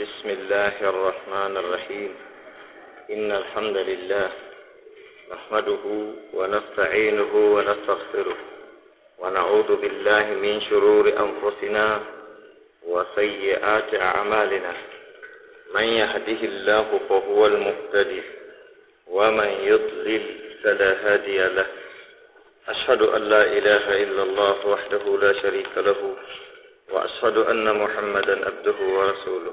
بسم الله الرحمن الرحيم إن الحمد لله نحمده ونستعينه ونستغفره ونعوذ بالله من شرور أنفسنا وسيئات أعمالنا من يهده الله فهو المهتدي ومن يضلل فلا هادي له أشهد أن لا إله إلا الله وحده لا شريك له وأشهد أن محمدا عبده ورسوله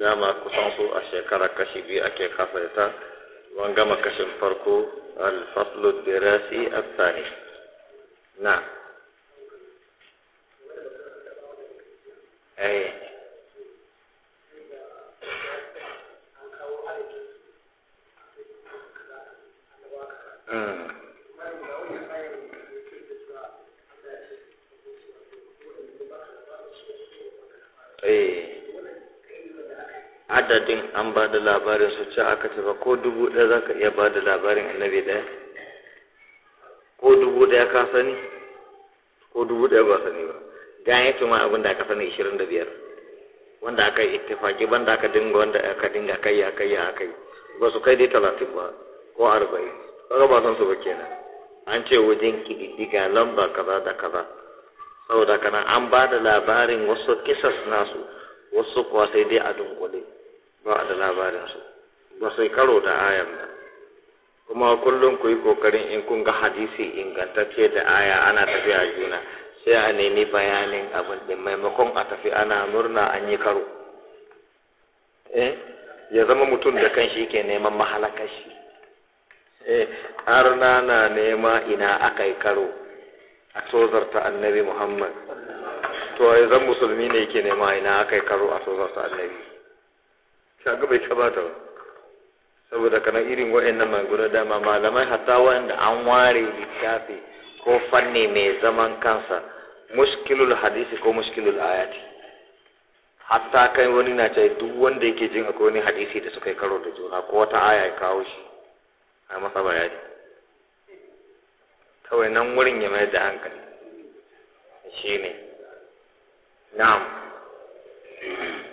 dama ku su a shekara kashi biyu ake kafa wan gama kashin farko alfaslu dirasi asani na ai Eh. adadin an ba da labarin su ce aka ce ba ko dubu ɗaya za ka iya ba da labarin annabi ɗaya ko dubu ɗaya ka sani ko dubu ɗaya ba sani ba ga ya ce ma abin da aka sani ishirin da biyar wanda aka yi ittifaki banda aka dinga wanda aka dinga kai ya kai ya kai ba su kai dai talatin ba ko arba'in kaga ba san su ba kenan an ce wajen kididdiga lamba kaza da kaza saboda kana an ba da labarin wasu kisas nasu wasu kuwa sai dai a dunkule ba da labarinsu ba sai karo da ayan nan kuma kullum ku yi kokarin in kun ga hadisi ingantacce da aya ana tafiya juna sai a nemi bayanin abin din maimakon a tafi ana murna an yi karo eh ya zama mutum da kan shi ke neman mahalakar shi eh har na na nema ina aka yi karo a tozarta annabi muhammad to ya zan musulmi ne ke nema ina aka yi karo a tozarta annabi kaga bai kamata ba saboda kana irin wa'annan guda dama malamai hatta wa'anda an ware littafi ko fanni mai zaman kansa muskilul hadisi ko muskilul ayati hatta kai wani na cai duk wanda yake jin akwai wani hadisi da suka yi karo da juna ko wata aya ya kawo shi a masa bayani kawai nan wurin ya mayar da hankali ne. na'am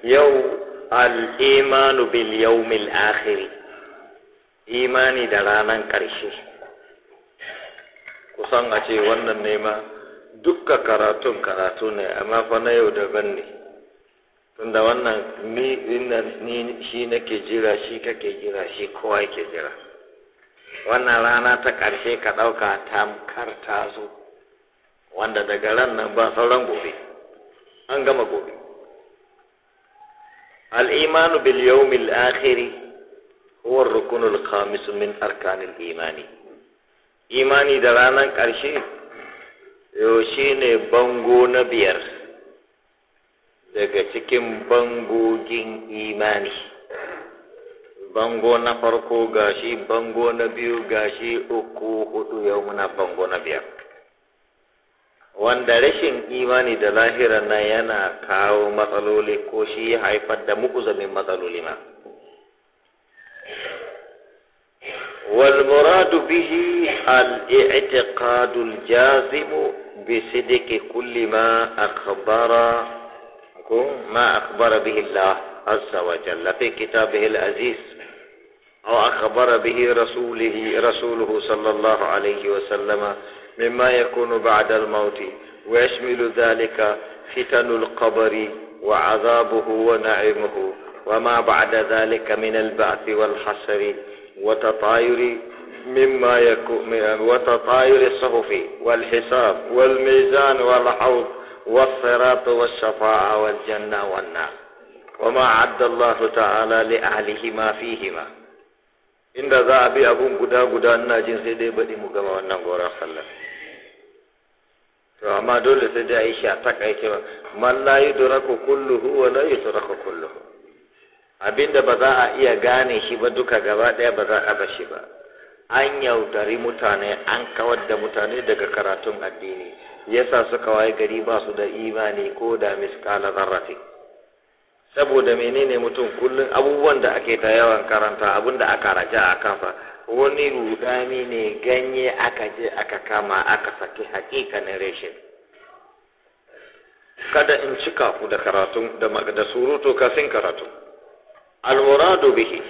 yau al'imanu bil yawmil akhiri imani da ranar ƙarshe kusan a ce wannan nema dukka karatun karatu ne amma fa na yau daban ne tunda wannan ni shi nake jira shi kake jira shi kowa yake jira wannan rana ta ƙarshe ka ɗauka tamkar ta zo wanda daga ran nan ba sauran gobe an gama gobe الإيمان باليوم الآخر هو الركن الخامس من أركان الإيمان إيماني درانا ne bango بانغو نبير daga cikin bangogin imani bango na farko gashi bango na biyu gashi uku hudu yau muna bango na biyar wanda rashin imani da lahiran nan yana kawo matsaloli ko shi ya haifar da mu'uzamin matsaloli ma والمراد به الاعتقاد الجازم بصدق كل ما أخبر ما أخبر به الله عز وجل في كتابه العزيز أو أخبر به رسوله رسوله صلى الله عليه وسلم مما يكون بعد الموت ويشمل ذلك فتن القبر وعذابه ونعيمه وما بعد ذلك من البعث والحشر وتطاير مما يكون وتطاير الصحف والحساب والميزان والحوض والصراط والشفاعة والجنة والنار وما عد الله تعالى لأهله ما فيهما إن ذا أبي أبو قدا قدا الناجين سيدي بدي مقام ونقورا خلال to amma dole sai dai Aisha ta kaike ba man la yudraku kulluhu wa la yudraku kulluhu abinda ba za a iya gane shi ba duka gaba ɗaya ba za a shi ba an yaudari mutane an kawar da mutane daga karatun addini yasa suka waye gari ba su da imani ko da miskala zarrafi saboda menene mutum kullum abubuwan da ake ta yawan karanta abin da aka raja a kansa wani rudani ne ganye aka je aka kama aka saki hakikanin reshin kada in cika ku da karatu da surutu kasin karatu almuradu bihi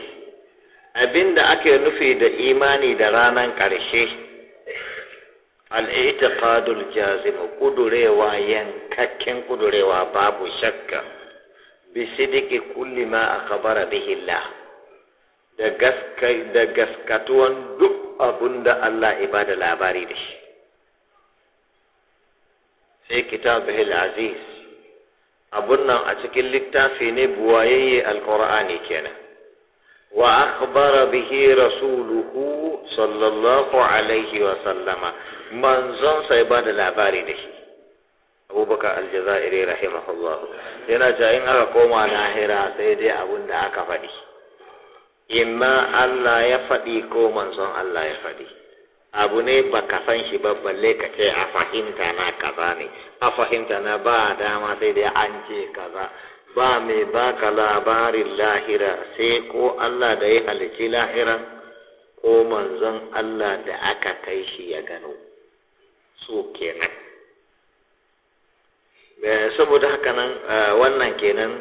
abinda ake nufi da imani da ranan ƙarshe al'itiqadul jazim kudurewa yankakken kudurewa babu shakka sidiki kulli ma akhbara bihi Allah da gaskatuwan duk abun da Allah ibada labari da shi sai kitabul aziz abun nan a cikin littafi ne buwayayye alkur'ani kenan wa akhbara bihi rasuluhu sallallahu alaihi wa sallama manzon sai ba da labari da shi abubakar aljazairi rahimahullahu yana cewa in aka koma lahira sai dai abun da aka faɗi inna Allah ya faɗi ko manzon Allah ya faɗi abu ne ba ka san shi ba balle ka ce a fahimta na kaza ne a fahimta na ba dama sai dai an ce kaza ba mai ba ka labarin lahira sai ko Allah da ya halici lahiran ko manzon Allah da aka kai shi ya gano su kenan eh, saboda haka nan eh, wannan kenan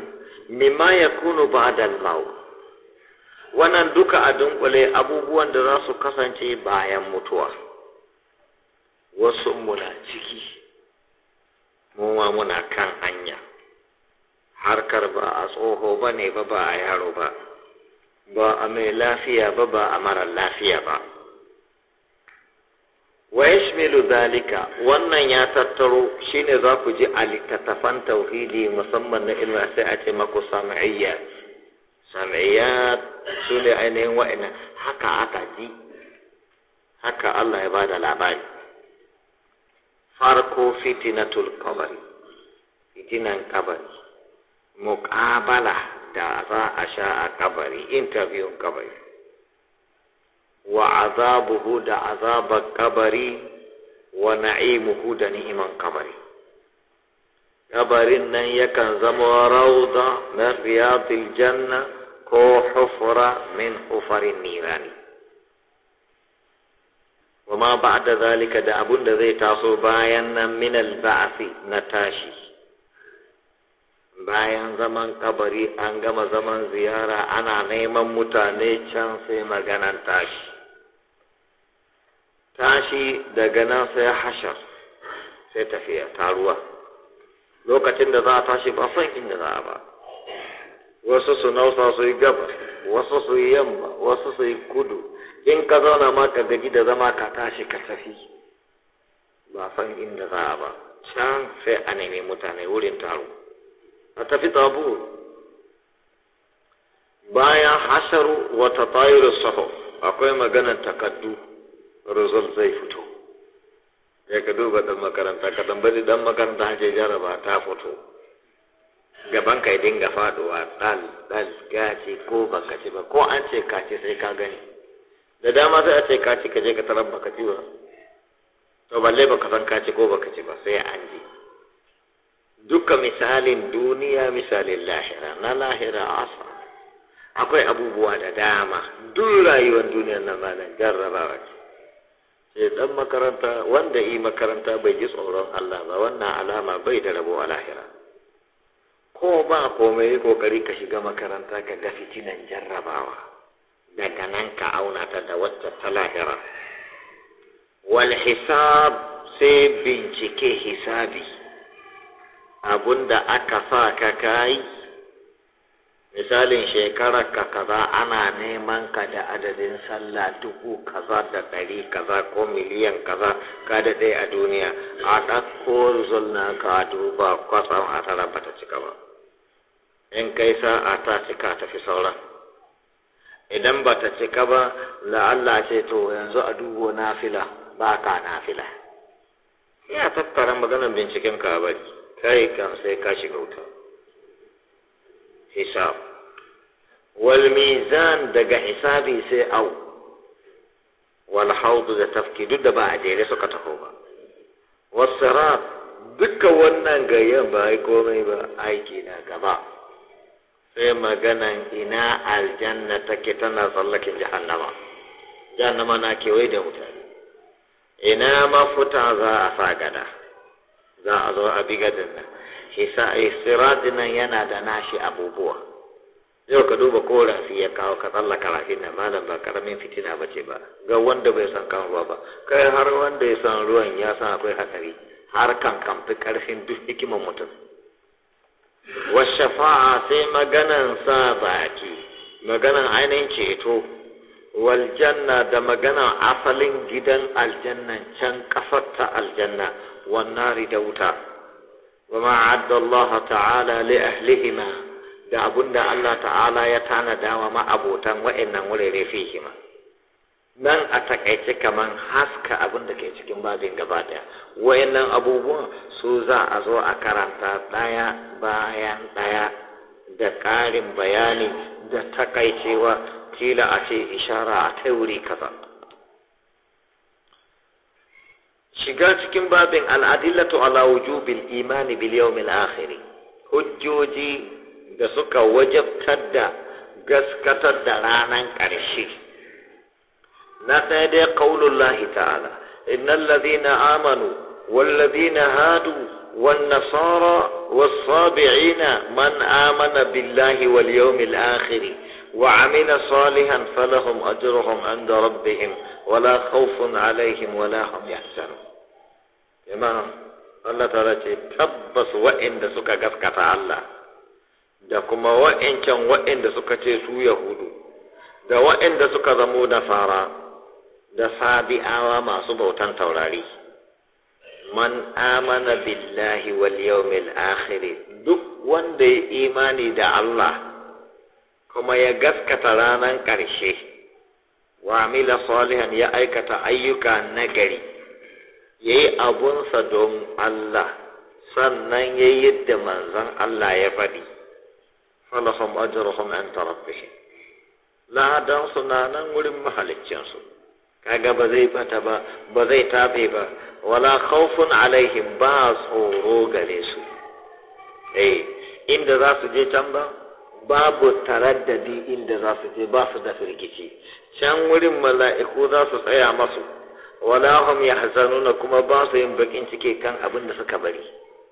mimma ya kunu ba da maut wannan duka a dunkule abubuwan da za su kasance bayan mutuwa wasu muna ciki Muma muna kan hanya harkar ba a tsoho ba ne ba ba a yaro ba ba a mai lafiya ba ba a mara lafiya ba wa yashmilu zalika wannan ya tattaro shine za ku ji a littattafan tauhidi musamman na ilmi sai a ce maku sam'iyya sam'iyat su ne ainihin wa'ina haka aka ji haka Allah ya bada labari farko fitinatul kabari fitinan kabari muƙabala da za a sha a kabari interview kabari wa azabuhu da azabar kabari wa na'imuhu da ni'iman kabari kabarin nan yakan zama rauda na riyadil janna ko hufura min hufarin nirani Kuma ba da zalika da abun da zai taso bayan nan minal ba'asi na tashi bayan zaman kabari an gama zaman ziyara ana neman mutane can sai maganan tashi tashi daga nan sai hashar sai tafiya taruwa lokacin da za a tashi ba son inda za a ba wasu su nausa su yi gabas wasu su yi yamma wasu su yi kudu in ka zauna ma ka gaji da zama ka tashi ka tafi ba san inda za a ba can sai a nemi mutane wurin taro a tafi tabu bayan hasharu wata tayiru saho akwai maganar takaddu result zai fito sai ka duba dan makaranta ka tambari dan makaranta ke jaraba ta fito gaban ka ya dinga faduwa dal dal gaci ko baka ci ba ko an ce ka sai ka gani da dama sai a ce ka ci ka je ka tarar baka ci ba to balle baka san ka ci ko baka ci ba sai an ji duka misalin duniya misalin lahira na lahira asa akwai abubuwa da dama duk rayuwar duniyar nan ba nan ba ce sai dan makaranta wanda yi makaranta bai ji tsoron Allah ba wannan alama bai da rabo a lahira ko ba komai kokari ka shiga makaranta ka ga fitinan jarrabawa daga nan ka auna ta da wacce ta lahira wal hisab sai bincike hisabi abunda aka sa ka kai misalin shekarar ka kaza ana neman ka da adadin sallah dubu kaza da ɗari kaza ko miliyan kaza ka daɗe a duniya a ɗauko zulna ka duba kwatsam a tara bata cika ba in kai sa'a ta cika ta fi sauran idan ba ta cika ba la'alla ce to yanzu a dubo na fila ba ka fila. ya tattara maganar binciken ka bari kai kan sai ka shiga wuta hisab wal mizan daga hisabi sai au wal haudu da tafki duk da ba a jere suka taho ba wasu duka wannan gayyan ba ai komai ba aiki na gaba sai maganan ina aljanna take tana tsallakin jahannama jahannama na kewaye da mutane ina mafuta za a sa gada za a zo a bi gadin nan siradin nan yana da nashi abubuwa yau ka duba ko rafi ya kawo ka tsallaka rafi na malam ba karamin fitina ba ce ba ga wanda bai san kan ruwa ba kai har wanda ya san ruwan ya san akwai hatsari har kan kamfi karfin duk hikiman mutum Washafa a sai maganan sa baki, ki, maganan ainihin ceto, waljanna da magana asalin gidan aljanna can kasar ta aljanna, wannan rida wuta. Wa ma’adallah ta’ala li ahlihima da abunda Allah ta’ala ya tana dawa ma’abotan wa’in nan wurare fi nan a takaice kamar haska abin da ke cikin babin gaba daya wayannan abubuwan su za a zo a karanta daya bayan daya da karin bayani da takaicewa tila a ce ishara a kai wuri kaza shiga cikin babin al'adillatu ala wujubil imani bil yawmil akhir hujjoji da suka wajabtar da gaskatar da ranan ƙarshe na ɗaya dai qaulullahi ta'ala innal ladhina amanu wal ladhina hadu wan nasara was sabiina man amana billahi wal yawmil akhir wa amila salihan falahum ajruhum 'inda rabbihim wala khawfun 'alayhim wala hum yahzanun jama'a Allah ta ce tabbas wa'inda suka gaskata Allah da kuma wa'incan wa'inda suka ce su yahudu da wa'inda suka zamo fara. da sabi'awa masu bautan taurari man amana billahi wal yawmil akhir duk wanda ya imani da Allah kuma ya gaskata ranar ƙarshe wa amila salihan ya aikata ayyuka nagari yayi abunsa don Allah sannan ya yadda manzon Allah ya faɗi falahum ajruhum inda rabbihim ladan sunanan wurin mahaliccinsu kaga ba zai bata ba ba zai tafe ba wala khawfun alaihim ba tsoro gare su eh inda za su je can ba babu taraddadi inda za su je ba su da firgici can wurin mala'iku za su tsaya masu wala hum yahzanuna kuma ba su yin bakin ciki kan abin da suka bari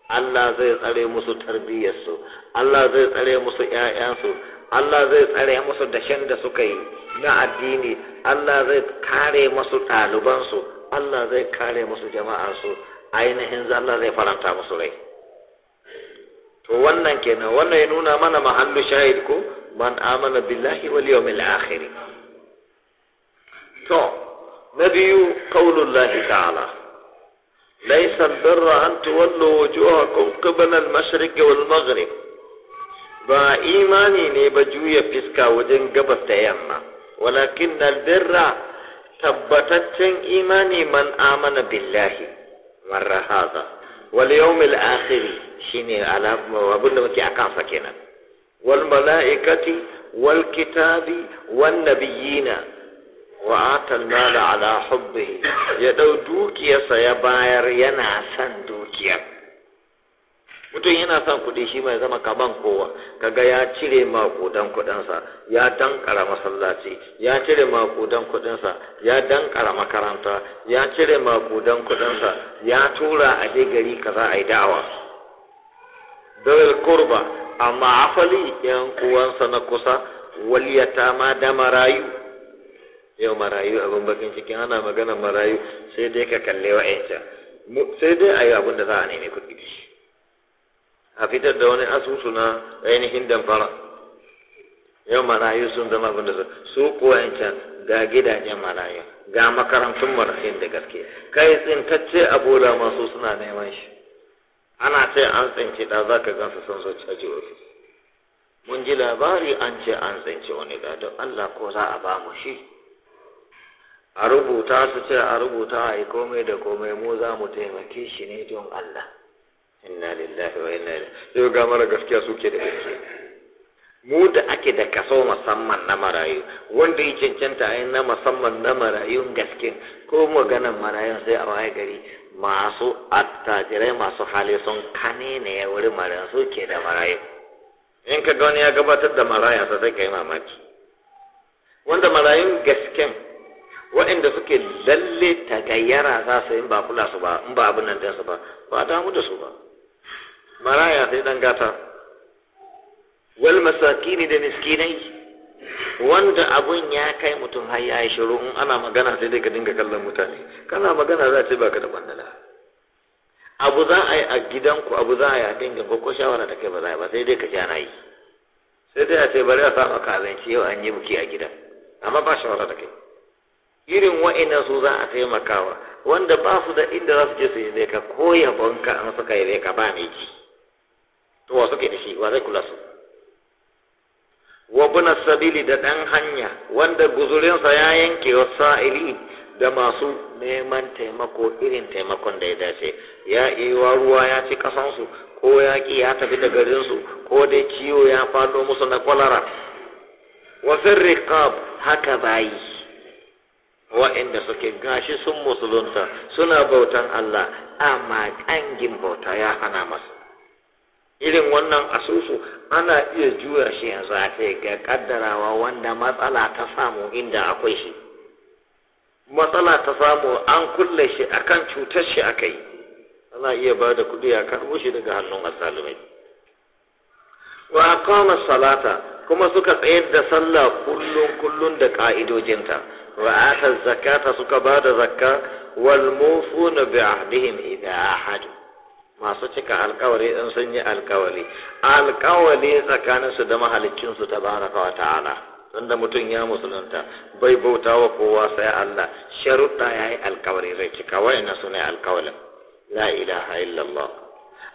Allah zai tsare musu tarbiyyarsu Allah zai tsare musu ƴaƴansu Allah zai tsare musu dashen da suka yi na addini Allah zai kare musu ɗalibansu Allah zai kare musu jama'arsu ainihin Allah zai faranta musu rai to wannan kenan wannan ya nuna mana mahallu shahid ko man amana billahi wal yawmil akhir to na biyu qaulullahi ta'ala ليس البر أن تولوا وجوهكم قبل المشرق والمغرب ba imani ne ba juya fiska wajen gabas da yamma walakin birra tabbataccen imani man amana billahi marra haza wal yawmil akhir shine alama abinda muke akan sa kenan wal malaikati wal kitabi wan nabiyina wa atal mala ala hubbi ya dau dukiyarsa ya bayar yana san dukiyar mutum yana son kuɗi shi mai zama kaban kowa kaga ya cire makudan kuɗinsa ya dankara masallaci ya cire makudan kuɗinsa ya dankara makaranta ya cire makudan kuɗinsa ya tura a je gari kaza a yi da'awa dawil kurba amma afali yan uwansa na kusa waliyata ma da marayu yau marayu abin bakin cikin ana magana marayu sai dai ka kalle wa'yancan sai dai a yi abin da za a nemi kuɗi a fitar da wani asusu na ainihin damfara yau marayu sun zama abin da su su kuwa ga gidajen marayu ga makarantun marayun da gaske kai tsintacce a bola masu suna neman shi ana ce an tsinci da za ka gansu sun zo caji ofis mun ji labari an ce an tsinci wani da don allah ko za a ba mu shi a rubuta su ce a rubuta a yi komai da komai mu za mu taimake shi ne don allah inna lillahi wa inna ilaihi yau ga mara gaskiya suke da gaske. mu da ake da kaso musamman na marayu wanda ya cancanta a na musamman na marayun gaske ko maganan marayun sai a waye gari masu attajirai masu hali sun kane ne ya wuri marayun su ke da marayu in ka ga wani ya gabatar da maraya sa sai ka yi mamaki wanda marayun gasken waɗanda suke lalle tagayyara za su yi ba kula su ba in ba abin nan su ba ba damu da su ba maraya sai dan gata wal masakini da miskinai wanda abun ya kai mutum har ya yi shiru in ana magana sai dai ka dinga kallon mutane kana magana za ce baka da bandala abu za a yi a gidanku abu za a yi a dinga ko shawara ta kai ba za a yi ba sai dai ka ji ana yi sai dai a ce bari a sa maka abinci yau an yi buki a gidan amma ba shawara ta kai irin wa'ina su za a taimakawa wanda ba su da inda za su je su yi ka ko banka an suka yi ka ba mai ji wa suke da shi wa zai kula su wa buna sabili da ɗan hanya wanda guzurinsa ya yanke wa sa'ili da masu neman taimako irin taimakon da ya dace ya iya ruwa ya ci kasansu ko ya ki ya tafi da garinsu ko dai ciwo ya fado musu na kwalara wasu riqab haka bayi wa'inda suke gashi sun musulunta suna bautan Allah amma kangin bauta ya hana masu irin wannan asusu ana iya juya shi a zafi ga kaddarawa wanda matsala ta samu inda akwai shi matsala ta samu an kulle shi a kan cutar shi akai ana iya ba da kuɗi a karbo shi daga hannun asalimai wa aqama salata kuma suka tsayar da sallah kullun kullum da ka'idojinta wa ata zakata suka ba da zakka wal mufuna bi ahdihim idha ahadu masu cika alkawari in sun yi alkawari alkawari tsakaninsu da mahalicinsu ta baraka wa ta'ala tunda mutum ya musulunta bai bauta wa kowa sai Allah sharuɗa ya yi alkawari zai cika wayannan su ne alkawarin la ilaha illallah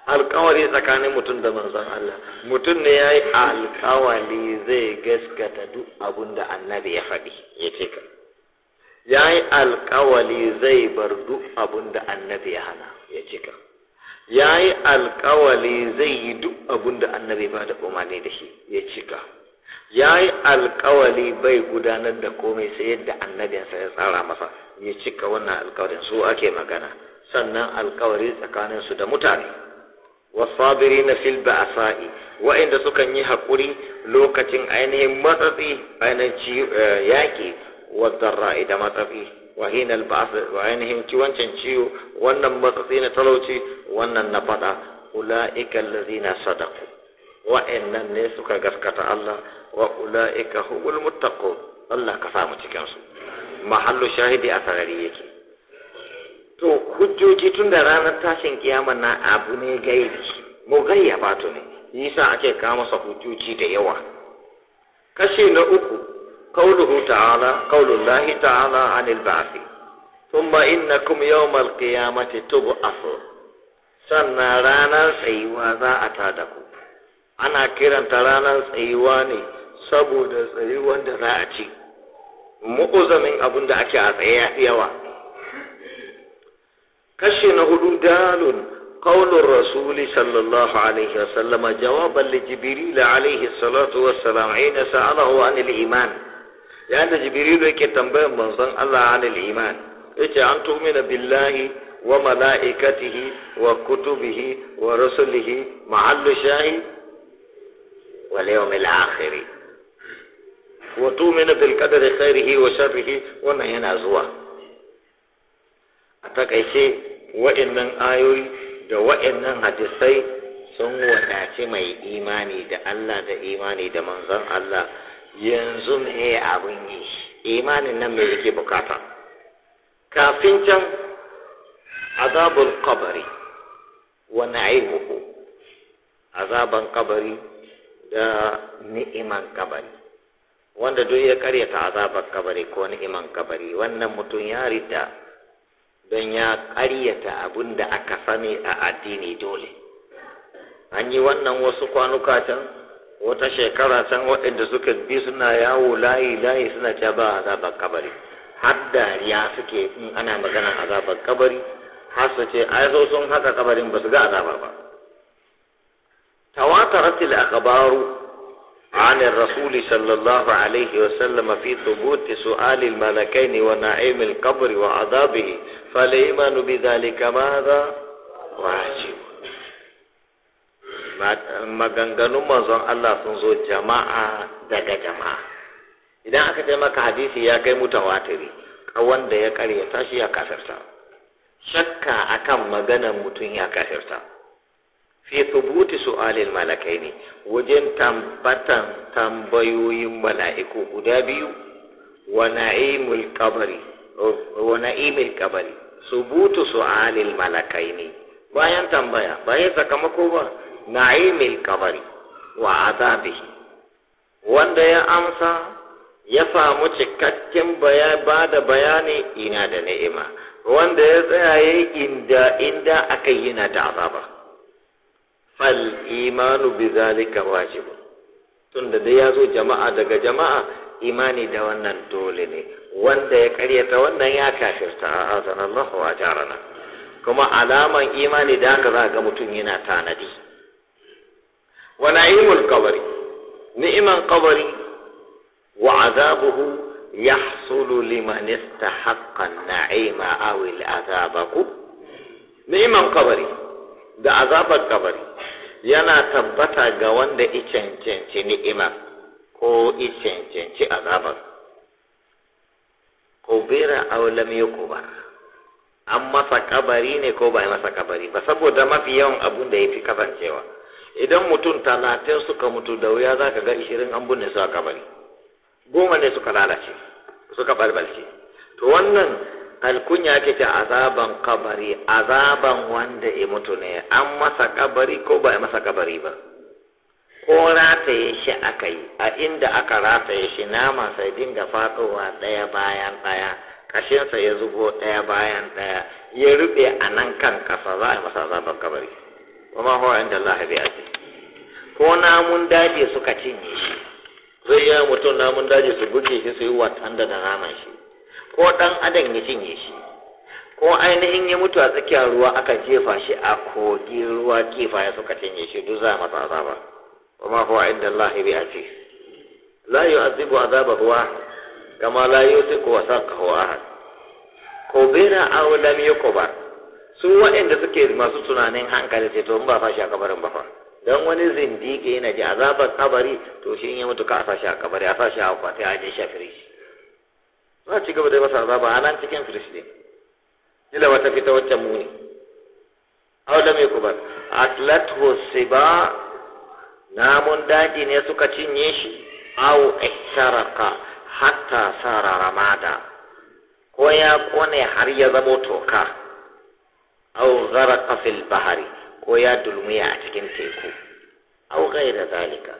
alkawari tsakanin mutum da manzon Allah mutum ne ya yi alkawari zai gaskata duk abin da annabi ya faɗi ya cika ya yi alkawari zai bar duk abin da annabi ya hana ya cika ya yi alkawali zai yi duk abin da annabi ba da umarni da shi ya cika ya yi alkawali bai gudanar da komai sai yadda annabinsa ya tsara masa ya cika wannan alkawarin su ake magana sannan alkawari su da mutane wasabiri na fil ba'asa'i wa'inda sukan yi haƙuri lokacin ainihin matsatsi ainihin eh, yaƙi wa zarra'i da matsatsi wa hinal wa ainihin ciwancin ciwo wannan matsatsi na talauci wannan na faɗa ula'ika allazina sadaqu wa'annan ne suka gaskata Allah wa ula'ika humul muttaqun Allah ka samu cikinsu. su mahallu shahidi a sarari yake to hujjoji tun da ranar tashin kiyama na abu ne gaibi mu gayyaba ne yasa ake kawo masa hujjoji da yawa kashi na uku قوله تعالى قول الله تعالى عن البعث ثم إنكم يوم القيامة تبعثون sannan ranar tsayuwa za a tada ku ana kiranta ranar tsayuwa ne saboda tsayuwan da za a ci mu'uzamin abin da ake a tsaye ya yawa kashi na hudu dalun qaulur rasuli sallallahu alaihi wa sallam jawaban li jibril alaihi salatu wa salam aina sa'alahu an al-iman yayin da jibril yake tambayar manzon Allah an al-iman yace an tu'mina billahi وملائكته وكتبه ورسله محل الشاهد واليوم الآخر وتؤمن بالقدر خيره وشره ونهينا زوا أتكيشي وإن آيوي da wa'annan hadisai sun wadace mai imani da Allah da imani da manzon Allah yanzu me abin yi imanin nan me yake bukata kafin can azabul qabri wa na'imuhu azaban kabari da ni'iman kabari wanda duk ya karyata azabar kabari ko ni'iman kabari wannan mutum ya rita don ya karyata abin da aka sani a addini dole an yi wannan wasu kwanuka can wata shekara can waɗanda suka bi suna yawo layi layi suna ta ba azabar kabari har dariya suke in ana maganar azabar kabari har su ce ai zo sun haka kabarin ba su ga azabar ba tawatarat al-akhbaru عن الرسول صلى wa عليه wa في ثبوت wa الملكين ونعيم القبر bi فالإيمان بذلك ماذا wajib maganganun manzon Allah sun zo jama'a daga jama'a idan aka ce maka hadisi ya kai mutawatiri wanda ya karyata tashi ya kasarta shakka akan maganar mutum ya kafirta fi thubuti su'alil ne wajen tambatan tambayoyin mala'iku guda biyu wa na'imul kabari? Su na'imul su Alil Malakai ne, bayan tambaya bayan sakamako ba na'imul kabari. wa azabihi wanda ya amsa ya samu cikakken baya ba da bayani ina da ni'ima wanda ya tsaya ya yi inda inda aka yi na ta azaba fal imanu bi zalika wajib tunda da ya zo jama'a daga jama'a imani da wannan dole ne wanda ya karyata wannan ya kafirta a azan Allah wa jarana kuma alaman imani da haka za ga mutum yana tanadi wa na'imul qabri ni'iman qabri wa azabuhu Ya yahsulu liman istahaqqa an-na'ima a al-'adhaba ku ni'man kabari da azabar kabari yana tabbata ga wanda i cancanci ni'ima ko i cancanci azabar Ko bera kubira aw ko ba. an masa kabari ne ko ba a masa kabari ba saboda mafi yawan abun da ya fi kasancewa idan mutum talatin suka mutu da wuya za ka ga ishirin an bunne su a kabari goma ne suka lalace suka balbalce to wannan alkunya ake ce azaban kabari azaban wanda ya mutu ne an masa kabari ko ba a masa kabari ba ko rataye shi aka yi a inda aka rataye shi naman sai dinga fadowa ɗaya bayan ɗaya kashinsa ya zubo ɗaya bayan ɗaya ya rufe a nan kan kasa za a masa azaban kabari kuma huwa inda Allah bi ko namun daji suka cinye shi zai yi mutum namun daji su buge shi su yi watan da rama shi ko dan adam ya cinye shi ko ainihin ya mutu a tsakiyar ruwa aka jefa shi a kogi ruwa ya suka cinye shi duk za a masa azaba kuma huwa inda Allah bi aziz la yu'azibu azabahu kama la yusiku wasaqahu ahad ko bera aw lam yukubar su waɗanda suke masu tunanin hankali sai to ba fashi a kabarin ba fa don wani zindike yana ji azabar kabari to shi ya mutu ka a sashi a kabari a sashi a kwatai a jin shafiri za a ci gaba da masa azaba a nan cikin firis ne ila wata fita waccan muni aw lam yakbar atlathu siba namun daji ne suka cinye shi aw ihsaraka hatta sara ramada ko ya kone har ya zamo toka aw gharqa fil bahari ko ya dulmiya a cikin teku au da zalika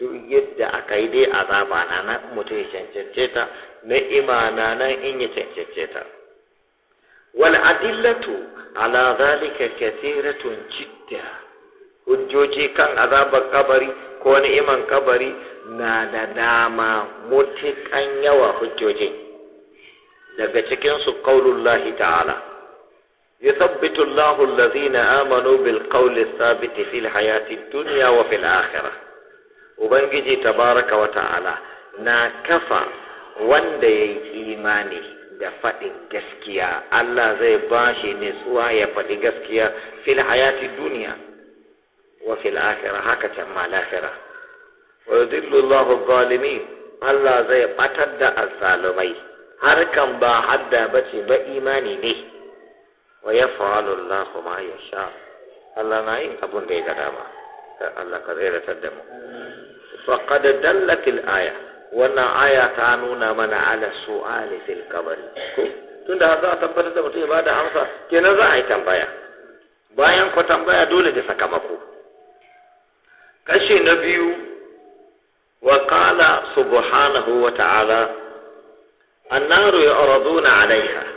duk yadda aka yi dai azaba na nan mutum ya cancance ta na imana nan in ya cancance ta wal adillatu ala zalika kathiratun jidda hujjoji kan azabar kabari ko ni'iman kabari na da dama mutukan yawa hujjojin daga cikinsu qaulullahi ta'ala يثبت الله الذين آمنوا بالقول الثابت في الحياة الدنيا وفي الآخرة وبنجي تبارك وتعالى na kafa wanda ya yi imani da faɗin gaskiya Allah zai ba shi nutsuwa ya faɗi gaskiya fil hayati duniya wa fil akhirah haka can ma lafira wa yudillu Allahu Allah zai batar da azzalumai harkan ba hadda bace ba imani ne Waya ya fa'alu Allahu ma yasha Allah na yin abun da ya gada ma Allah ka zai ratar da mu faqad dallat al-aya wannan aya ta nuna mana ala su'ali fil kabari. ko tunda har za a tabbatar da mutum ya bada amsa kenan za a yi tambaya bayan ko tambaya dole da sakamako kashi na biyu wa qala subhanahu wa ta'ala annaru yu'raduna 'alayha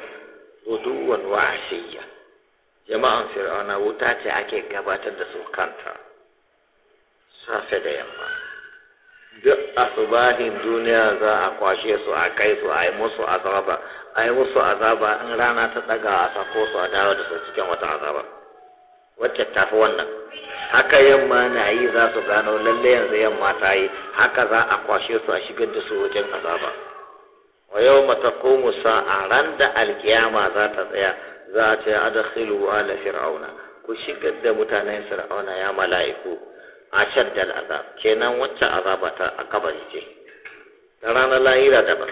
guduwan wa ashiya jama'an fir'auna wuta ce ake gabatar da su kanta safe da yamma duk asubahin duniya za a kwashe su a kai su a yi musu azaba a yi musu azaba in rana ta daga a sako su a dawo da su cikin wata azaba wacce ta fi wannan haka yamma na yi za su gano lalle yanzu yamma ta yi haka za a kwashe su a shigar da su wajen azaba wa yau mata komu sa'a ran da alkiyama za ta tsaya za a ce a da ala fir'auna ku shigar da mutanen fir'auna ya mala'iku a shaddal azab kenan wacce azaba ta a kabari ce da ranar lahira daban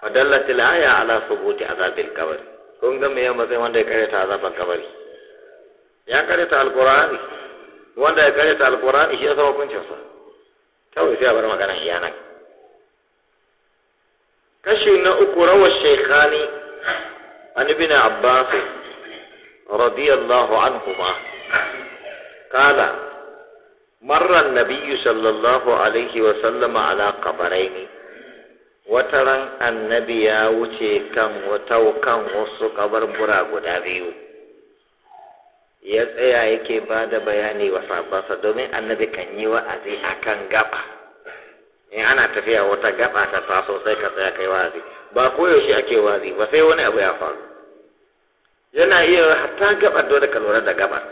fadallatil aya ala subuti azabil kabari kun ga me matsayin wanda ya karyata azaban kabari ya karyata alkur'ani wanda ya karyata alkur'ani shi ya sa hukuncinsa kawai sai a bar magana iyanan kashi na uku rawa shekani an ibn abbas radiyallahu anhuma kala marra an sallallahu alaihi wa sallama ala qabrayn wataran annabi ya wuce kan wata kan wasu kabarbura guda biyu ya tsaya yake ba da bayani wa domin annabi kan yi wa'azi akan gaba in ana tafiya wata gaba ta taso sai ka tsaya kai wazi ba koyaushe ake wazi ba sai wani abu ya faru yana iya hatta gabar dole ka lura da gaba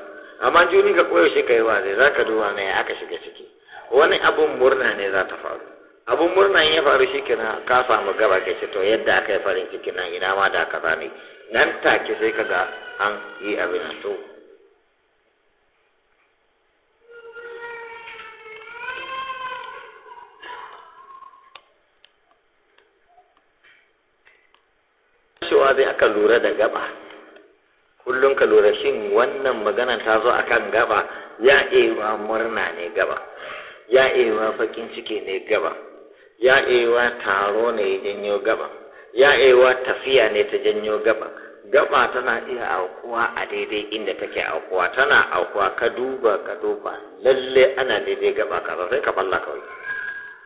amma juni ka koyaushe kai wazi za ka duba ne aka shiga ciki wani abun murna ne za ta faru abun murna ya faru shi kina ka samu gaba ka ce to yadda aka yi farin ciki nan ina ma da ka ne nan take sai ka ga an yi abin to cewa zai aka lura da gaba kullum ka lura shin wannan magana ta zo a kan gaba ya ewa murna ne gaba ya ewa bakin ciki ne gaba ya ewa taro ne ya janyo gaba ya ewa tafiya ne ta janyo gaba gaba tana iya aukuwa a daidai inda take aukuwa tana aukuwa ka duba ka duba lalle ana daidai gaba kaza sai ka balla kawai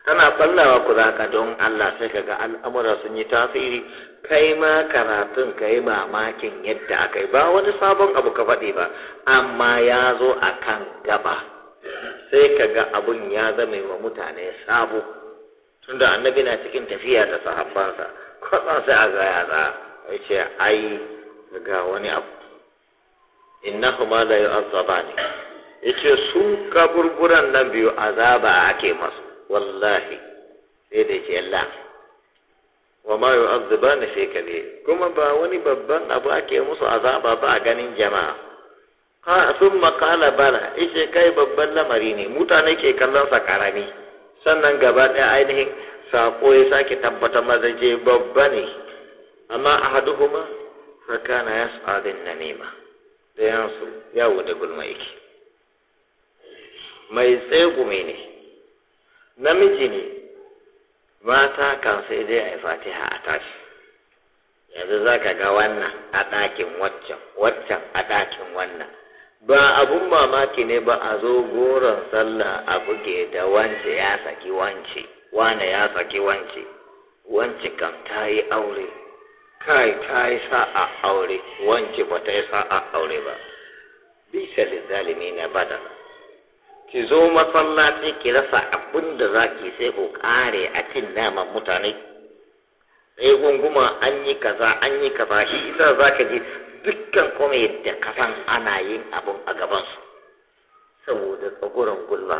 kana fallawa ku zaka don Allah sai kaga al'amura sun yi tasiri kai ma karatun ka mamakin yadda aka yi ba wani sabon abu ka faɗi ba amma ya zo a kan gaba sai kaga abun ya zame wa mutane sabo tunda annabi na cikin tafiya ta sahabbansa kwatsa sai a ga za? ya ce ai ga wani abu da innahuma la Ya ce su kaburburan nan biyu a azaba ake masu wallahi sai da ce la wa ma yu'adzibani na kuma ba wani babban abu ake musu azaba ba a ganin jama'a ha sun makala bala ishe kai babban lamari ne mutane ke kallon sa karami sannan gaba ɗaya ainihin sako ya sake tabbatar maza je babba ne amma a haɗu kuma fakana ya sa'adin na nema da yansu yawo da gulma yake mai tsegume ne namiji ne Ba ta kan sai dai a yi fatiha a tashi yanzu za ka ga wannan a ɗakin waccan waccan a ɗakin wannan ba abun mamaki ne ba a zo goron sallah a buge da wance ya saki wance wane ya saki wance wance kam ta yi aure kai ta yi sa'a aure wance ba ta yi sa'a aure ba bisa lizalimi na badana ki zo masallaci ki rasa abin da za ki sai ku kare a cin naman mutane sai gunguma an yi kaza an yi kaza shi isa za ka ji dukkan kuma da kasan ana yin abin a gabansu saboda tsaguran gulma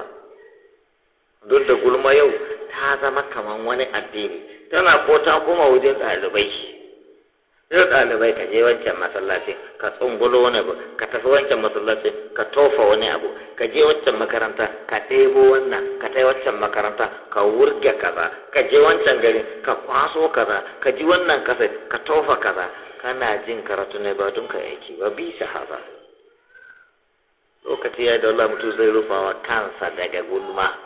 duk da gulma yau ta zama kamar wani addini tana ko ta koma wajen ɗalibai yau ɗalibai ka je wancan masallaci ka tsumbulo wani abu ka tafi wancan masallaci ka tofa wani abu ka je wancan makaranta ka ɗebo wannan ka tai wancan makaranta ka wurge kaza ka je wancan gari ka kwaso kaza ka ji wannan kasa ka tofa kaza kana jin karatu ne ba tun ka aiki ba bisa haza lokaci ya da Allah mutum zai rufawa kansa daga gulma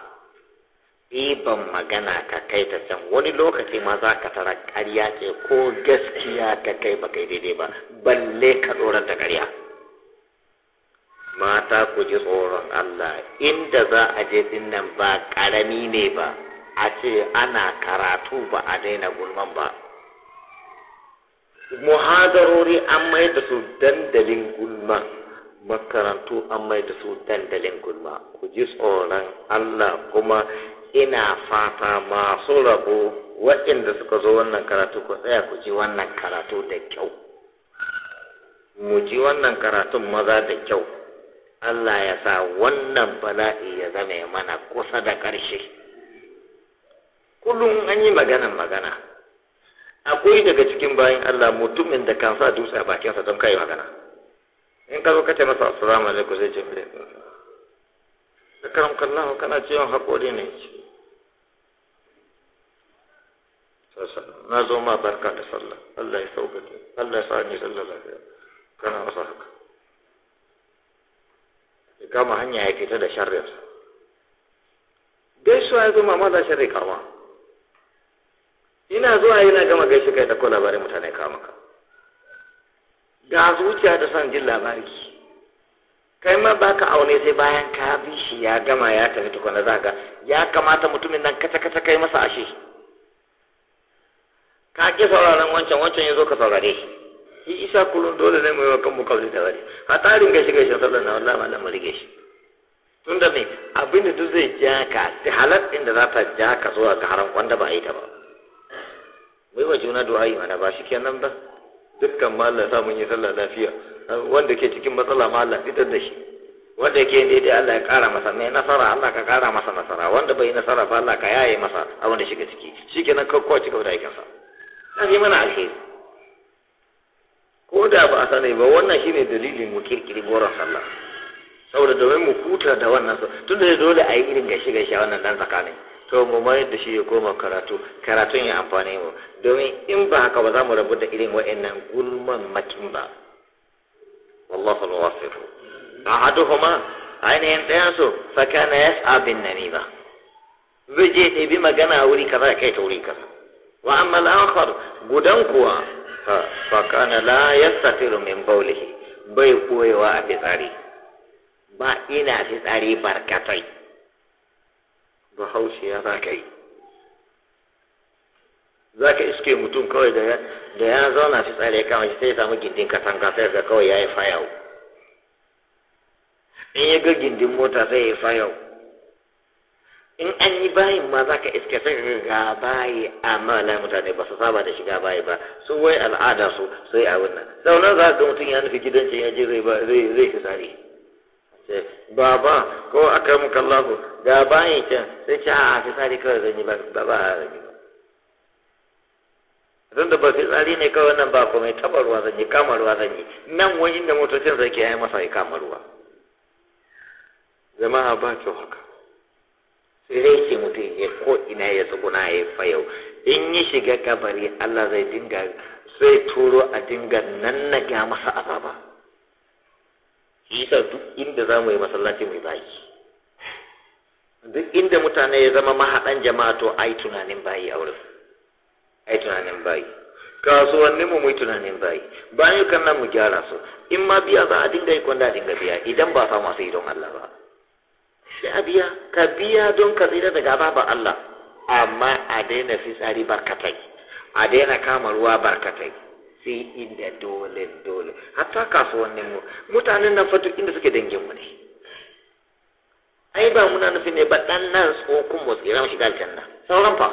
ɗiban magana ka kai ta can wani lokaci ma za ka tara ƙarya ce ko gaskiya ka kai ba kai daidai ba balle ka tsoron ta ƙarya mata ku ji tsoron Allah inda za a je din ba ƙarami ne ba a ce ana karatu ba a daina gulman ba muhadarori an mai da su dandalin gulma makarantu an mai da su dandalin gulma ku ji tsoron Allah kuma ina fata masu rabo waɗanda suka zo wannan karatu ku tsaya ku ji wannan karatu da kyau mu ji wannan karatun maza da kyau Allah ya sa wannan bala'i ya zama mana kusa da ƙarshe kullum an yi maganan magana akwai daga cikin bayan Allah mutumin da kan sa dutse a bakinsa don kai magana in ka zo ka ce masa assalamu alaikum zai ce eh, karam kallahu kana cewa haƙori ne na zo ma barka da sallah Allah ya sauƙaƙe Allah ya sa ni sallah lafiya kana masa haka ya kama hanya ya fita da sharrinsa gaisuwa ya zo maza za sharri kama ina zuwa yana gama gaisu kai da ko labarin mutane kama ka ga zuciya da san jin labari kai ma ba ka aune sai bayan ka bi shi ya gama ya tafi tukuna za ka ya kamata mutumin nan kaca-kaca kai masa ashe ka ƙi sauraron wancan wancan ya zo ka saurare shi isa kullum dole ne mu yi wa kanmu kawai da wani A hatarin gashi gashi sallar na wallahi malam mu rige shi tun da me abin da duk zai ja ka ta halar din da za ta ja ka zuwa ga haram wanda ba a yi ta ba mu yi wa juna du'a yi mana ba shi kenan ba dukkan ma Allah sa mun yi sallah lafiya wanda ke cikin matsala ma Allah fitar da shi wanda ke ne da Allah ya kara masa ne nasara Allah ka kara masa nasara wanda bai nasara ba Allah ka yaye masa abin da shiga ciki shikenan ka ci cika da aikin sa fi mana alheri ko da ba a sani ba wannan shine dalilin mu kirkiri goron sallah saboda domin mu huta da wannan tunda dole a yi irin gashi gashi a wannan dan tsakanin to mu mayar da shi ya koma karatu karatun ya amfani mu domin in ba haka ba za mu rabu da irin wa'annan gulman makin ba wallahu hadu kuma ainihin ɗayan su fakana yas'a bin ba zai je ɗebi magana wuri kaza kai ta wuri kaza wa amma al gudan kuwa na la yastatiru min baulihi bai koyewa a fitsari ba ina fitsari barkatai bahaushiya za ka yi za ka iske mutum kawai da ya zauna fi tsare kawai sai ya samu gindin katanga sai ga kawai ya yi fayau in ya ga gindin mota sai ya yi fayau in an yi bayin ma za ka iska sai ga bayi amma la mutane ba su saba da shiga bayi ba su wai al'ada su sai a wannan zaunar za ga mutum ya nufi gidan ya je zai zai zai baba ko aka mu lafu ga bayi can sai ce a tsari kawai zan yi ba ba ba a rage ba don da ba tsari ne kawai nan ba komai taɓa ruwa zan yi kama ruwa zan yi nan wani da motocin zai ke yi masa ya kama ruwa zama a ba kyau haka sai zai ke mutum ya ko ina ya tsuguna ya yau. in yi shiga kabari Allah zai dinga zai turo a dinga nan na gya masa azaba. ba shi yasa duk inda za mu yi masallaci mai bayi duk inda mutane ya zama mahaɗan jama'a to ai tunanin bayi a wurin ai tunanin bayi kasuwanni mu mai tunanin bayi bayan kan nan mu gyara su in ma biya za a dinga yi kwanda a dinga biya idan ba samu sai don Allah ba sai a biya ka biya don ka tsira daga babu Allah amma a daina fitsari barkatai a daina kama ruwa barkatai sai inda dole dole hatta kasuwannin mu mutanen nan fatu inda suke dangin mu ne ai ba muna nufi ne ba dan nan tsokun mu tsira mu shiga aljanna sauran fa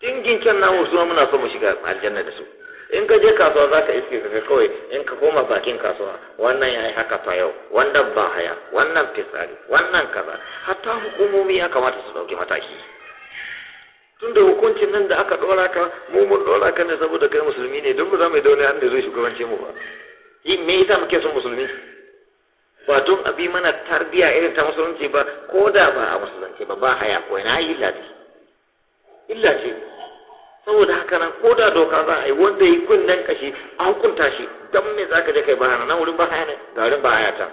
dingin can na wasu muna so mu shiga aljanna da su in ka je kasuwa za ka iske ka kawai in ka koma bakin kasuwa wannan ya yi haka fa yau wannan ba haya wannan fitsari wannan kaza hatta hukumomi ya kamata su ɗauki mataki tun da hukuncin nan da aka ɗora ka mu mun ɗora ka ne saboda kai musulmi ne duk ba za mu yi da wani da zai shugabance mu ba yin me yasa muke son musulmi ba don a bi mana tarbiya irin ta musulunci ba ko da ba a musulunci ba ba haya ko ina illa ce illa ce saboda haka nan ko da doka za a yi wanda yi kunnen kashi a hukunta shi don me za ka je kai bahana nan wurin haya ne ga wurin haya ta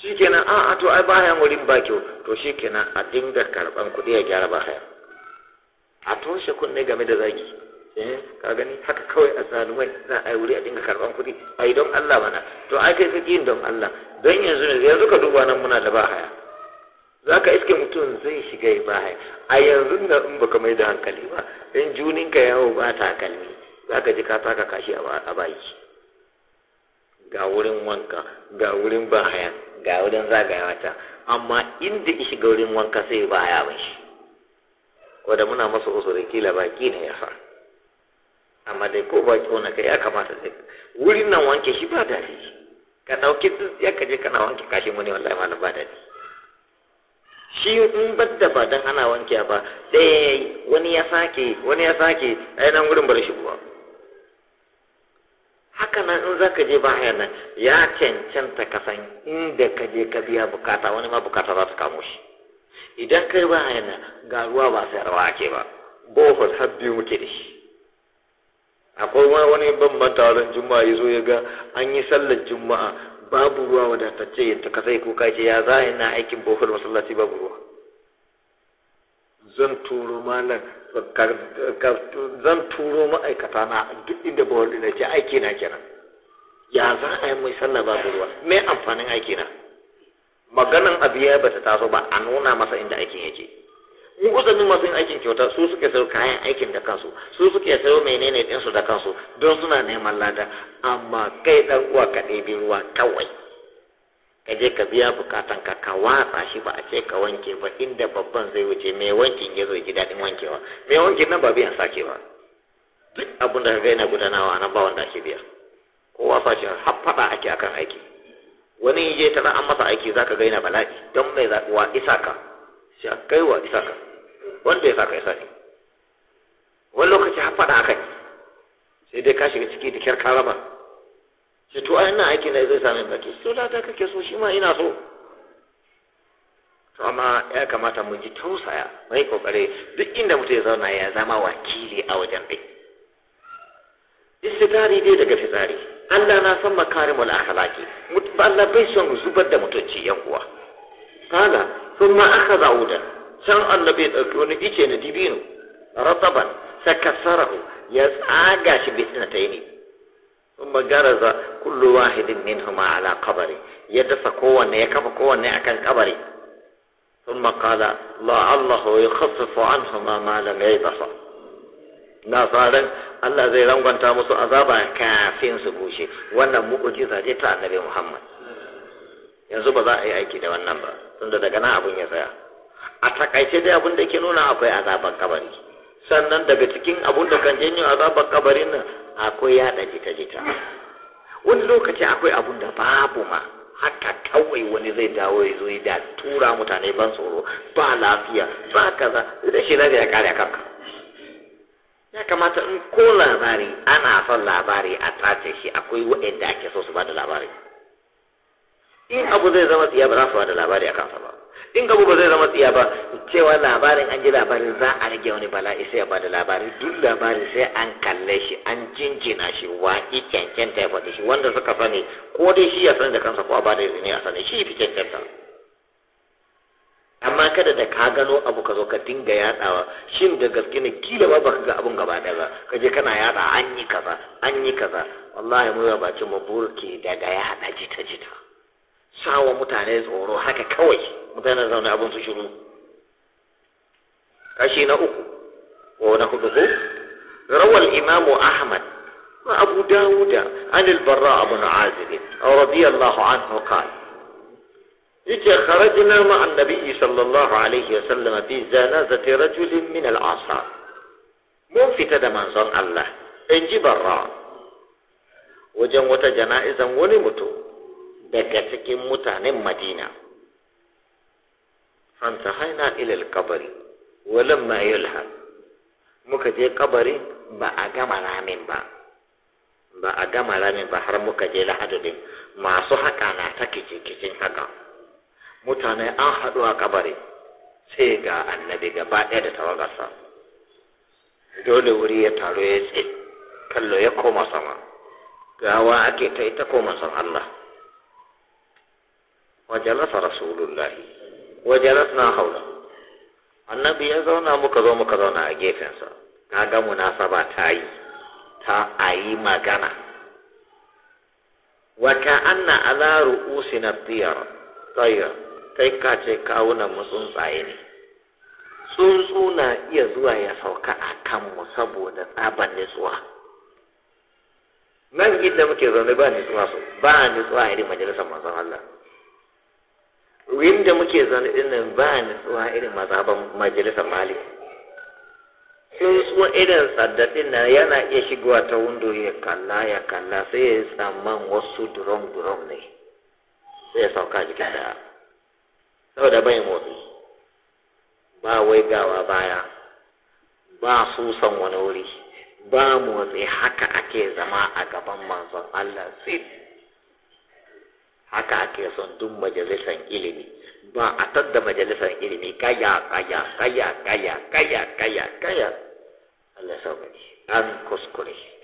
shi kenan a to ai haya wurin ba kyau to shi kenan a dinga karɓan kuɗi ya gyara haya a toshe kunne game da zaki eh, ka gani haka kawai a zalumai za a yi wuri a dinga karban kuɗi a yi don Allah mana to ai kai kake don Allah don yanzu ne yanzu ka duba nan muna da bahaya za ka iske mutum zai shiga ya bahaya a yanzu na in baka mai da hankali ba in juninka yawo ba ta kalmi za ka ji ka taka kashi a baki ga wurin wanka ga wurin bahaya ga wurin zagayawa ta amma inda ki shiga wurin wanka sai baya ban shi wadda muna masa usuri kila baki ne ya sa amma dai ko baki wani kai ya kamata dai wurin nan wanke shi ba daɗi ka ɗauki tsintsiya ka je kana wanke kashin wani wallahi malam ba daɗi shi in badda ba dan ana wanke ba ɗaya wani ya sake wani ya sake yi nan wurin bar shi kuwa haka nan in za ka je ba nan ya cancanta ka san inda ka je ka biya bukata wani ma bukata za ta kamo shi idan kai ba yana ga ruwa ba sai rawa ake ba bohol har biyu muke da shi akwai ma wani bambanta wajen juma'a ya zo ya ga an yi sallar juma'a babu ruwa wadatacce yadda ka sai kuka ce ya za na aikin bohol masallaci babu ruwa zan turo malam zan turo ma'aikata na duk inda bohol ɗin ce aiki na kenan ya za a yi mai sallah babu ruwa me amfanin aiki na maganan abu ya bata taso ba a nuna masa inda aikin yake mu uzumin masu yin aikin kyauta su suke sayo kayan aikin da kansu su suke sayo menene ɗinsu da kansu don suna neman lada amma kai ɗan uwa ka ɗebi ruwa kawai ka je ka biya bukatan ka ka watsa shi ba a ce ka wanke ba inda babban zai wuce mai wankin ya zo ji daɗin wankewa mai wankin nan ba biyan ba. duk abin da ka ga yana gudanawa nan ba wanda ake biya kowa sashi har faɗa ake akan aiki wani je tana an masa aiki zaka ga yana bala'i don mai wa isaka sai a kai wa isaka wanda ya saka isa ne wani lokaci har faɗa akai sai dai ka shiga ciki da kyar karama sai to ai ina aiki na zai sami baki to da ta kake so shi ma ina so to amma ya kamata mu ji tausaya mai kokare duk inda mutum ya zauna ya zama wakili a wajen ɗin istitari dai daga fitsari Allah na san makarimul akhlaqi Allah bai son zubar da mutunci yan uwa kana aka akhadha udan san Allah bai dauki wani ice na dibino rataban sakassarahu ya tsaga shi bisnataini thumma garaza kullu wahidin minhuma ala qabri ya dafa kowanne ya kafa kowanne akan kabari ثم قال لا الله يخفف عنهما ما لم يبصر na faran Allah zai rangwanta musu azaba kafin su bushe wannan mu'ujiza ce ta annabi Muhammad yanzu ba za a yi aiki da wannan ba tunda daga nan abun ya tsaya a takaice dai abun da ke nuna akwai azaban kabari sannan daga cikin abun da kan janyo azaban kabarin nan akwai yada jita-jita wani lokaci akwai abun da babu ma haka kawai wani zai dawo ya zo ya tura mutane ban tsoro ba lafiya ba kaza da shi ya kare kanka ya kamata in ko labari ana son labari a tace shi akwai waɗanda ake so su ba da labari in abu zai zama tsiya ba za su ba da labari a kansa ba in abu ba zai zama tsiya ba cewa labarin an ji labarin za a rage wani bala'i sai ya ba da labari duk labari sai an kalle shi an jinjina shi wa ki kyankyanta ya faɗi shi wanda suka sani ko dai shi ya sani da kansa ko a ba da izini a sani shi fi kyankyanta amma kada da ka gano abu ka zo ka dinga yadawa shin da gaske ne kila ba baka ga abun gaba daya ba ka je kana yada an yi kaza an yi kaza wallahi mu ba ce mu burke daga yada jita jita sawa mutane tsoro haka kawai mutane zaune abun su shiru kashi na uku ko na hudu ko rawal imamu ahmad wa abu dawuda an barra ibn azib radiyallahu anhu qala yake kharajna ma annabi sallallahu alaihi wa sallam fi zanazati rajulin min al-ansar mun fita da manzon Allah in ji barra wajen wata jana'izan wani mutum daga cikin mutanen Madina fantahaina ila al-qabri walamma yulhar muka je kabari ba a gama ramin ba ba a gama ramin ba har muka je lahadudin masu haka na ta kicin kicin haka mutane an haɗu a kabari sai ga annabi gaba ɗaya da tawagarsa dole wuri ya taro ya tse kallo ya koma sama gawa ake ta ita koma san Allah wajalasa rasulullahi na, haula annabi ya zauna muka zo muka zauna a gefensa ga munasaba ta yi ta a yi magana wa ka anna ala ru'usina tiyar tayar kai ka ce kawunan mu tsuntsaye ne tsuntsu na iya zuwa ya sauka a kanmu saboda tsaban nutsuwa nan inda muke zaune ba tsuwa iri ba nutsuwa a irin majalisar manzon Allah inda muke zaune din nan ba nutsuwa irin mazaban majalisar malik tsuntsuwa irin na yana iya shigowa ta windo ya kalla ya kalla sai ya yi tsamman wasu durom durom ne sai ya sauka jikin da saboda bai motsi ba wai gawa baya ba susan wani wuri ba motsi haka ake zama a gaban manzon Allah sai haka ake son duk majalisan ilimi ba a tadda majalisar ilimi kaya kaya kaya kaya kaya kaya kaya Allah sauƙi an kuskure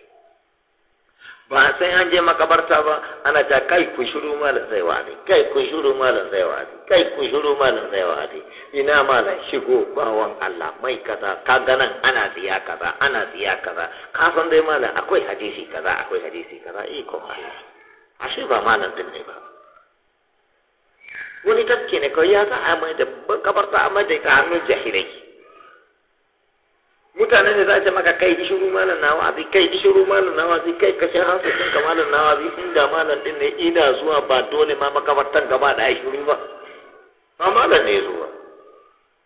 ba sai an je makabarta ba ana ta kai ku shiru malam sai wani kai ku shiru malam sai wani kai ku shiru malam sai wani ina malam shigo bawan Allah mai kaza ka ganan ana biya kaza ana biya kaza ka san dai malam akwai hadisi kaza akwai hadisi kaza iko eh, a ashe ba malam din ne ba wani tafke ne kawai ya sa a mai da kabarta a mai da ka hannun jahilai mutanen da za ce maka kai ji shiru malam na wa'azi kai ji shiru malam na wa'azi kai ka shan hansu ka malam na in da malam din ne ina zuwa ba dole ma makabartan gaba da shiru ba ba malam ne zuwa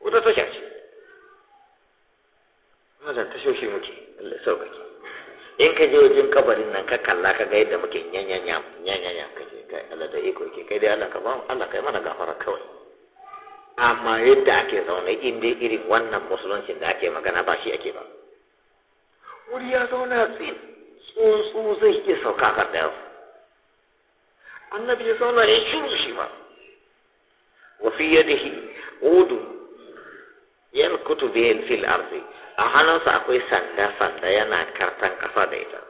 wata tasha ce malam tashoshi muke Allah sauƙaƙe in ka je wajen kabarin nan ka kalla ka ga yadda muke nyanyanya nyanyanya kake kai Allah da iko ke kai dai Allah ka ba Allah kai mana gafara kawai amma yadda ake zaune in dai irin wannan musuluncin da ake magana ba shi ake ba wuri ya zauna tsin tsuntsu zai iya sauka kan da annabi ya zauna ya shiru shi ba wa fi yadihi udu kutu biyan fil arzi a hannunsa akwai sanda sanda yana kartan kasa da ita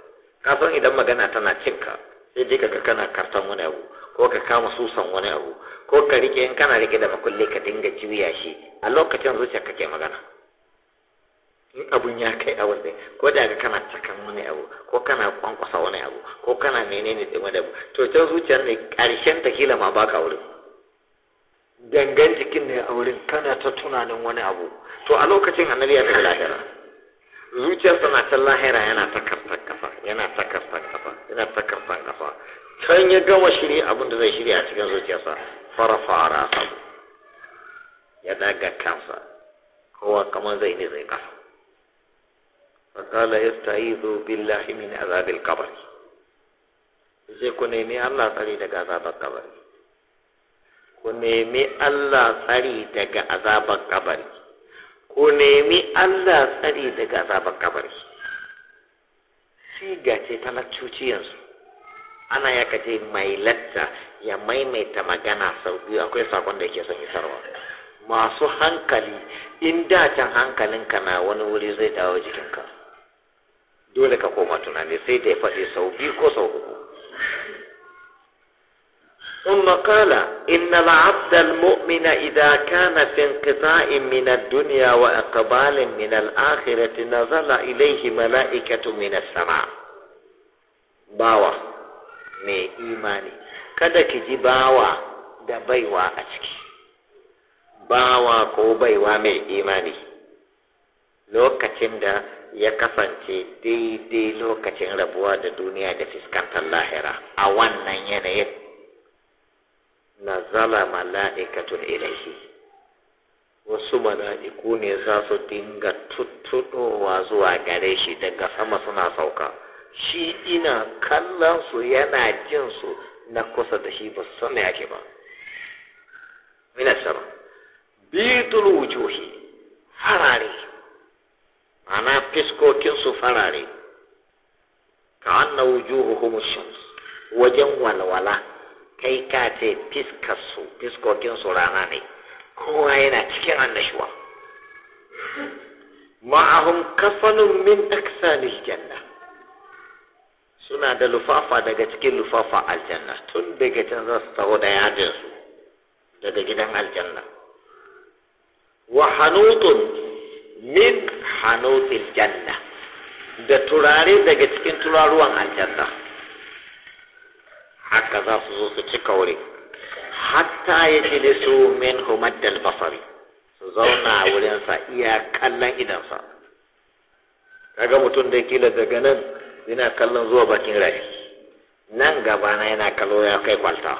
kasan idan magana tana cinka sai dai kaga kana kartan wani abu ko ka kama susan wani abu ko ka rike in kana rike da makulle ka dinga juya shi a lokacin zuciya kake magana in abun ya kai a wanda ko da ka kana cakan wani abu ko kana kwankwasa wani abu ko kana menene da wani abu to can zuciyar ne karshen ta kila ma baka wurin dangan jikin ne a wurin kana ta tunanin wani abu to a lokacin annabi ya tafi lahira zuciyarsa na can lahira yana ta kafa yana ta kafa yana ta kafa kan ya gama shirya abin da zai shirya a cikin zuciyarsa farfara sabu ya daga kansa kowa kamar zai ne zai kasa fakala yasta'izu billahi min azabil qabr zai ku nemi Allah tsari daga azabar kabari ku nemi Allah tsari daga azabar kabari ku nemi Allah tsari daga azabar kabari shi gace ta yanzu ana ya kace mai latta ya maimaita magana sau biyu akwai sakon da yake son isarwa masu hankali in da can hankalinka na wani wuri zai dawo jikinka dole ka koma tunani sai da ya faɗi sau biyu ko sau uku ثم قال إن العبد المؤمن إذا كان في انقطاع من الدنيا وإقبال من الآخرة نزل إليه ملائكة من السماء باوة mai imani kada ki ji bawa da baiwa a ciki bawa ko baiwa mai imani lokacin da ya kasance daidai lokacin rabuwa da duniya da fiskantar lahira a wannan yanayin Na zala mala'ikatun ilahi wasu mala'iku ne za su dinga tuttuɗowa zuwa gare shi daga sama suna sauka shi ina kallon su yana jin su na kusa da shi ba su san yake ba ina sama bitul wujuhi farare ana fiskokin su farare ka anna wujuhuhum shams wajen walwala kai ka ce fiskar su fiskokin su rana ne kowa yana cikin annashuwa ma'ahum kafanun min aksanil janna suna da lufafa daga cikin lufafa aljanna tun daga can za su taho da yajinsu daga gidan aljanna wa hanutun min hanutil janna da turare daga cikin turaruwan aljanna haka za su zo su ci kauri. hatta ya su min humaddal basari su zauna a wurinsa iya kallon idansa kaga mutum da kila daga nan yana kallon zuwa bakin rafi nan gaba na yana kallo ya kai kwalta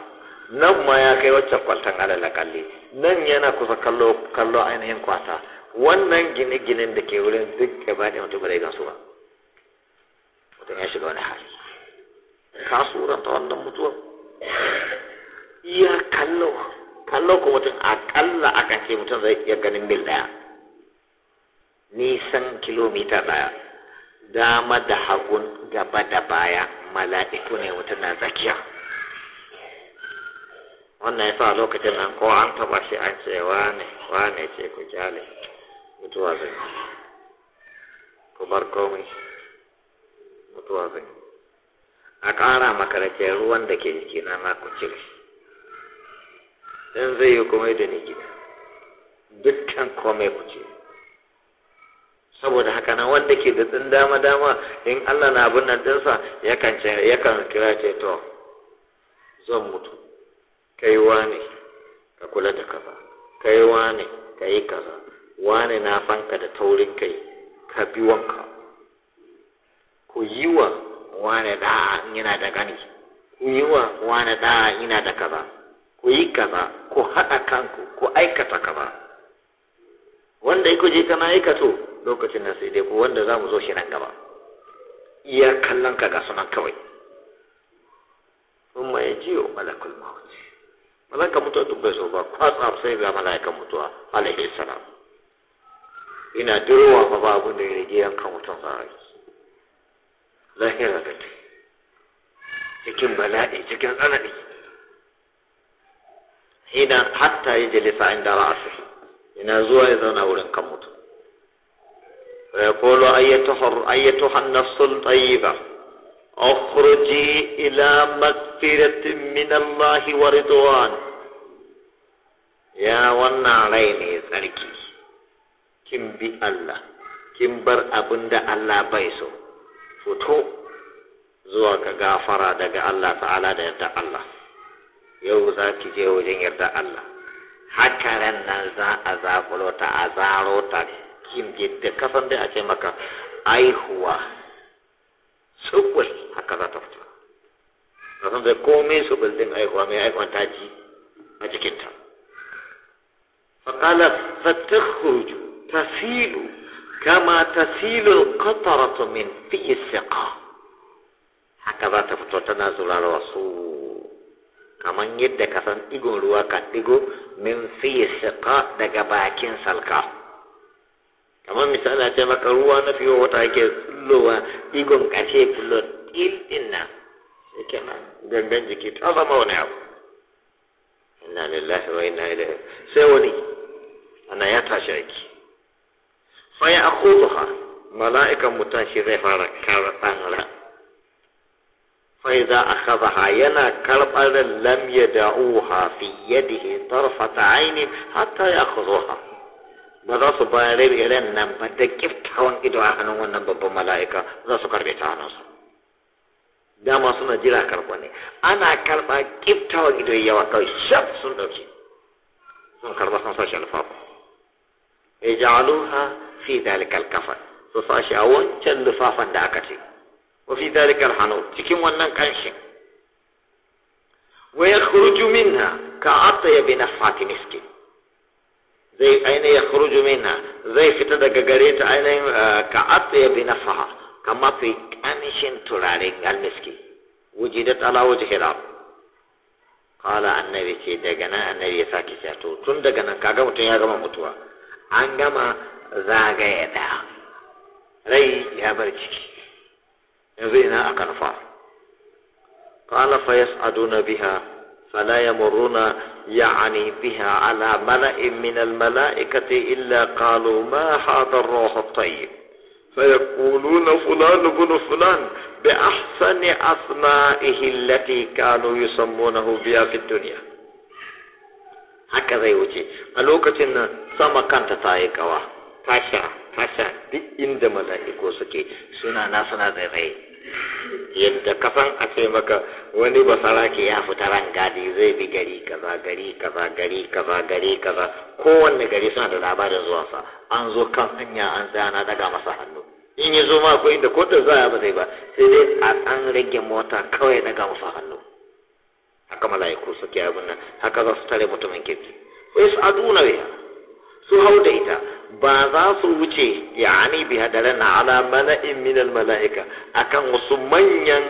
nan ma ya kai waccan kwaltan alala kalli nan yana kusa kallo kallo ainihin kwata wannan gine-ginen da ke wurin duk gaba da mutum bai gansu ba mutum ya shiga wani hali ka ta wannan mutuwa ya kallo kallo ko mutum akalla akan ce mutum zai iya ganin mil daya nisan kilomita daya dama da hagun gaba da baya mala'iku ne mutum na tsakiya wannan ya sa lokacin nan ko an taba shi an ce wane wane ce ku jale, mutuwa zan ku bar komai mutuwa zai. a ƙara makarake ruwan da ke jikina na ku cire in zai yi komai da ni gida dukkan komai ku cire saboda haka nan wanda ke da tsin dama dama in Allah na abin nan dinsa yakan ce yakan kira ce to zan mutu kai wane ka kula da kaza kai wane ka yi kaza wane na fanka da taurin kai ka bi wanka ku yi wa wane da yana da gani ku yi wa wane da yana da kaza ku yi kaza ku haɗa kanku ku aikata kaza wanda ya kuje kana aikato lokacin nan sai dai ku, wanda za mu zo shi nan gaba iya kallon ka ga sunan kawai sun ma ya wa malakul mawut malakan mutuwa duk bai zo ba kwatsa sai ga malakan mutuwa alaihi salam ina durowa ba babu da ya rage yankan mutum sarai lahiyar da ta cikin bala'i cikin tsanani ina hatta yi jalisa inda ra'asi ina zuwa ya zauna wurin kan mutum ويقول أيتها أيتها النفس الطيبة اخرجي إلى مغفرة من الله ورضوان يا wannan rai ne tsarki kin bi Allah kin bar abin da Allah bai so fito zuwa ga gafara daga Allah ta'ala da yarda Allah yau za ki je wajen yarda Allah haka za a zakulo ta a zaro ta ne kim yadda kasan dai a ce maka aihuwa subul haka za ta fito kasan dai komai subul din aihuwa mai aihuwan ta ji a jikinta faƙala fatakhruju tasilu kama tasilu alqataratu min fi siqa haka za ta fito tana zurarwa su kamar yadda kasan digon ruwa ka digo min fi siqa daga bakin salka kamar misali a ce maka ruwa na fiye wata ake lowa digon kashe kullum til din nan shi kenan gangan jiki ta zama wani abu inna lillahi wa inna ilaihi sai wani ana ya tashi aiki fa ya akhudha mala'ikan mutashi zai fara karɓan ran fa idza akhadha yana karɓar lam yad'uha fi yadihi tarfata ayni hatta ya'khudha ba za su ba rai nan ba da kiftawan ido a hannun wannan babban mala'ika za su karbe ta hannunsa dama suna jira karɓa ne ana karɓa kiftawan ido yawa kawai shaf sun ɗauki sun karɓa sun sashi alfafa ya ha fi dalikal kafa su sashi a wancan lufafan da aka ce wa fi dalikal hannu cikin wannan kanshin wa ya minha ka ya bi na miskin zai aina ya khuruju minha zai fita daga gare ta ainihin uh, ka ya bi nafaha ka mafi kanishin turaren almiski da tsala wuji hira kala annabi ce daga nan annabi ya sake cewa to tun daga nan kaga mutum ya gama mutuwa an gama zagaya da. rai ya bar ciki yanzu ina aka nufa qala fa yas'aduna biha فلا يمرون يعني بها على ملأ من الملائكة إلا قالوا ما هذا الروح الطيب فيقولون فلان بن فلان بأحسن أسمائه التي كانوا يسمونه بها في الدنيا هكذا يوجي ألوكة سما كانت تايكوا تاشا تاشا دي إند ملائكو سكي سنانا سنانا ذي yadda kasan a ce maka wani ke ya fita gadi zai bi gari kaza gari kaza gari kaza gari kaza kowanne gari suna da labarin zuwansa an zo kan hanya an tsaya na daga masa hannu in ya zo ma ko inda ko da za ba zai ba sai dai a an rage mota kawai daga masa hannu haka mala'iku suke abin nan haka za su tare mutumin kirki wai su aduna ya su hau da ita ba za su wuce yani bi na ala mala'in min al mala'ika akan wasu manyan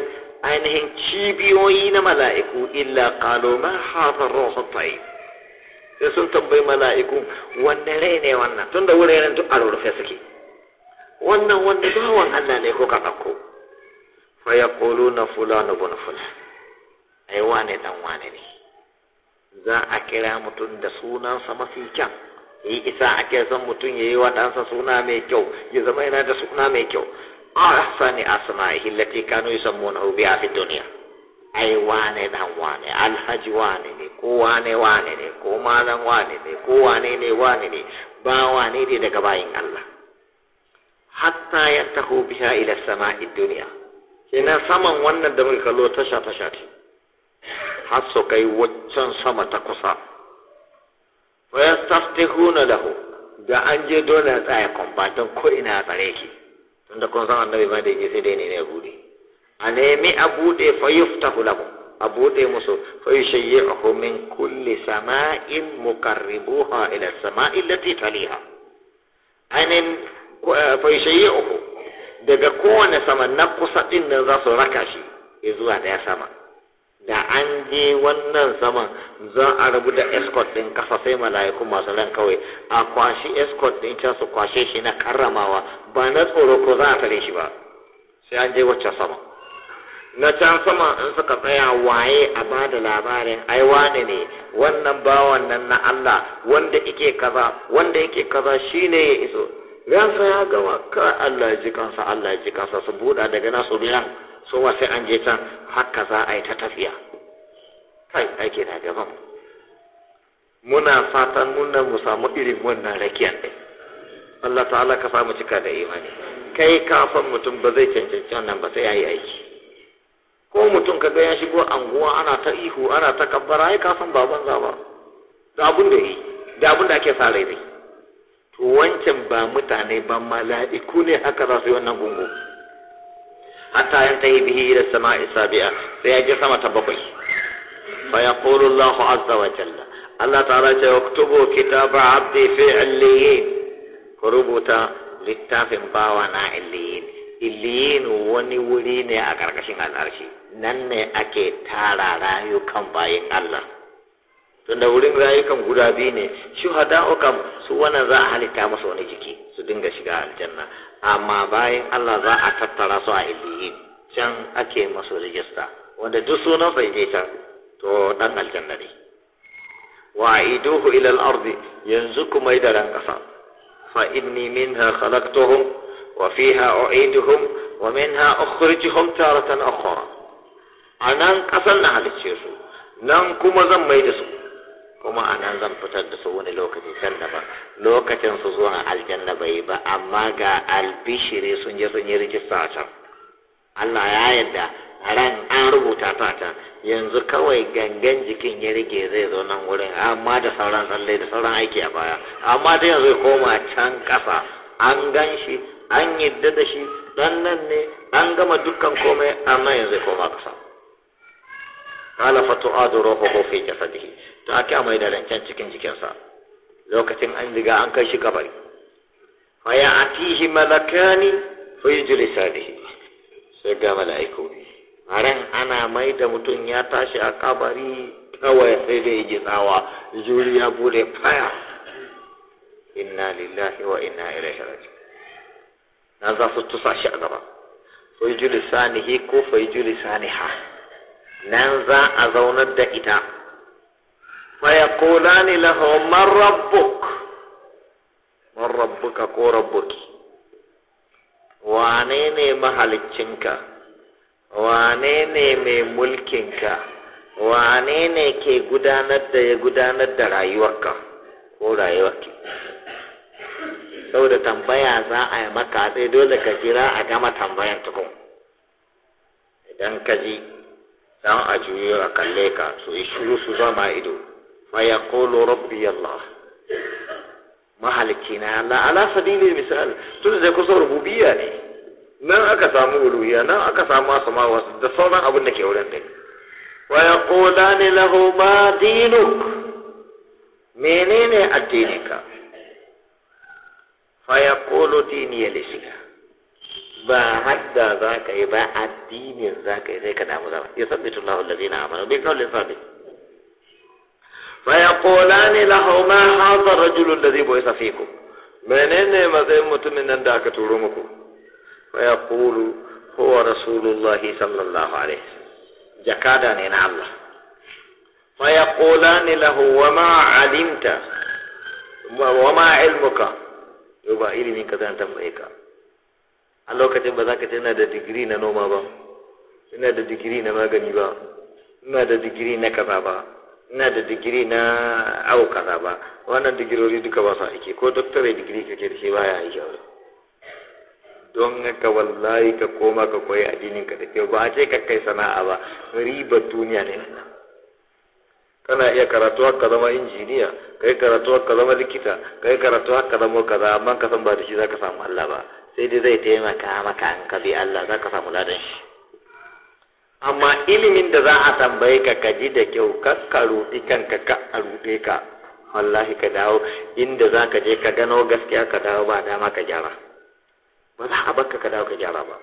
ainihin cibiyoyi na mala'iku illa qalu ma hafa ruhu tayyib sai sun tambayi mala'iku wanne rai ne wannan tunda wuraren duk a rurrufe suke wannan wanda bawan Allah ne ko ka ɗauko fa yaquluna fulanu bin fulan ai wane dan wane ne za a kira mutum da sunansa mafi kyau yi eh, isa ake son mutum ya yi wa ɗansa suna mai kyau ya zama yana da suna mai kyau ahsani asma'ihi allati kanu yusammunahu biha fi dunya ai wane dan wane alhaji wane ne ko wane wane ne ko malam wane ne ko wane ne wane ne ba wane ne daga bayin Allah hatta yantahu biha ila sama'i dunya Ina saman wannan da muka kallo tasha tasha ce har su kai waccan sama ta kusa wa yastaftihuna lahu da an je dole a tsaya kwambatan ko ina a tsare ki tunda kun san annabi ma da yake sai dai ne ne bude a nemi a bude fa yuftahu lahu a bude musu fa yushayyi'uhu min kulli sama'in muqarribuha ila sama'i allati taliha ainin eh, fa yushayyi'uhu daga kowane sama na kusa din nan za su raka shi zuwa daya sama da an je wannan saman za a rabu da escort din kasa sai mala'iku masu ran kawai a kwashi escort din can su kwashe shi na karramawa ba na tsoro ko za a tare shi ba sai an je wacce sama na can sama in suka tsaya waye a ba da labarin ai wani ne wannan bawan nan na Allah wanda yake kaza wanda yake kaza shine ya iso sa ya gama ka Allah ji kansa Allah ji kansa su buɗa daga nasu biyan su ma sai an je can haka za a yi ta tafiya kai aiki na gaban muna fatan muna mu samu irin wannan rakiyar ɗin Allah ta'ala ka samu cika da imani kai kafan mutum ba zai cancanci wannan ba sai ya yi aiki ko mutum kaga ya shigo anguwa ana ta ihu ana ta kabbara ka kafan ba banza ba da abun da yi da abun da ake sa rai to wancan ba mutane ba mala'iku ne haka za su yi wannan gungun hatta yi bihi sama sama'i sabi'a sai ya je sama ta bakwai fa yaqulu azza wa jalla Allah ta'ala ce uktubu kitaba abdi fi illiyin ku rubuta littafin bawa na illiyin illiyin wani wuri ne a karkashin al'arshi nan ne ake tara rayukan bayan Allah tunda wurin rayukan guda biyu ne shuhada kam su wannan za a halitta masa wani jiki su dinga shiga aljanna amma bayan Allah za a tattara su a illiyin can ake masu rijista wanda duk sunan bai je to dan aljanna ne wa aiduhu ila al-ardi yanzu kuma idaran kasa fa inni minha khalaqtuhum wa fiha u'iduhum wa minha ukhrijuhum taratan ukhra anan kasan na halicce su nan kuma zan mai da su kuma a nan zan fitar da su wani lokaci can ba lokacin su zuwa aljanna bai ba amma ga albishiri sun je sun yi rijista a can Allah ya yarda ran an rubuta ta can yanzu kawai gangan jikin ya rige zai zo nan wurin amma da sauran tsalle da sauran aiki a baya amma da yanzu koma can kasa an gan shi an yadda da shi dan nan ne an gama dukkan komai amma yanzu koma kasa qala fa tu'adu ruhuhu fi jasadihi to ake amai da rancen cikin jikinsa lokacin an diga an kai shi kabari fa atihi malakani fa yujlisanihi sai ga mala'iku a ana mai da mutum ya tashi a kabari kawai sai dai ji tsawa juri ya bude faya inna lillahi wa inna ilaihi raji na za su tusa shi a gaba fa sanihi ko fa saniha. nan za a zaunar da ita fayakulani lahu man rabbuk man rabbuka ko rabbuki wane ne mahalicinka wane ne mai mulkinka wane ne ke gudanar da ya gudanar da rayuwarka ko rayuwarki saboda tambaya za a yi maka sai dole ka jira a gama tambayan tukun idan ka ji dan a juyo a kalle ka su yi shiru su zama ido fa ya kolo rabbi Allah mahalki na Allah ala sabili misal tun da kusa rububiyya ne nan aka samu uluhiyya nan aka samu asama wasu da sauran abin da ke wurin dai wa yaqulani lahu ma dinuk menene ka? fa kolo dini ya lishiga ba hadda za ka yi ba addinin za ka yi sai ka damu zama ya sabbi lahun allazi na amanu bi kawli sabbi fa ne lahun ma rajulun da zai boye bu'itha ku menene matsayin mutumin nan da aka turo muku fa kulu kowa rasulullahi sallallahu alaihi jakada ne na Allah fa ne lahun wa ma alimta wa ma ilmuka yau ba ilimin ka zan tambaye ka a lokacin ba za ka ce ina da digiri na noma ba ina da digiri na magani ba ina da digiri na kaza ba ina da digiri na abu kaza ba wannan digirori duka ba su aiki ko doctorate digiri kake da shi baya aiki a don haka wallahi ka koma ka koyi addinin ka da kyau ba a ce ka kai sana'a ba ribar duniya ne nan kana iya karatu haka zama injiniya kai karatu haka zama likita kai karatu haka zama kaza amma ka san ba da shi zaka samu Allah ba sai dai zai taimaka maka an ka bi Allah za ka samu ladan shi amma ilimin da za a tambaye ka ka ji da kyau ka ruɗi kanka ka a ruɗe ka wallahi ka dawo inda za ka je ka gano gaskiya ka dawo ba dama ka gyara ba za a baka ka dawo ka gyara ba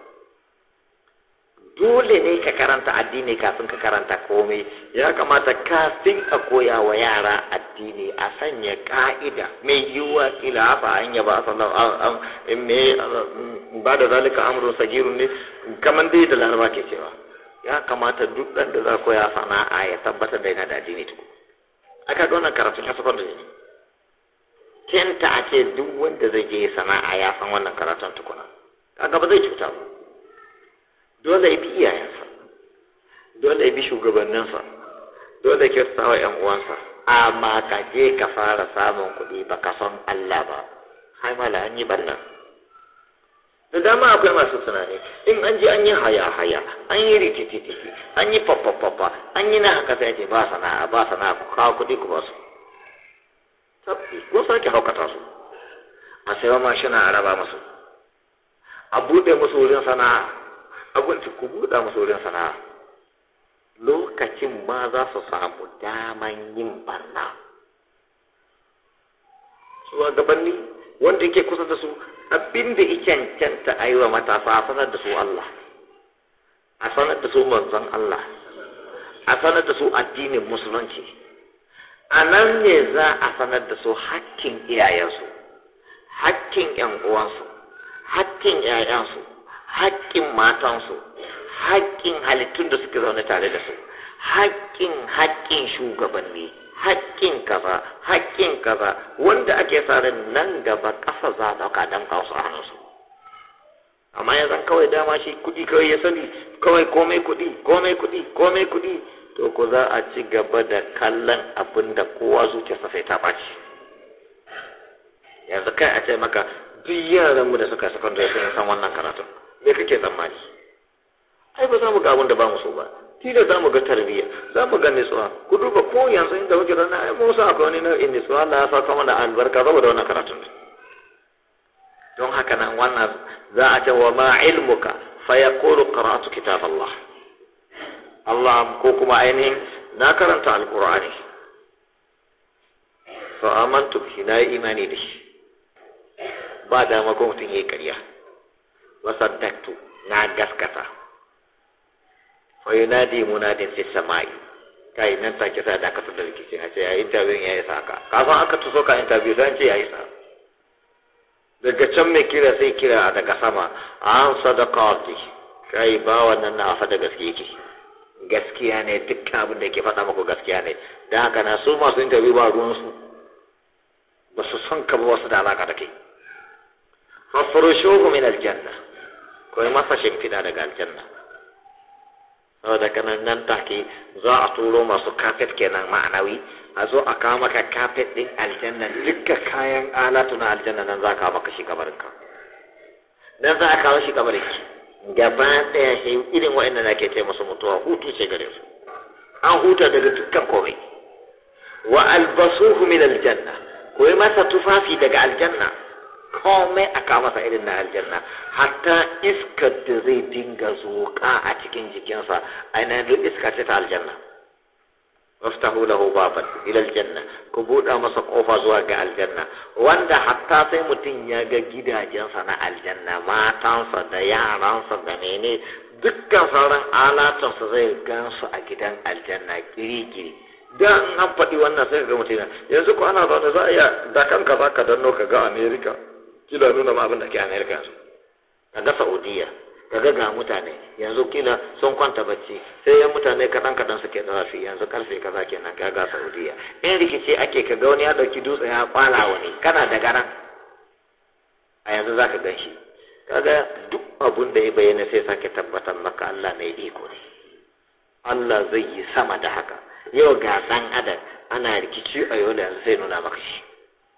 dole ne ka karanta addini kafin ka karanta komai ya kamata kafin a koya wa yara addini a sanya ka'ida mai yiwuwa kila hafa an an sallallahu ba da zalika amurin sagirun ne kamar dai da laraba ke cewa ya kamata duk ɗan da za koya sana'a ya tabbatar da yana da addini tuku aka ga wannan karatun ya sakon da ne kenta ake duk wanda zai je sana'a ya san wannan karatun tukuna kaga ba zai cuta ba dole ya bi iyayensa dole ya bi shugabanninsa dole ya kyautawa yan uwansa amma ka je ka fara samun kuɗi ba ka san Allah ba hai mala an yi ballan da dama akwai masu tunani in an je an yi haya haya an yi rikititiki an yi fafafafa an yi na haka sai ce ba sana'a ba sana'a ku kawo kuɗi ku ba su tabbi ko sake haukata su a sayo mashina a raba musu a buɗe musu wurin sana'a abinci ku buɗa masu wurin sana'a lokacin ma za su samu daman yin barna su a gabanni wanda yake kusa da su abin da ya cancanta a yi wa matasa a sanar da su Allah a sanar da su manzon Allah a sanar da su addinin musulunci a nan ne za a sanar da su hakkin iyayensu hakkin 'yan uwansu hakkin 'ya'yansu haƙƙin matansu haƙƙin halittun da suke zaune tare da su haƙƙin haƙƙin shugabanni haƙƙin kaza haƙƙin kaza wanda ake sa tsarin nan gaba ƙasa za ta ka dan kawo su amma ya amma kawai dama shi kuɗi kawai ya sani kawai komai kuɗi komai kuɗi komai kuɗi to ko za a ci gaba da kallon abin da kowa zuciyarsa sai ta ɓaci yanzu kai a ce maka duk yaranmu da suka sakandare sun san wannan karatun me kake tsammani ai ba za mu ga abin da ba mu so ba tilo za mu ga tarbiyya za mu ga nisuwa. ku duba ko yanzu inda muke da ai mun san akwai wani nau'in nisuwa Allah ya saka mana albarka saboda wannan karatun don haka nan wannan za a ce wa ma ilmuka fa yaqulu qara'tu kitab Allah Allah ko kuma ainihin na karanta alqur'ani fa amantu bi na imani da ba dama ko mutum yayi ƙarya wasaddaktu na gaskata fa yunadi munadin fi samai kai nan take sai da aka da rikici a ce ya interview ya isa ka kafin aka tuso ka interview sai ce ya isa daga can mai kira sai kira daga sama an sadaqati kai ba wannan na fa da gaske yake gaskiya ne dukkan abin da ke faɗa muku gaskiya ne Da haka na su masu interview ba su. ba su son ka ba wasu da alaƙa da kai fafarushuhu min aljanna ko masa shimfiɗa daga aljanna saboda kanan nan take za a turo masu kafet kenan ma'anawi a zo a kawo maka kafet ɗin aljanna duka kayan alatu na aljanna nan za a kawo maka shi kabarinka nan za a kawo shi kabarinki gaba ɗaya irin na ake taimaka su mutuwa hutu ce gare su an huta daga dukkan komai wa albasuhu min aljanna ko masa tufafi daga aljanna komai a kawo masa irin na aljanna hatta iska da zai dinga zoka a cikin jikinsa ainihin duk iska ce ta aljanna waftahu lahu baban ila aljanna ku buɗa masa kofa zuwa ga aljanna wanda hatta sai mutum ya ga gidajensa na aljanna matansa da yaransa da mene dukkan sauran alatansa zai gansu a gidan aljanna kirikiri da an faɗi wannan sai ga mutum yanzu ko ana zaune za a iya da kanka za ka danno ka ga amerika kila nuna ma abin da ke amerika yanzu kaga saudiya kaga ga mutane yanzu kila sun kwanta bacci sai yan mutane kaɗan kaɗan suke da su yanzu karfe kaza kenan kaga saudiya in rikici ake ka ga wani ya ɗauki dutse ya kwala wani kana da garan a yanzu za ka gan shi kaga duk abun da ya bayyana sai sake tabbatar maka Allah mai iko ne Allah zai yi sama da haka yau ga ɗan adam ana rikici a yau da yanzu sai nuna maka shi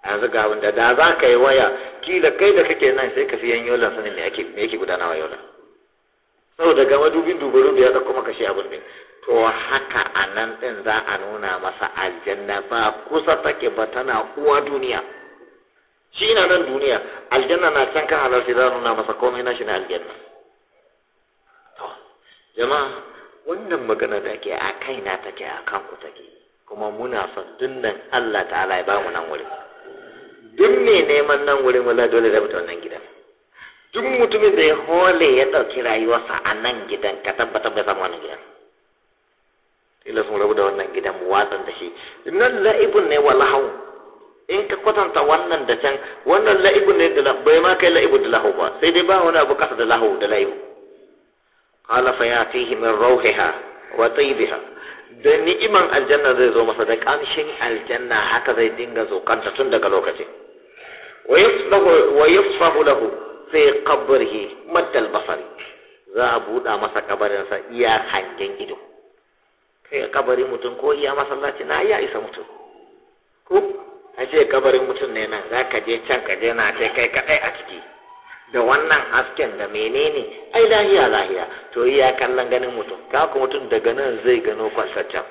yanzu ga wanda da za ka yi waya kila kai da kake nan sai ka siyan yola sanin me yake me yake gudanawa Sau saboda ga madubin dubaro da ya dauko kuma kashe abin din to haka a nan din za a nuna masa aljanna ba kusa take ba tana uwa duniya shi na nan duniya aljanna na can kan halarci za a nuna masa komai na shi na aljanna jama'a wannan magana da ke a kaina take a kanku take kuma muna son dunnan Allah ta'ala ya bamu nan wurin duk mai neman nan wurin wala dole zai fita wannan gidan duk mutumin da ya hole ya ɗauki rayuwarsa a nan gidan ka tabbatar bai samu wannan gidan ila sun rabu da wannan gidan mu watsan da shi nan la'ibun ne wala hau in ka kwatanta wannan da can wannan la'ibun ne da bai ma kai la'ibun da lahu ba sai dai ba wani abu kasa da lahu da la'ibu qala fa yatihi min rawhiha wa tayyibiha da ni'iman aljanna zai zo masa da kamshin aljanna haka zai dinga zo kanta tun daga lokacin wa yusfahu sai fi qabrihi maddal basari za a buɗa masa kabarinsa iya hangen ido a kabarin mutum ko iya masallaci na ya isa mutum ko a ce kabarin mutum ne nan za ka je can ka je na ce kai kaɗai a ciki da wannan hasken da menene ai lahiya lahiya to iya kallon ganin mutum ka ku mutum daga nan zai gano kwasaccen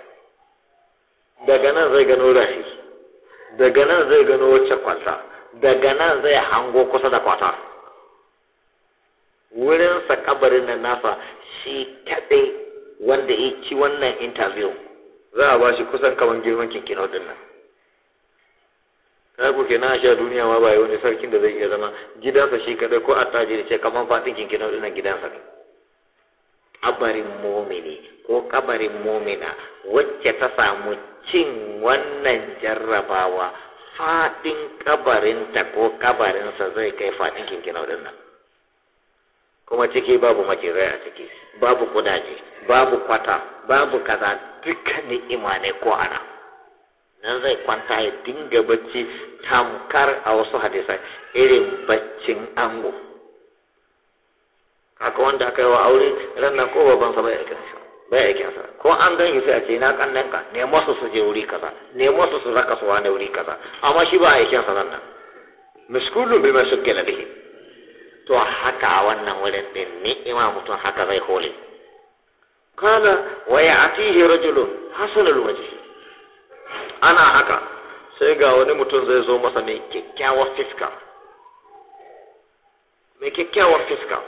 daga nan zai gano rashi daga nan zai gano wacce kwasa daga nan zai hango kusa da kwata wurinsa kabarin nan nasa shi kaɗe wanda ya ci wannan interview za a ba shi kusan kaman girman kinkinau din nan ku kenan a sha duniya ma ba yi wani sarkin da zai iya zama gidansa shi kaɗai ko da ce kaman fatin kinkinau din nan gidansa kabarin momini ko kabarin momina wacce ta samu cin wannan jarrabawa faɗin kabarinta ko kabarinsa zai kai faɗin kinkinau nan kuma ciki babu makirai a ciki babu kudaje babu kwata babu kaza duka ni'ima ne ko ana nan zai kwanta ya dinga bacci tamkar a wasu hadisai irin baccin ango haka wanda aka yi wa aure ranar ko babban bai aikin Ba ya kyasa ko an gan shi sai a ce na kannan ka nemo su su je wuri kaza nemo su su raka su wani wuri kaza amma shi ba aikinsa nan nan miskulun bi mai suke bihi to haka a wannan wurin din ima mutum haka zai hole kala wa ya'tihi rajulu hasanul wajh ana haka sai ga wani mutum zai zo masa mai kyakkyawar fiska mai kyakkyawar fiska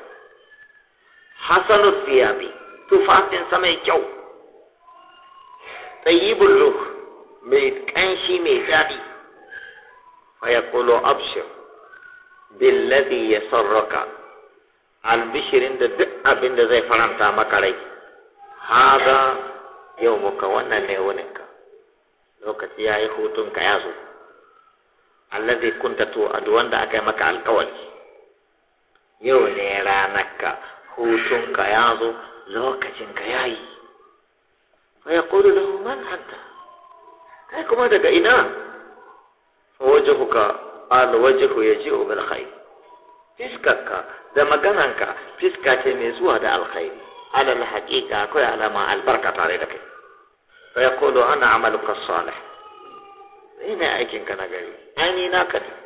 hasanu thiyabi tufafinsa mai kyau tsayibin ruh mai ƙanshi mai daɗi a ya kulo abshir billadi ya sarraka albishirin da duk abin da zai faranta maka rai haza yau muka wannan ne wuninka lokaci ya yi hutunka ya zo allazi kunta to a wanda aka yi maka alkawari yau ne ranarka hutunka ya zo lokacinka ya yi ya ƙuri lahu man anta kai eh, kuma daga ina wajahuka al wajahu yaji'u bil khair fiskarka da magananka fiska ce mai zuwa da alkhairi alal haƙiƙa akwai alama albarka tare da kai fa yaqulu ana amaluka salih ina aikinka na gari aini na ne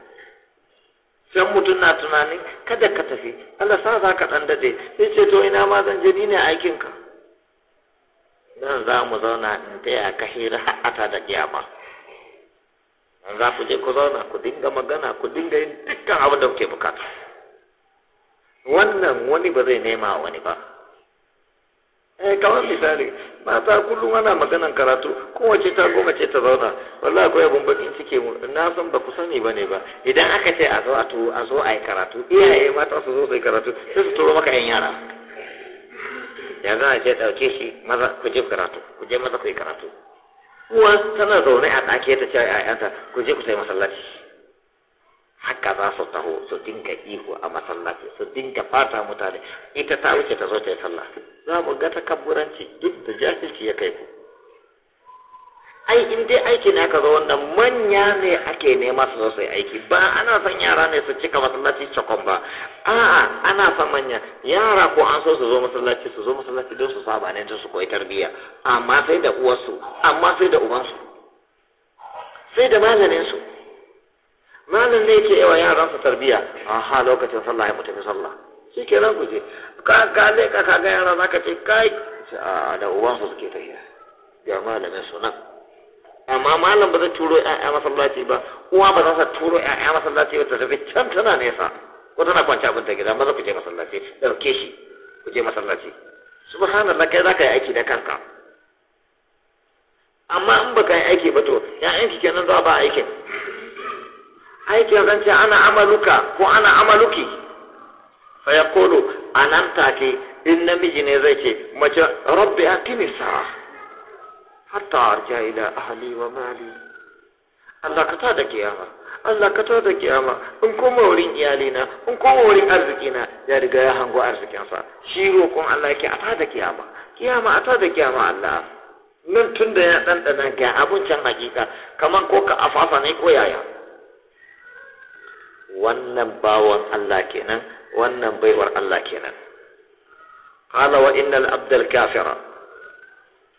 sai mutum na tunanin kada ka tafi Allah sa za ka ɗan daɗe sai ce to ina ma zan je ni ne aikinka Zan za mu zauna in taya ka hira ha'ata da kiyama an za ku je ku zauna ku dinga magana ku dinga yin dukkan abin da kuke bukata wannan wani ba zai nema wani ba eh kamar misali mata kullum ana magana karatu kowace ta ko ce ta zauna wallahi akwai abun bakin cike mu na san ba ku sani bane ba idan aka ce a zo a to a zo a yi karatu iyaye mata su zo su yi karatu sai su turo maka yan yara ya za a ce dauke shi maza ku je karatu ku je maza ku yi karatu uwa tana zaune a ɗake ta ce a yanta ku je ku sai masallaci haka za su taho su dinga ihu a masallaci su dinga fata mutane ita ta wuce ta zo ta yi sallah za mu ga takabburanci duk da jahilci ya kai ku ai in dai aiki ne aka zo wannan manya ne ake nema su sosai aiki ba ana son yara ne su cika masallaci cakon ba a'a ana son manya yara ko an so su zo masallaci su zo masallaci don su saba ne don su koyi tarbiyya amma sai da uwarsu amma sai da ubansu sai da malamin su malamin ne ke yawa yaran su tarbiyya aha lokacin sallah ya mutu sallah shi ke ku je. ka ka ka ka ga yara zaka ka ce kai a da uwan su suke tafiya ga malamin su nan amma malam ba zai turo ƴaƴa masallaci ba uwa ba za ta turo ƴaƴa masallaci ba ta tafi can tana nesa ko tana kwanci abin ta gida maza ku je masallaci ɗauke shi ku je masallaci subhanallah kai zaka ka yi aiki da kanka amma in baka yi aiki ba to aiki kenan za ba aikin aikin zan ana amaluka ko ana amaluki fa ya a nan take in namiji ne zai ce mace rabbi a kimi sa'a hatta arja ila ahli wa mali Allah ka ta da kiyama Allah ka ta da kiyama in koma wurin iyalina in koma wurin arzikina ya riga ya hango arzikinsa shi roƙon Allah yake a ta da kiyama kiyama a ta da kiyama Allah nan tun da ya ɗanɗana ga abincin hakika kamar ko ka afafa ne ko yaya wannan bawan Allah kenan wannan baiwar Allah kenan qala wa innal abdal kafira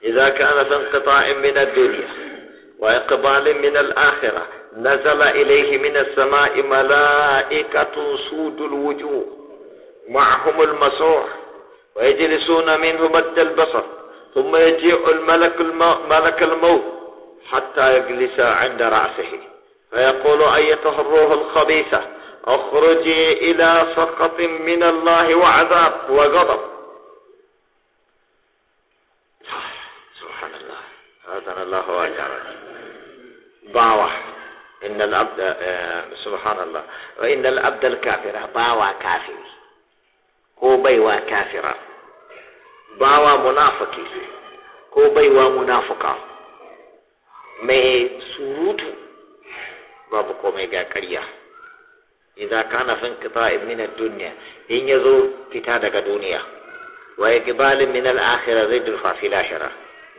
idza kana san qita'in min ad-dunya wa iqbalin min al-akhirah nazala ilayhi min as-sama'i mala'ikatu sudul wujuh ma'hum al-masuh wa yajlisuna minhu badda al-basar ثم يجيء الملك ملك الموت حتى يجلس عند رأسه فيقول أيتها الروح الخبيثة اخرجي إلى سخط من الله وعذاب وغضب سبحان الله هذا الله اكبر باوا إن العبد سبحان الله وإن العبد الكافر باوا كافر هو بيوا كافرا ضاوع منافقي هو بيوا منافقا mai surutu babu komai كريه idza kana fin qita'in min ad-dunya in yazo fita daga duniya wa iqbalin min al-akhirah zai durfa fil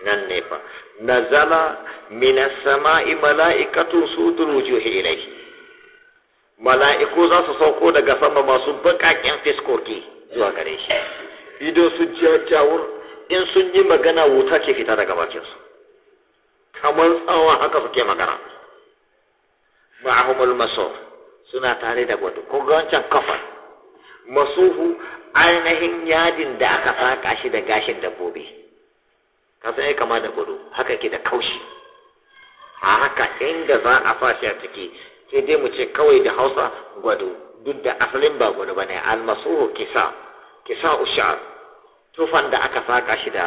nan ne fa nazala min as-sama'i mala'ikatu sudul wujuhi ilayhi mala'iku za su sauko daga sama masu baƙaƙen fiskoki zuwa gare shi ido su jajjawur in sun yi magana wuta ke fita daga bakinsu kamar tsawon haka suke magana ma'ahumul masor suna tare da wato ko ga wancan kafar masuhu ainihin yadin da aka saka shi da gashin dabbobi san ya kama da gudu haka ke da kaushi a haka inda za a shi a ciki sai dai mu ce kawai da hausa gwado duk da asalin ba gudu ba ne masuhu kisa kisa ushar tufan da aka saka shi da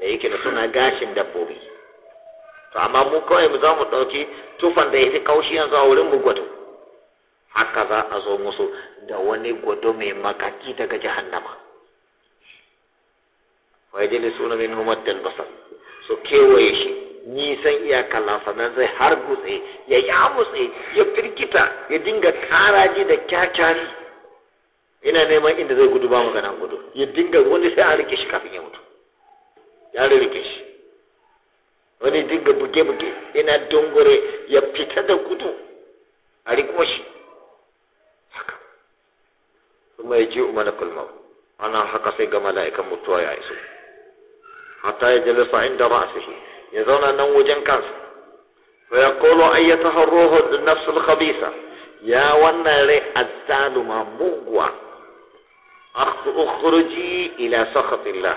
da yake da suna gashin dabbobi to amma mu kawai mu za mu ɗauki tufan da ya fi kaushi yanzu a wurin mu gwado haka za a zo musu da wani gwado mai makaki daga jahannama wajili suna min humar dalbasa su kewaye shi nisan iyaka lasanan zai har gutse ya yamutse ya firgita ya dinga karaji da kyakyari ina neman inda zai gudu ba magana gudu ya dinga wani sai a rike shi kafin ya mutu ya rike shi wani dinga buge-buge ina dongore ya fita da gudu a rikmo shi يجيء ملك الموت أنا حق سيقى ملائكة متوى يا عيسو حتى يجلس عند رأسه يظن أنه وجن كنسا فيقول أيتها الروح النفس الخبيثة يا ونري ما موغوا اخرجي إلى سخط الله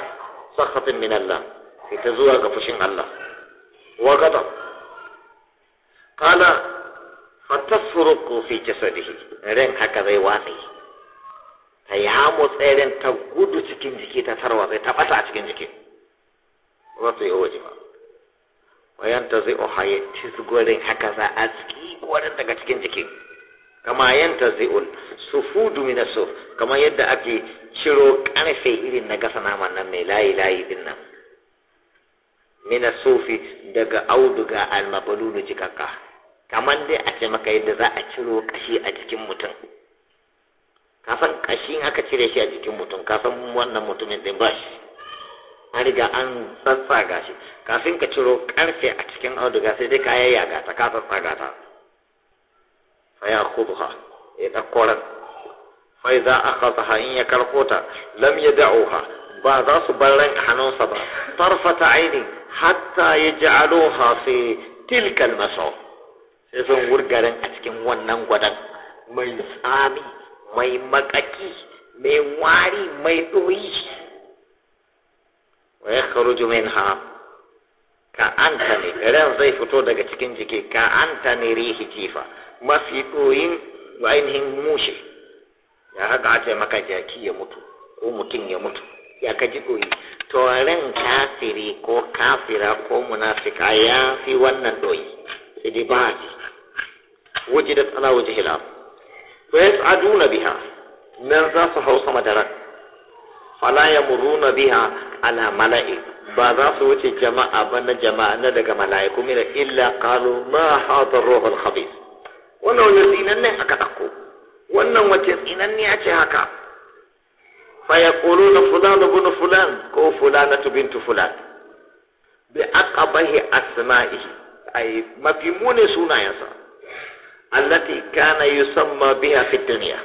سخط من الله في تزوى قفشين الله وغضب قال فتفرق في جسده رين هكذا يواني ta yi hamo tseren ta gudu cikin jiki ta tarwatsa ta bata a cikin jiki ba su yi waje ba wayan ta zai oha ya ci haka za a tsiki gwarin daga cikin jiki kama yan ta zai ul su fudu mina su kama yadda ake ciro karfe irin na gasa naman nan mai layi layi din nan mina sufi daga auduga almabalulu jikaka kamar dai a ce maka yadda za a ciro kashi a jikin mutum kasan kashin aka cire shi a jikin mutum kasan wannan mutumin din ba shi an riga an tsatsaga shi kafin ka ciro karfe a cikin auduga sai dai ka yayyaga ta ka tsatsaga ta fa ya khudha ya dakko ran fa idza akhadha in ya karkota lam yad'uha ba za su bar ran hannunsa ba tarfata aini hatta yaj'aluha fi al-masaw sai sun wurgarin a cikin wannan gwadan mai tsami mai makaki mai wari mai ɗoyi wa ya kharuju ha ka anta ne ran zai fito daga cikin jiki ka anta ne rihi jifa mafi ɗoyin ainihin mushe ya haka a ce maka jaki ya mutu ko mutum ya mutu ya ka ji ɗoyi to ran kafiri ko kafira ko munafika ya fi wannan ɗoyi sai dai ba a ji wajidat ala wajihil abu fa yas'aduna biha nan za su Hausa sama da ran fala yamuruna biha ala mala'i ba za su wuce jama'a ba na jama'a na daga mala'iku mina illa qalu ma hadha ruhu al-khabith wannan wani tsinan ne aka dauko wannan wace tsinan ne ake haka fa ya yaquluna fulan ibn fulan ko fulanatu bintu fulan bi aqabahi asma'ihi ai mafi mune sunayensa allati kana yusamma biha fi dunya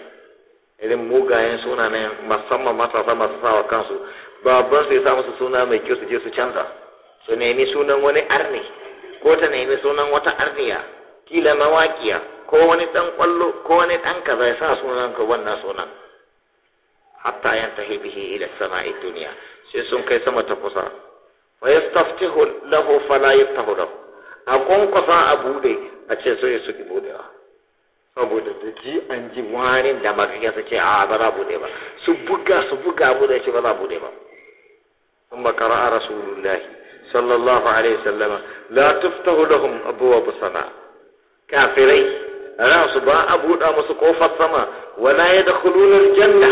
irin mugayen suna ne musamman matasa masu sawa kansu babban su ya sa musu suna mai kyau su je su canza su nemi sunan wani arni ko ta nemi sunan wata arniya kila mawaƙiya ko wani ɗan ƙwallo ko wani ɗan kaza ya sa sunan ka wannan sunan hatta yan tahi bihi ila sama'i duniya sai sun kai sama ta kusa wa yastaftihu lahu fala yaftahu lahu a kunkusa a buɗe. Ace ce so yesu ki bude ba saboda da ji an ji warin da makaka ce a ba za bude ba su buga su buga mu da ce bude ba sun makara a rasulullahi sallallahu alaihi sallama la tuftahu lahum abuwa bu sana kafirai ran su ba a musu kofar sama wala ya da kulunar janna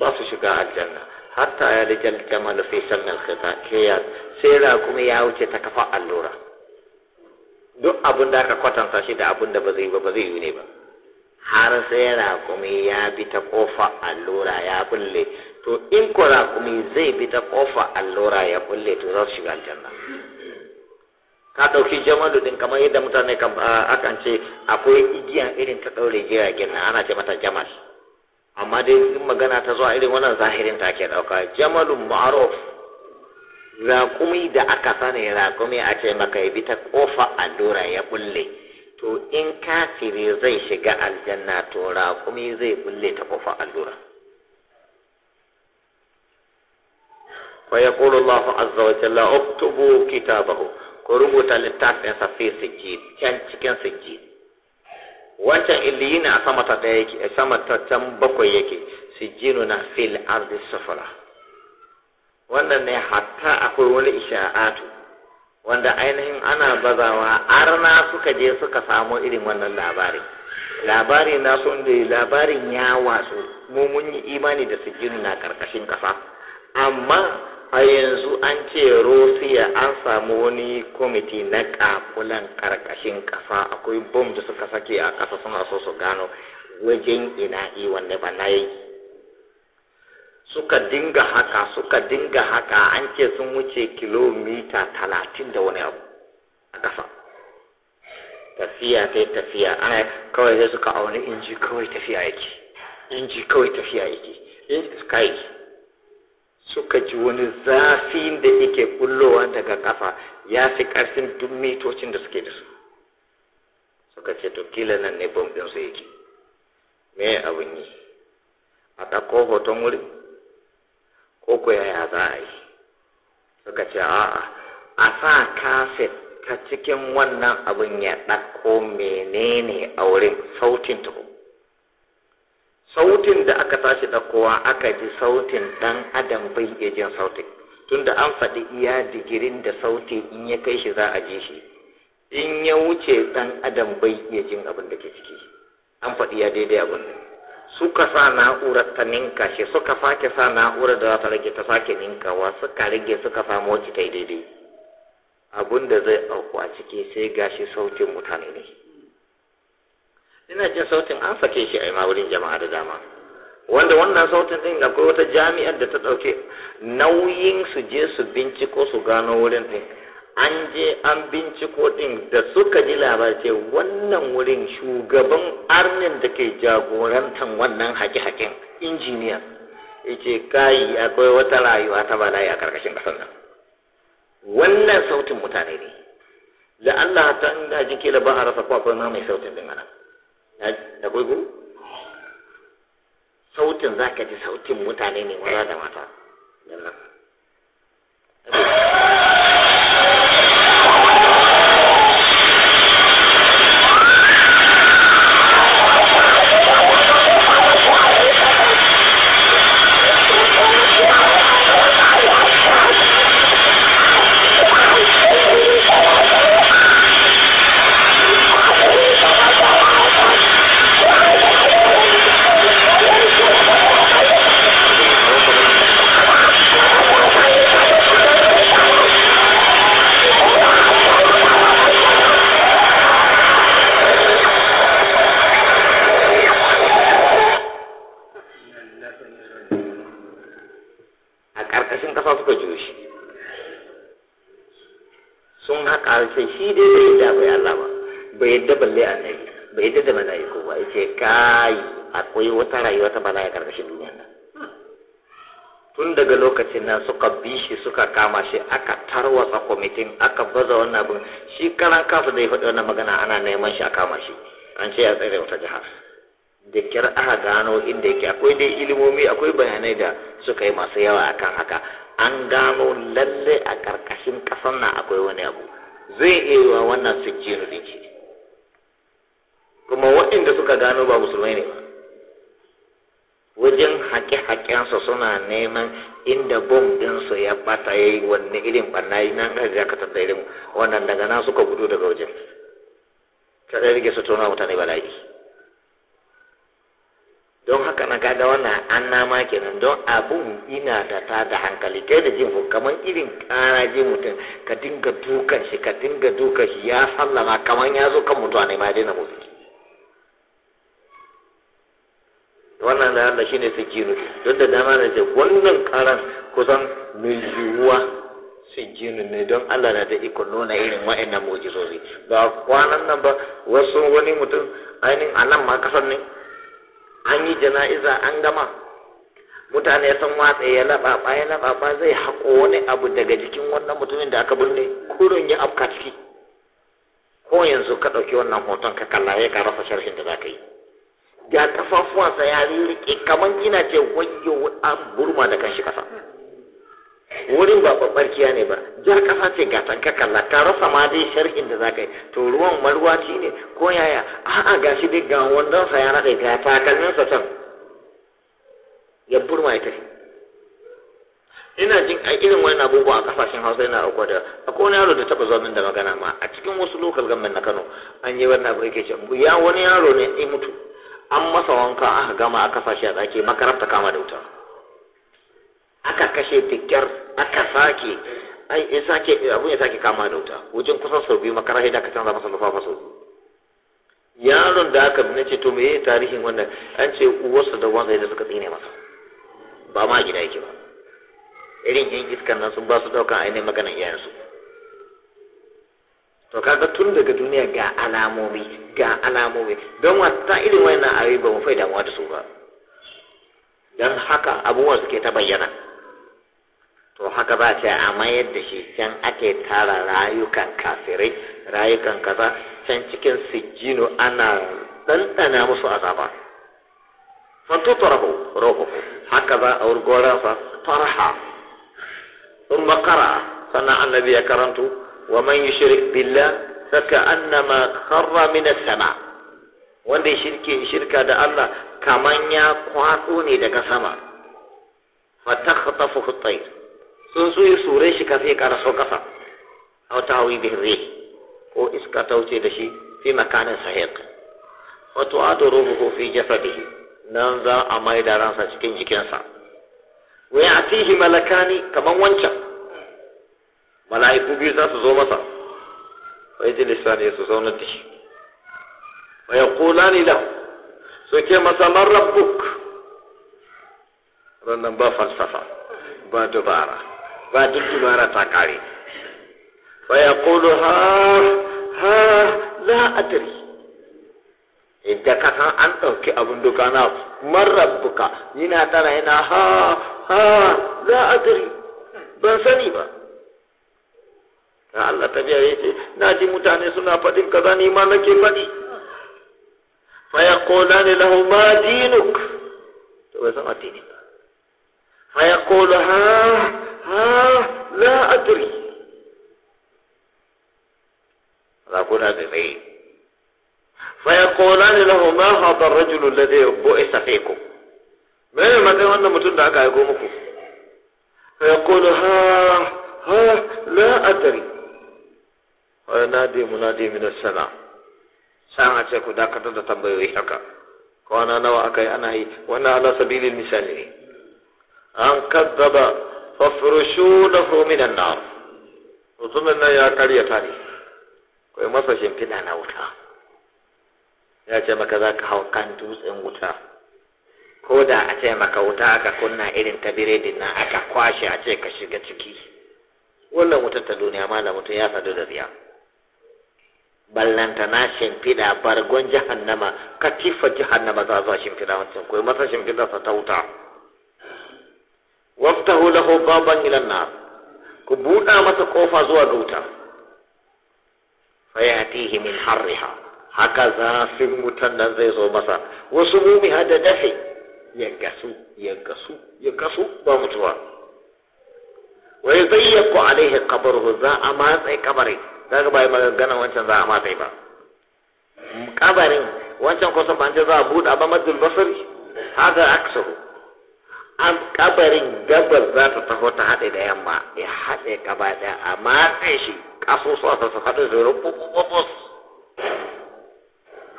ba su shiga aljanna hatta ya da jalgama da fesan alkhita kiyar sai ra kuma ya wuce ta kafa allura duk abin da aka kwatanta shi da abin da ba zai ba ba zai yi ne ba har sai kuma ya bi ta kofa allura ya bulle to in ko kuma zai bi ta kofa allura ya bulle to za su shiga aljanna ka ɗauki jamalu din kamar yadda mutane akan ce akwai igiya irin ta daure jiragen na ana ce mata jamal amma dai in magana ta zuwa irin wannan zahirin ta ke ɗauka jamalun ma'aruf raƙumi da aka sani raƙumi a ce maka ya bi ta ƙofa allura ya bulle to in kafiri zai shiga aljanna to raƙumi zai bulle ta ƙofa allura wa ya ƙulu Allah azza wa jalla uktubu kitabahu rubuta littafin sa fi sijjid can cikin sijjid wancan illiyina a sama ta bakwai yake sijjinu na fil ardi sufura wannan ne hatta akwai wani isha'atu wanda ainihin ana bazawa arna suka je suka samu irin wannan labarin labari na sun da labarin ya watsu mu mun yi imani da su na karkashin kasa amma a yanzu an ce rosiya an samu wani kwamiti na kafulan karkashin kasa akwai bom da suka sake a kasa suna so su gano wajen ina iwan ne, ba na yi suka dinga haka suka dinga haka an ce sun wuce kilomita talatin da wani abu a ƙasa tafiya ta tafiya ana kawai sai suka auni inji kawai tafiya yake inji kawai tafiya yake inji kai suka ji wani zafin da yake bullowa daga ƙasa, ya fi ƙarfin duk mitocin da suke da su suka ce to kila nan ne bom su yake me abin yi a ɗauko hoton wurin ko ko yaya za a yi suka ce a'a a sa kafet ta cikin wannan abin ya ɗauko menene a wurin sautin tuku sautin da aka tashi ɗaukowa aka ji sautin ɗan adam bai iya jin sautin tunda an faɗi iya digirin da sauti in ya kai shi za a ji shi in ya wuce ɗan adam bai iya jin abin da ke ciki an faɗi ya daidai abin suka sa na'urar ta ninka shi suka sake sa na'urar da za ta rage ta sake ninkawa suka rage suka samu wacce ta yi daidai abun da zai auku a ciki sai gashi sautin mutane ne ina jin sautin an sake shi a ma wurin jama'a da dama wanda wannan sautin ɗin akwai wata jami'ar da ta ɗauke nauyin su je su binciko su gano wurin din an je an binciko ɗin da suka ji ce wannan wurin shugaban arnin da ke jagorantar wannan haƙe-haƙen injiniya ce kayi akwai wata rayuwa ta bala'i a ƙarƙashin ƙasar nan wannan sautin mutane ne da Allah ta inda jike da ba a rasa kwakwai ma mai sautin din ana da gugu sautin za ka ji sautin mutane ne maza da mata ce shi dai bai yadda akwai Allah ba bai yadda balle annabi bai yadda da mala'iku ba yace kai akwai wata rayuwa ta bala'i ya karkashin duniya nan tun daga lokacin nan suka bi shi suka kama shi aka tarwatsa kwamitin aka baza wannan abin shi karan kafa zai faɗi wannan magana ana neman shi a kama shi an ce ya tsere wata jihar da kyar aka gano inda yake akwai dai ilimomi akwai bayanai da suka yi masu yawa akan haka an gano lalle a ƙarƙashin ƙasar nan akwai wani abu zai iya wa wannan sijjinu da ke kuma waɗanda suka gano ba musulmai ne ba wajen haƙe-haƙensu suna neman inda bom ɗinsu ya ɓata ya yi wani irin ɓanna yi nan ga da wannan daga nan suka gudu daga wajen ta ɗaya rike su tona mutane bala'i don haka na gada wannan an nama kenan don abun ina da ta da hankali kai da jin kamar irin kara je mutum ka dinga dukan shi ka dinga dukan shi ya sallama kamar ya zo kan mutuwa ne ma dai na motsi wannan da Allah shine sijinu don da dama na ce wannan karan kusan mai yiwuwa sijinu ne don Allah na da iko nuna irin wa'annan mu'jizozi ba kwanan nan ba wasu wani mutum ainihin a nan ma kasar ne an yi jana'iza an gama mutane ya san watsa ya laɓaɓa ya laɓaɓa zai haƙo wani abu daga jikin wannan mutumin da aka binne kurin ya afka ciki ko yanzu ka ɗauki wannan hoton ka kalla ya ka rasa sharhin da za ka yi ga kafafuwansa ya riƙe kamar gina ce wajen an burma da kanshi kasa wurin ba kiya ne ba jar kasa ce ga tanka kalla ka rasa ma dai sharhin da za ka yi to ruwan marwaci ne ko yaya a'a gashi dai ga wandon sa ya naɗe ga takalmin sa can ya burma ya tafi ina jin a irin wani abubuwa a kasashen hausa yana aukuwa da akwai wani yaro da taba zuwa min da magana ma a cikin wasu lokal gamban na kano an yi wani abu yake can ya wani yaro ne ya mutu an masa wanka aka gama a kasashe a tsaki makaranta kama da wuta aka kashe tikyar aka sake ai in sake abun ya sake kama da wuta wajen kusan sau biyu makara hidda ka canza masa nufafa sau biyu yaron da aka nace to me tarihin wannan an ce uwarsa da wansa da suka tsine masa ba ma gida yake ba irin yin iskan nan sun ba su daukan ainihin maganan iyayensu to kaga tun daga duniya ga alamomi ga alamomi don wata irin wannan ayoyi ba mu fai damuwa da su ba don haka abubuwa suke ta bayyana to haka ba ce a mayar da shi can ake tara rayukan kafirai rayukan kaza can cikin sijjino ana ɗanɗana musu azaba tarahu ruhuhu haka ba aur gora fa tarha umma qara sana annabi ya karantu wa man yushrik billah saka annama kharra min as-sama wanda shirke shirka da Allah kaman ya kwatso ne daga sama fatakhtafuhu at-tayr sun so ya sure shi kafin ya karaso kasa aw tawi bihi rih ko iska ta wuce da shi fi makanin sahiq wa tu'adu ruhuhu fi jasadihi nan za a mai da ransa cikin jikinsa wa tihi malakani kamar wancan mala'iku biyu za su zo masa wa ne su zauna da shi wa yaqulani lahu su ke masa man rabbuk wannan ba falsafa ba dubara ba duk dubara ta kare fa yaqulu ha ha la tari idan ka san an ɗauki abin duka na marar buka yana tara yana ha ha la tari ban sani ba Allah ta biya yake na ji mutane suna faɗin kaza ni ma nake faɗi fa ne lahu ma dinuk to bai san addini ba fa yaqulu ha ha la adri rakuna da mai fa yaqulani lahu ma hadha ar-rajul alladhi bu'itha fikum me matsayin wannan mutum da aka aiko muku fa yaqulu ha ha la adri wa nadi munadi min as-sama sama ce ku dakatar da tambayoyi haka nawa aka yi ana yi ala misali an kazzaba fafirushu na minan na mutumin nan ya karyata ne kai masa shimfiɗa na wuta ya ce maka za ka hau kan dutsen wuta ko da a ce maka wuta aka kunna irin ta biredin nan aka kwashe a ce ka shiga ciki wannan wutar ta duniya da mutum ya sadu da biya ballanta na shimfiɗa bargon jahannama katifa jahannama za zuwa shimfiɗa wancan kai masa shimfiɗa sa ta wuta waftahu lahu baban ila nar ku buɗa masa kofa zuwa ga wuta fayatihi min harriha haka zafin wutan nan zai zo masa wasu mumi da dafe ya gasu ya gasu ya gasu ba mutuwa wa yazayyaku alaihi qabruhu za a matsayi kabari daga bai magana wancan za a matsayi ba kabarin wancan kusan ba za a buɗa ba madul basari hada aksaru kabarin gabas za ta taho ta haɗe da yamma ya haɗe gaba ɗaya a matsayin shi ƙasusuwa ta su haɗe da rubububus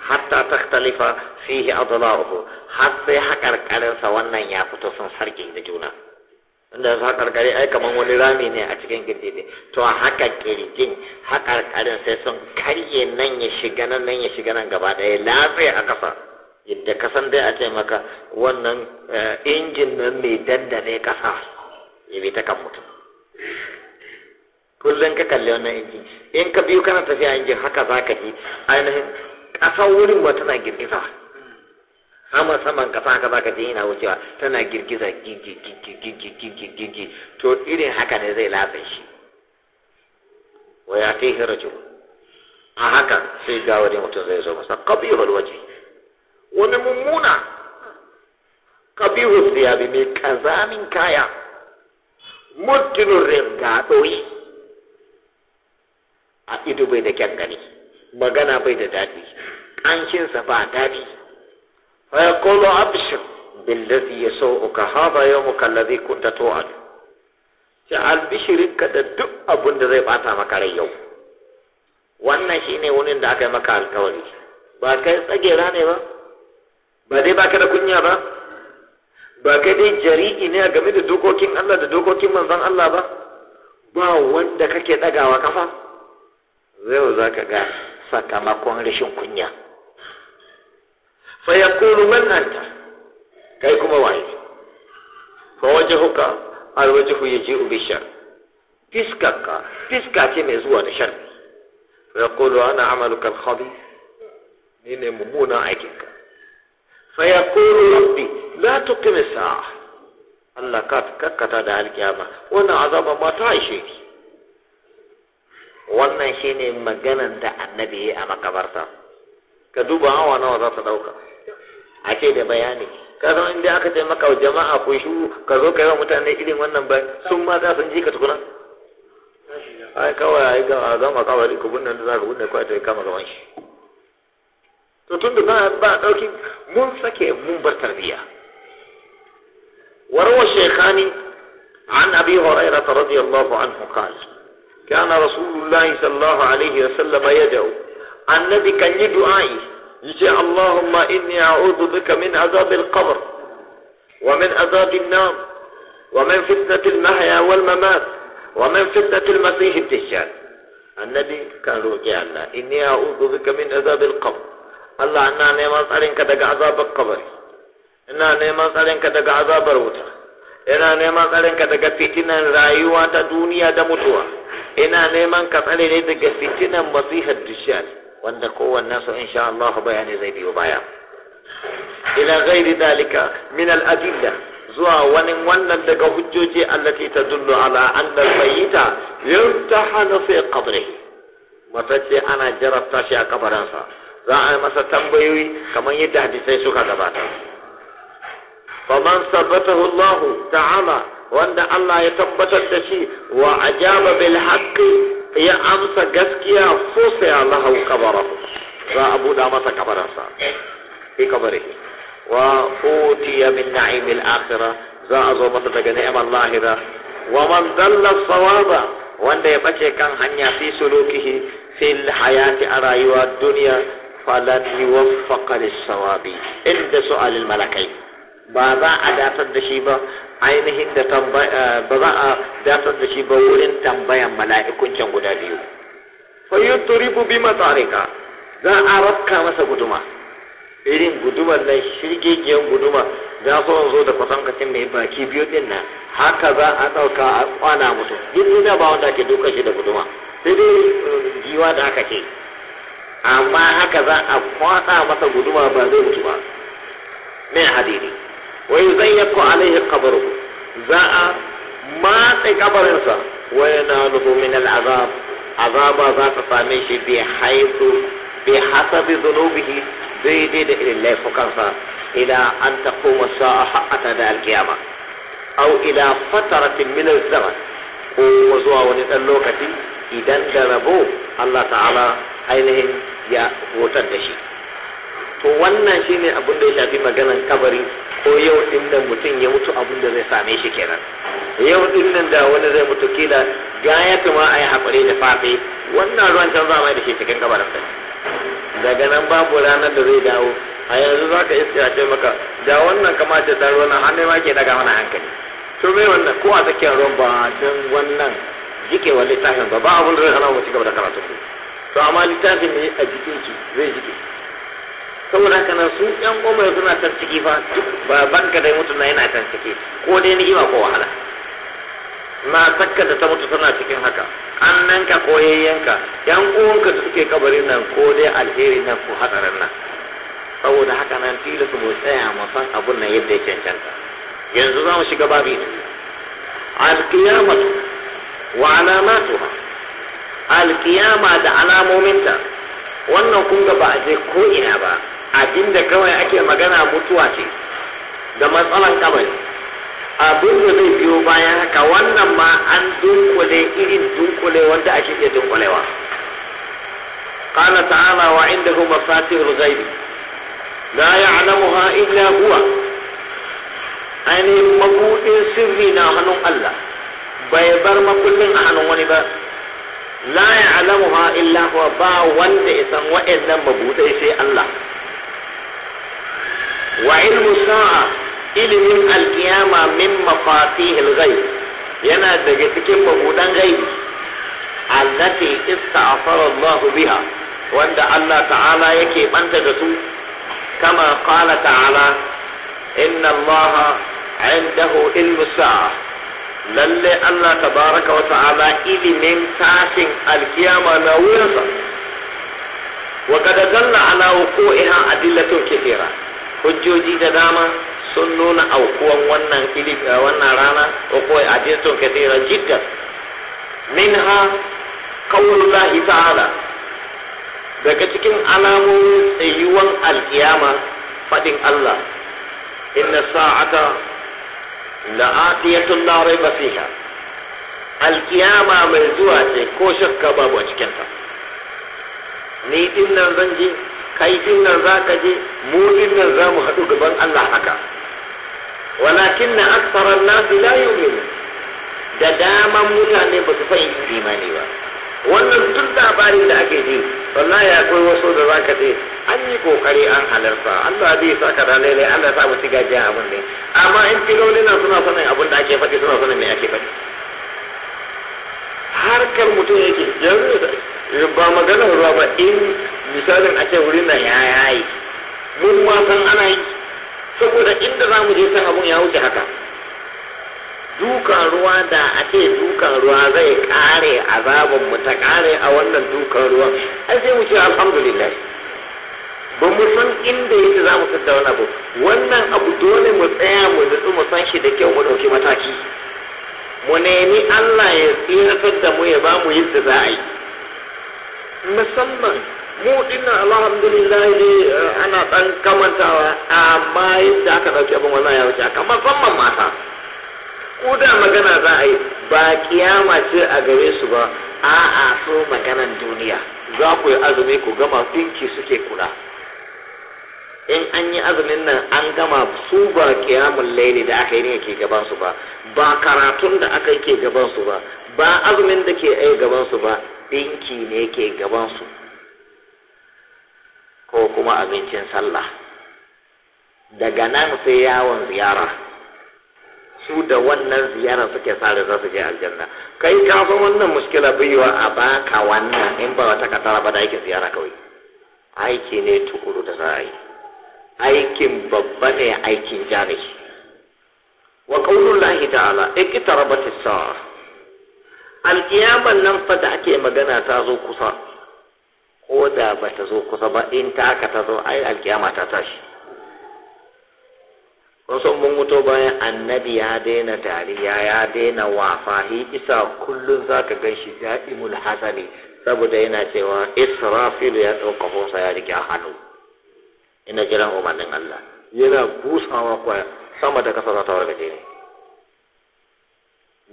hatta ta talifa fihi uku, har sai haƙarƙarinsa wannan ya fito sun sarki da juna inda su haƙarƙari ai kamar wani rami ne a cikin girgide to a haka ƙirgin haƙarƙarin sai sun karye nan ya shiga nan nan ya shiga nan gaba ɗaya lafiya a ƙasa yadda kasan dai a ce maka wannan eh, injin nan mai dandane kasa ya bi ta kan mutum kullum ka kalli wannan injin in ka biyu kana tafiya injin haka za ka ji ainihin ƙasa wurin ba tana girgiza sama saman ƙasa haka za ka ji yana wucewa tana girgiza gigi gigi gigi gigi to irin haka ne zai latsa shi wa ya kai hirajin a haka sai ga wani mutum zai zo masa kabihul waje wani mummuna kabiru siyabi mai kazamin kaya mutunin ringa a ido bai da kyan gani magana bai da daɗi ƙanshinsa ba daɗi ya kolo abishin billazi ya so uka haɗa yau muka lazi kunta ce albishirin ka da duk abin da zai bata maka rai yau wannan shine wani da aka yi maka alkawari ba kai tsagera ne ba ba dai baka da kunya ba ba kai dai jari'i ne a game da dokokin Allah da dokokin manzon Allah ba ba wanda kake dagawa kafa zai za ka ga sakamakon rashin kunya fa yaqulu man anta kai kuma waye fa wajhuka al wajhu yaji'u bi shar fiskaka fiska ce mai zuwa da shar fa yaqulu ana amaluka al khabith ni ne mummunan aikinka fa yaqulu rabbi la tuqimi sa'a Allah ka kakkata da alkiyama wannan azaba ba ta ishe ki wannan shine maganan da annabi ya a makabarta ka duba hawa nawa za ta dauka a ce da bayani ka zama inda aka ce maka jama'a ko shu ka zo ka yi wa mutane irin wannan ba sun ma za su ji ka tukuna ai kawai ai ga zama kawai ku bunnan da za ka bunne kwata ya kama gaban shi to tun da ba ɗauki mun sake mun bar tarbiya وروى الشيخان عن أبي هريرة رضي الله عنه قال كان رسول الله صلى الله عليه وسلم يدعو النبي كان يدعي يجي اللهم إني أعوذ بك من عذاب القبر ومن عذاب النار ومن فتنة المحيا والممات ومن فتنة المسيح الدجال النبي كان رجع الله إني أعوذ بك من عذاب القبر Allah ina neman tsarinka daga azabar kabari ina neman tsarinka daga azabar wuta ina neman tsarinka daga fitinan rayuwa ta duniya da mutuwa ina neman ka tsare ne daga fitinan masihar dishiyar wanda kowanne su insha Allah bayani zai biyo baya ila ghairi dalika min al zuwa wani wannan daga hujjoji allati tadullu ala anna al mayyita yumtahanu fi qabrihi ce ana jarabta shi a kabarinsa za a masa tambayoyi kamar yadda hadisai suka gabata faman sabbatahu Allahu ta'ala wanda Allah ya tabbatar da shi wa ajaba bil haqqi ya amsa gaskiya fusaya lahu qabarahu za a buɗa masa kabarinsa fi kabari wa utiya min na'imil akhirah za a zo masa daga ni'imar lahira wa man dalla sawaba wanda ya bace kan hanya fi sulukihi fil hayati a rayuwa duniya falan yuwaffaqa lis-sawabi inda su'al al-malakai ba za a datar da shi ba ainihin da ba za a datar da shi ba wurin tambayan mala'ikun can guda biyu fayyuturibu bi matarika za a rafka masa guduma irin gudumar nan shirgegiyar guduma za su zo da kwasankacin mai baki biyu din nan haka za a ɗauka a kwana mutum duk ina ba wanda ake duka shi da guduma sai dai giwa da aka ce amma haka za a kwasa masa guduma ba zai mutu ba min hadidi wa yuzayyaku alaihi qabruhu za a matse kabarinsa wa yanaluhu min al'azab azaba za ta same shi bi haitu bi hasabi dhunubihi dai da irin laifukansa ila an ta taquma sa'a hatta da alkiyama aw ila fataratin min al zaman ko zuwa wani dan lokaci idan da rabo Allah ta'ala ainihin ya hotar da shi to wannan shine abin da ya shafi maganan kabari ko yau din da mutum ya mutu abin da zai same shi kenan yau din nan da wani zai mutu kila gaya kuma a yi haƙuri da fafe wannan ruwan can za mai da shi cikin kabarin daga nan babu ranar da zai dawo a yanzu za ka iska ce maka da wannan kamata ta na hannu ma ke daga mana hankali to mai wannan ko a tsakiyar ruwan ba don wannan jikewar littafin ba ba abin da zai hana mu ci gaba da karatu to amma littafin ne a jikin su zai jike saboda haka nan su yan goma suna ciki fa duk baban ka dai mutum na yana ciki, ko dai ni ni'ima ko wahala takka da ta mutu tana cikin haka an nan ka koyayyanka yan uwanka da suke kabarin nan ko dai alheri nan ko hatsarin nan saboda haka nan su bai tsaya mu san abun nan yadda ya cancanta yanzu za mu shiga babi ne al-qiyamatu wa alamatuha alkiyama da alamominta wannan kun ba a je ko ina ba abinda kawai ake magana mutuwa ce da matsalan kabari abin da zai biyo bayan haka wannan ma an dunkule irin dunkule wanda ake iya dunkulewa wa قال تعالى وعنده مفاتيح la ya'lamuha illa huwa Ainihin mabuɗin sirri na hannun Allah. bai bar makullin a hannun wani ba la ya'lamuha illa huwa ba wanda ya waɗannan wa'annan sai Allah wa ilmu sa'a ilimin alkiyama min mafatihil ghaib yana daga cikin mabudan gaibi allati ista'fara Allah biha wanda Allah ta'ala yake ɓanta da su kamar qala ta'ala inna Allah عنده علم الساعه lalle Allah tabaraka wa ta'ala ilimin tashin alkiyama na wurinsa wa kada zalla ala iha adillatun kifira hujjoji da dama sun nuna aukuwan wannan ilimin eh, wannan rana wuqu'i adillatun kathira jiddan minha qawlullahi ta'ala daga cikin alamomin tsayuwan alkiyama faɗin Allah inna sa'ata la'atiyatun ba fi ha alkiyama mai zuwa ce ko shakka babu a cikinta ni din nan zan je kai din nan za ka je mu din nan za mu haɗu gaban Allah haka walakin na aksarar nasu la yu'minu da daman mutane ba su fahimci imani ba wannan tun labarin da ake ji ya akwai wasu da za ka ce an yi kokari an halarta Allah zai sa ka dalai ne Allah sa mutu gajiya abin ne amma in filolin na suna sanin abin da ake faɗi suna sanin me ake faɗi harkar mutum yake yanzu ba magana ruwa ba in misalin ake wurin na ya yayi mun ma san ana yi saboda inda za mu je san abun ya wuce haka dukan ruwa da a ce dukan ruwa zai kare azabin mu ta kare a wannan dukan ruwa ai sai mu ce alhamdulillah ba mu san inda yake za mu fitta wani abu wannan abu dole mu tsaya mu nutsu mu san shi da kyau mu dauki mataki mu nemi Allah ya tsiratar da mu ya ba mu yadda za a yi musamman mu dinnan alhamdulillah ne eh, ana dan kamantawa amma yadda aka ɗauki abin wannan ya wuce amma musamman mata ko da magana za a yi ba kiyama ce a gare su ba a'a so maganan duniya za ku yi azumi ku gama finki suke kula in an yi azumin nan an gama su ba kiyamun laili da aka yi ne ke gaban su ba ba karatun da aka yi ke gaban su ba ba azumin da ke yi gaban su ba dinki ne ke gaban su ko kuma abincin sallah daga nan sai yawon ziyara su da wannan ziyara suke sare za su je aljanna kai ka san wannan muskila baiwa a baka wannan in ba wata katara ba da yake ziyara kawai aiki ne tukuru da za a yi aikin babba ne aikin jari wa qaulullahi ta'ala iqtarabat as-sa'a alqiyaman nan fa da ake magana ta zo kusa ko da ba ta zo kusa ba in ta aka ta zo ai alkiyama ta tashi wasu mun mutu bayan annabi ya daina tariya ya daina wafa hi isa kullum za ka gan shi ja'imul hasani saboda yana cewa israfil ya ɗauka hosa ya rike a hannu ina jiran umarnin allah yana busawa kwaya sama da kasa za ta warga jini.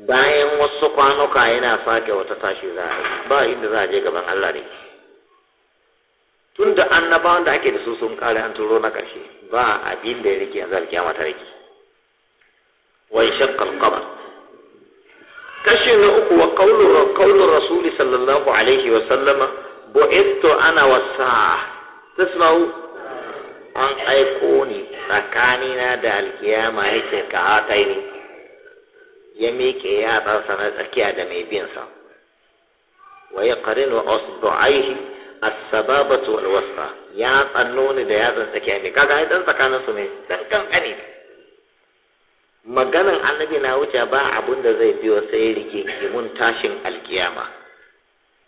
bayan wasu kwanuka yana sake wata tashi za a yi ba inda za a je gaban allah ne tun da annabawan da ake da su sun kare an turo na ƙarshe ba abin da ya rike yanzu alkiyama ta rike Wai shaqqa al kashi na uku wa qawlu qawlu rasul sallallahu alaihi wa sallama bu'ittu ana wasa tasma'u an aiko ni tsakanina da alkiyama yake ka hataini ya mike ya tsarsa na tsakiya da mai bin sa wa ya qarinu asbu'aihi as-sababatu wal wasta ya tsanno ne da yatsan tsakiya ne kaga ai dan tsakanin su ne dan kankani maganan annabi na wuce ba abun da zai biyo sai rigingimun tashin alkiyama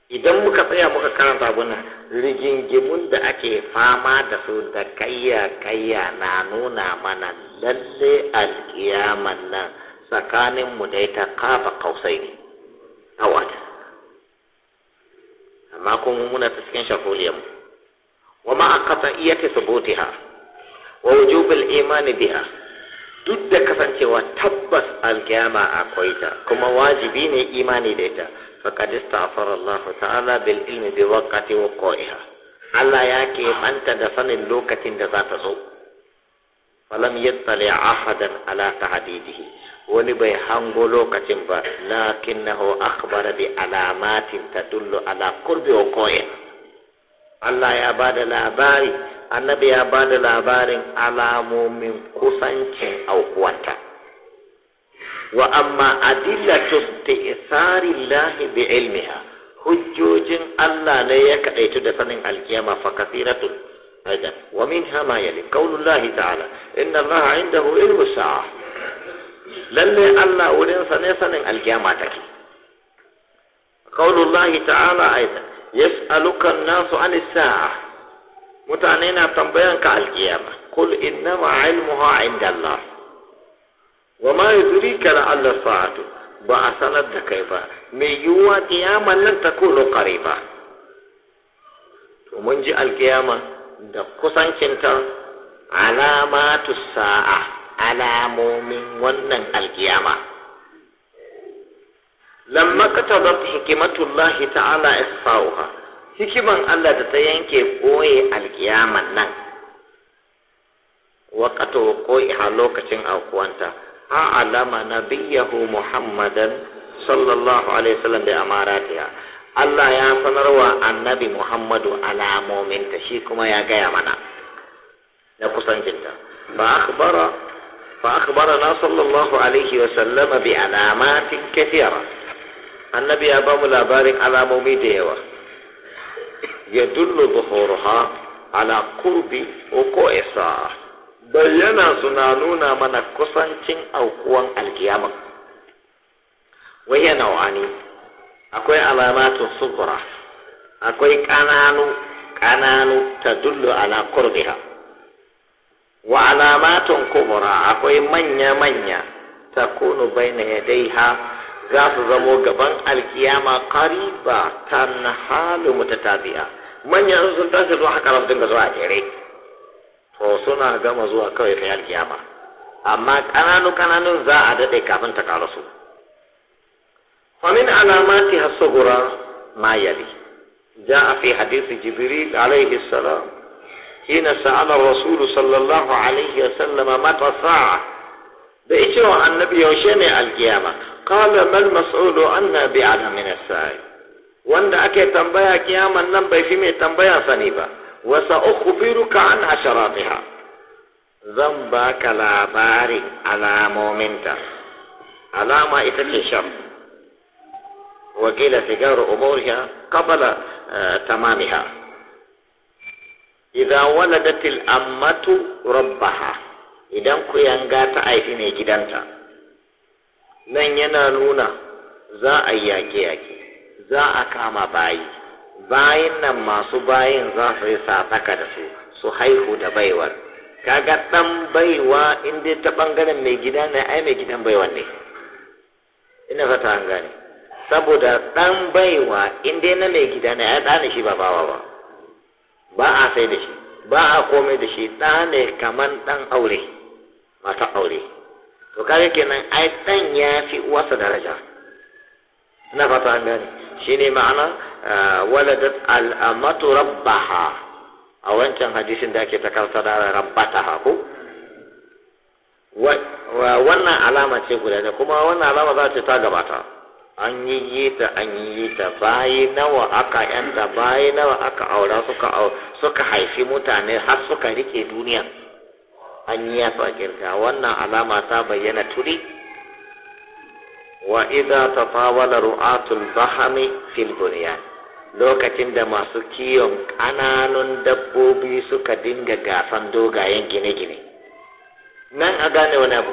idan muka tsaya muka karanta abun nan rigingimun da ake fama da su da kayya kayya na nuna mana lalle alkiyaman nan tsakaninmu da ita kafa kausai ne a wata amma kuma muna ta cikin shafuliyar mu wa ma akata iya ta ha wa imani biya. duk da kasancewa tabbas alkiyama akwai ta kuma wajibi ne imani da ita faqad istaghfara Allah ta'ala bil ilmi bi waqti ha. Allah ya ke banta da sanin lokacin da za ta zo falam yattali ahadan ala tahdidihi wani bai hango lokacin ba lakinnahu akhbara bi alamatin tadullu ala qurbi wa qoyin Allah ya bada labari annabi ya bada labarin alamomin kusancin aukuwanta wa amma adillatu isari lahi bi ilmiha hujjojin Allah ne ya kadaitu da sanin alkiyama fa kasiratun أيضا ومنها ما يلي قول الله تعالى إن الله عنده علم الساعة للي الله ولين سنسن القيامة تكي قول الله تعالى أيضا يسألك الناس عن الساعة متعنينا تنبيانك القيامة قل إنما علمها عند الله وما يدريك لعل الساعة بأسند كيف ميوا قياما لن تكون قريبا ومن جاء القيامة da kusancinta alamatu sa'a alamomin wannan alkiyama lamma katabat hikimatullahi ta'ala isfa'uha hikiman Allah da ta yanke koye alkiyaman nan waqatu a lokacin aukuwanta a alama nabiyahu muhammadan sallallahu alaihi wasallam da amaratiha Allah ya sanarwa annabi Muhammadu alamominta shi kuma ya gaya mana na kusancinta fa akhbara sallallahu alaihi wa sallama bi alamatin kathira annabi ya bamu labarin alamomi da yawa yadullu zuhuruha ala alakurbi ko isa bayyana suna nuna mana kusancin aukuwan alkiyama wai yana wani akwai alamatu sufura akwai kananu kananu tadullu ala kurbiha wa alamatun kubura akwai manya manya ta kunu baina yadaiha za su zamo gaban alkiyama qariba tan halu mutatabi'a manya sun tashi zuwa haka za dinga zuwa jere to suna gama zuwa kawai kai alkiyama amma ƙananu kananun za a dade kafin ta karasu فمن علاماتها الصغرى ما يلي جاء في حديث جبريل عليه السلام حين سأل الرسول صلى الله عليه وسلم متى الساعة بإجراء النبي وشمع القيامة قال ما المسؤول عنا بعد من الساعة وأن أكي تنبيا قياما ننبي في مئة تنبيا tambaya وسأخبرك عن wasa ذنبك لا asharatiha على مؤمنتك labarin alamominta alama وقيل سجار أمورها قبل تمامها إذا ولدت الأمة ربها idan ku yanga ta haifi mai gidanta nan yana nuna za a yi yaƙe-yaƙe za a kama bayi bayin nan masu bayin za su yi safaka da su su haihu da baiwar kaga ɗan baiwa in ta ɓangaren mai gida ne ai mai gidan baiwan ne ina fata an gane saboda ɗan baiwa in dai na mai gida ne ya ɗane shi ba bawa ba ba a sai da shi ba a komai da shi ɗa ne kaman ɗan aure mata aure to kare kenan ai ɗan ya fi wasa daraja ina fata an gani. shi ne ma'ana waladat al'amatu rabbaha a wancan hadisin da ake ta karta da rabbata ha ko wannan alama ce guda ne kuma wannan alama za ta gabata an yi ta an yi ta bayi nawa aka yanta bayi nawa aka aura suka suka haifi mutane har suka rike duniya an yi yafa girka wannan alama ta bayyana turi wa idza tatawala ru'atul bahami fil bunyan lokacin da masu kiyon ƙananan dabbobi suka dinga gasan dogayen gine-gine nan a gane wani abu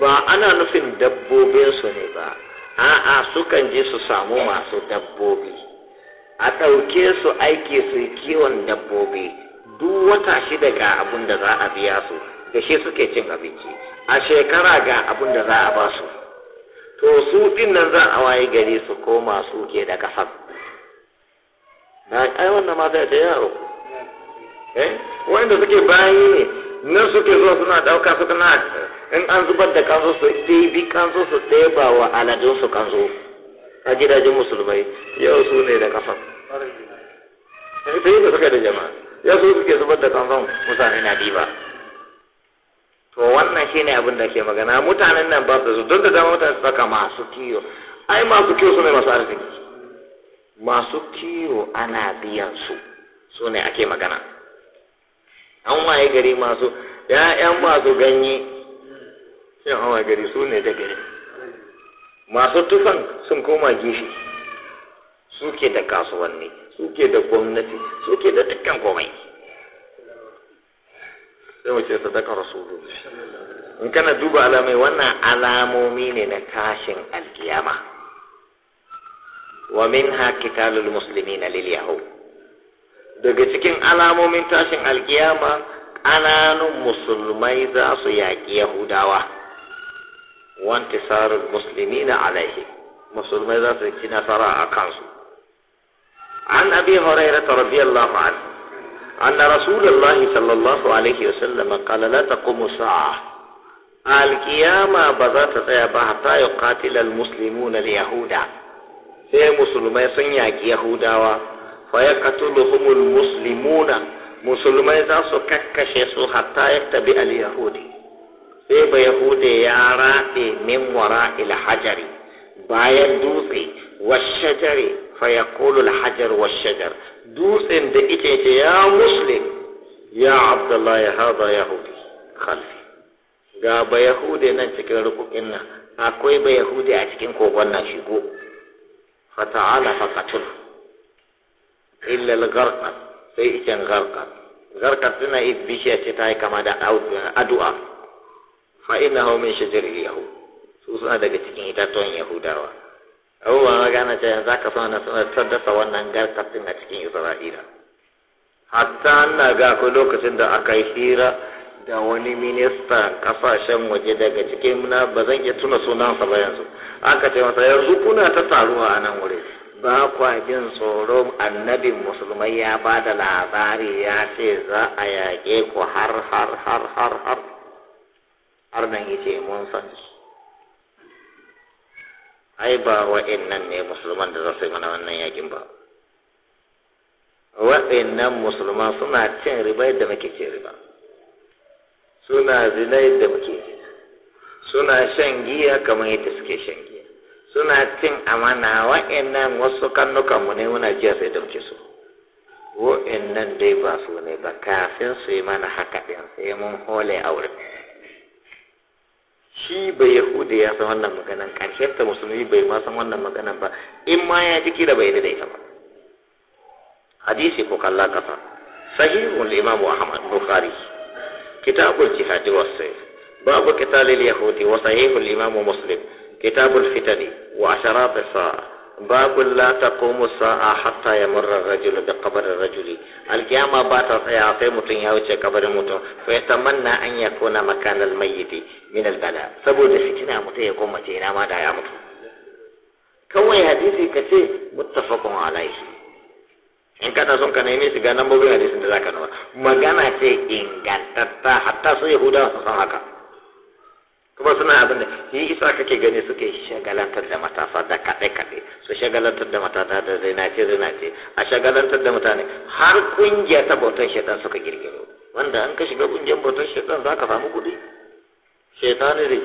ba ana nufin dabbobinsu ne ba a'a sukan je su samu masu dabbobi a ɗauke su aiki su kiwon dabbobi duk wata shida ga abin da za a biya su da shi suke cin abinci a shekara ga abin da za a ba su to su din nan za a waye gari su koma su ke da kasar na ai wannan ma zai ta yaro eh wanda suke bayani ne nan suke zuwa suna ɗauka suka na in an zubar da kanzo su bi kanzo su ba wa aladun su kanzo a gidajen musulmai yau su ne da kafa. sai yi da suka da jama'a ya su suke zubar da kanzon mutane na diba. to wannan shine abin da ke magana mutanen nan ba su don da dama mutane su saka masu kiyo ai masu kiyo su ne masu arziki masu kiyo ana biyan su su ne ake magana an waye gari masu ya'yan masu ganye yau hawa gari su ne da gari masu tufan sun koma gishi suke da kasuwanni suke da gwamnati suke da dukkan komai sai wace sadaka rasulu in kana duba alamai wannan alamomi ne na tashin alkiyama wa min qitalul muslimina na yahud daga cikin alamomin tashin alkiyama ƙananun musulmai za su yaƙi yahudawa وانتصار المسلمين عليه مسلمين ذات انتصار عن أبي هريرة رضي الله عنه أن رسول الله صلى الله عليه وسلم قال لا تقوم ساعة القيامة بذات سيبا حتى يقاتل المسلمون اليهود سي إيه مسلم sun يهودا فيقتلهم المسلمون ya katuluhumul muslimuna حتى za اليهودي sai ba hude ya rafe min wara ila hajari bayan dutse washajari fa hajar alhajar washajar dutsen da ita ce ya muslim ya abdullahi hada yahudi khalfi ga ba yahude nan cikin rukukin nan akwai ba yahude a cikin kogon nan shigo fata'ala faqatul illa algharqat sai ikin gharqat gharqat suna bishiya ce ta yi kama da addu'a fa hau min shajaril yahu. su suna daga cikin itatuwan yahudawa abubuwa magana ce yanzu aka so na saddasa wannan garkafin a cikin isra'ila hatta ana ga akwai lokacin da aka yi hira da wani minista kasashen waje daga cikin na ba zan iya tuna sunansa ba yanzu aka ce masa yanzu kuna ta taruwa a nan wuri ba kwa jin tsoro annabin musulmai ya ba da labari ya ce za a yaƙe ku har har har har har Harnan ya ce mun shi ai ba wa'annan ne musulman da za su yi mana wannan yakin ba wa'annan musulman suna cin riba yadda muke cin riba suna zina yadda muke suna shan giya kamar yadda suke shan giya suna cin amana wa'annan wasu mu ne muna jiya sai da muke so wa'annan dai ba su ne ba kafin su yi mana haka ɗin sai mun hole a wurin shi bai yahuda ya san wannan maganan ta musulmi bai ma san wannan maganan ba in ma ya ji kira bai daidaita ba hadisi ko kalla kafa sahihul imamu ahmad bukhari kitabul jihad sayf babu qitalil yahudi wa sahihul imamu muslim kitabul fitani wa asharat as-sa'a babu la taqumu sa'a hatta yamurra ar-rajulu bi qabri rajuli al-qiyama ba ta tsaya sai mutum ya wuce kabarin mutum fa yatamanna an yakuna makan al-mayyit min al-bala saboda fitina mutum ya koma ma da ya mutu kawai hadisi ka in kana son ka nemi shiga nan babu hadisin da zaka nuna magana ce ingantatta hatta su yahudawa su san haka kuma suna abin da yi isa kake gani suke shagalantar da matasa da kaɗe-kaɗe su shagalantar da matasa da zinace zinace a shagalantar da mutane har kungiya ta bautar shaitan suka girgiro wanda an ka shiga kungiyar bautar shaitan za ka samu kuɗi shaitani ne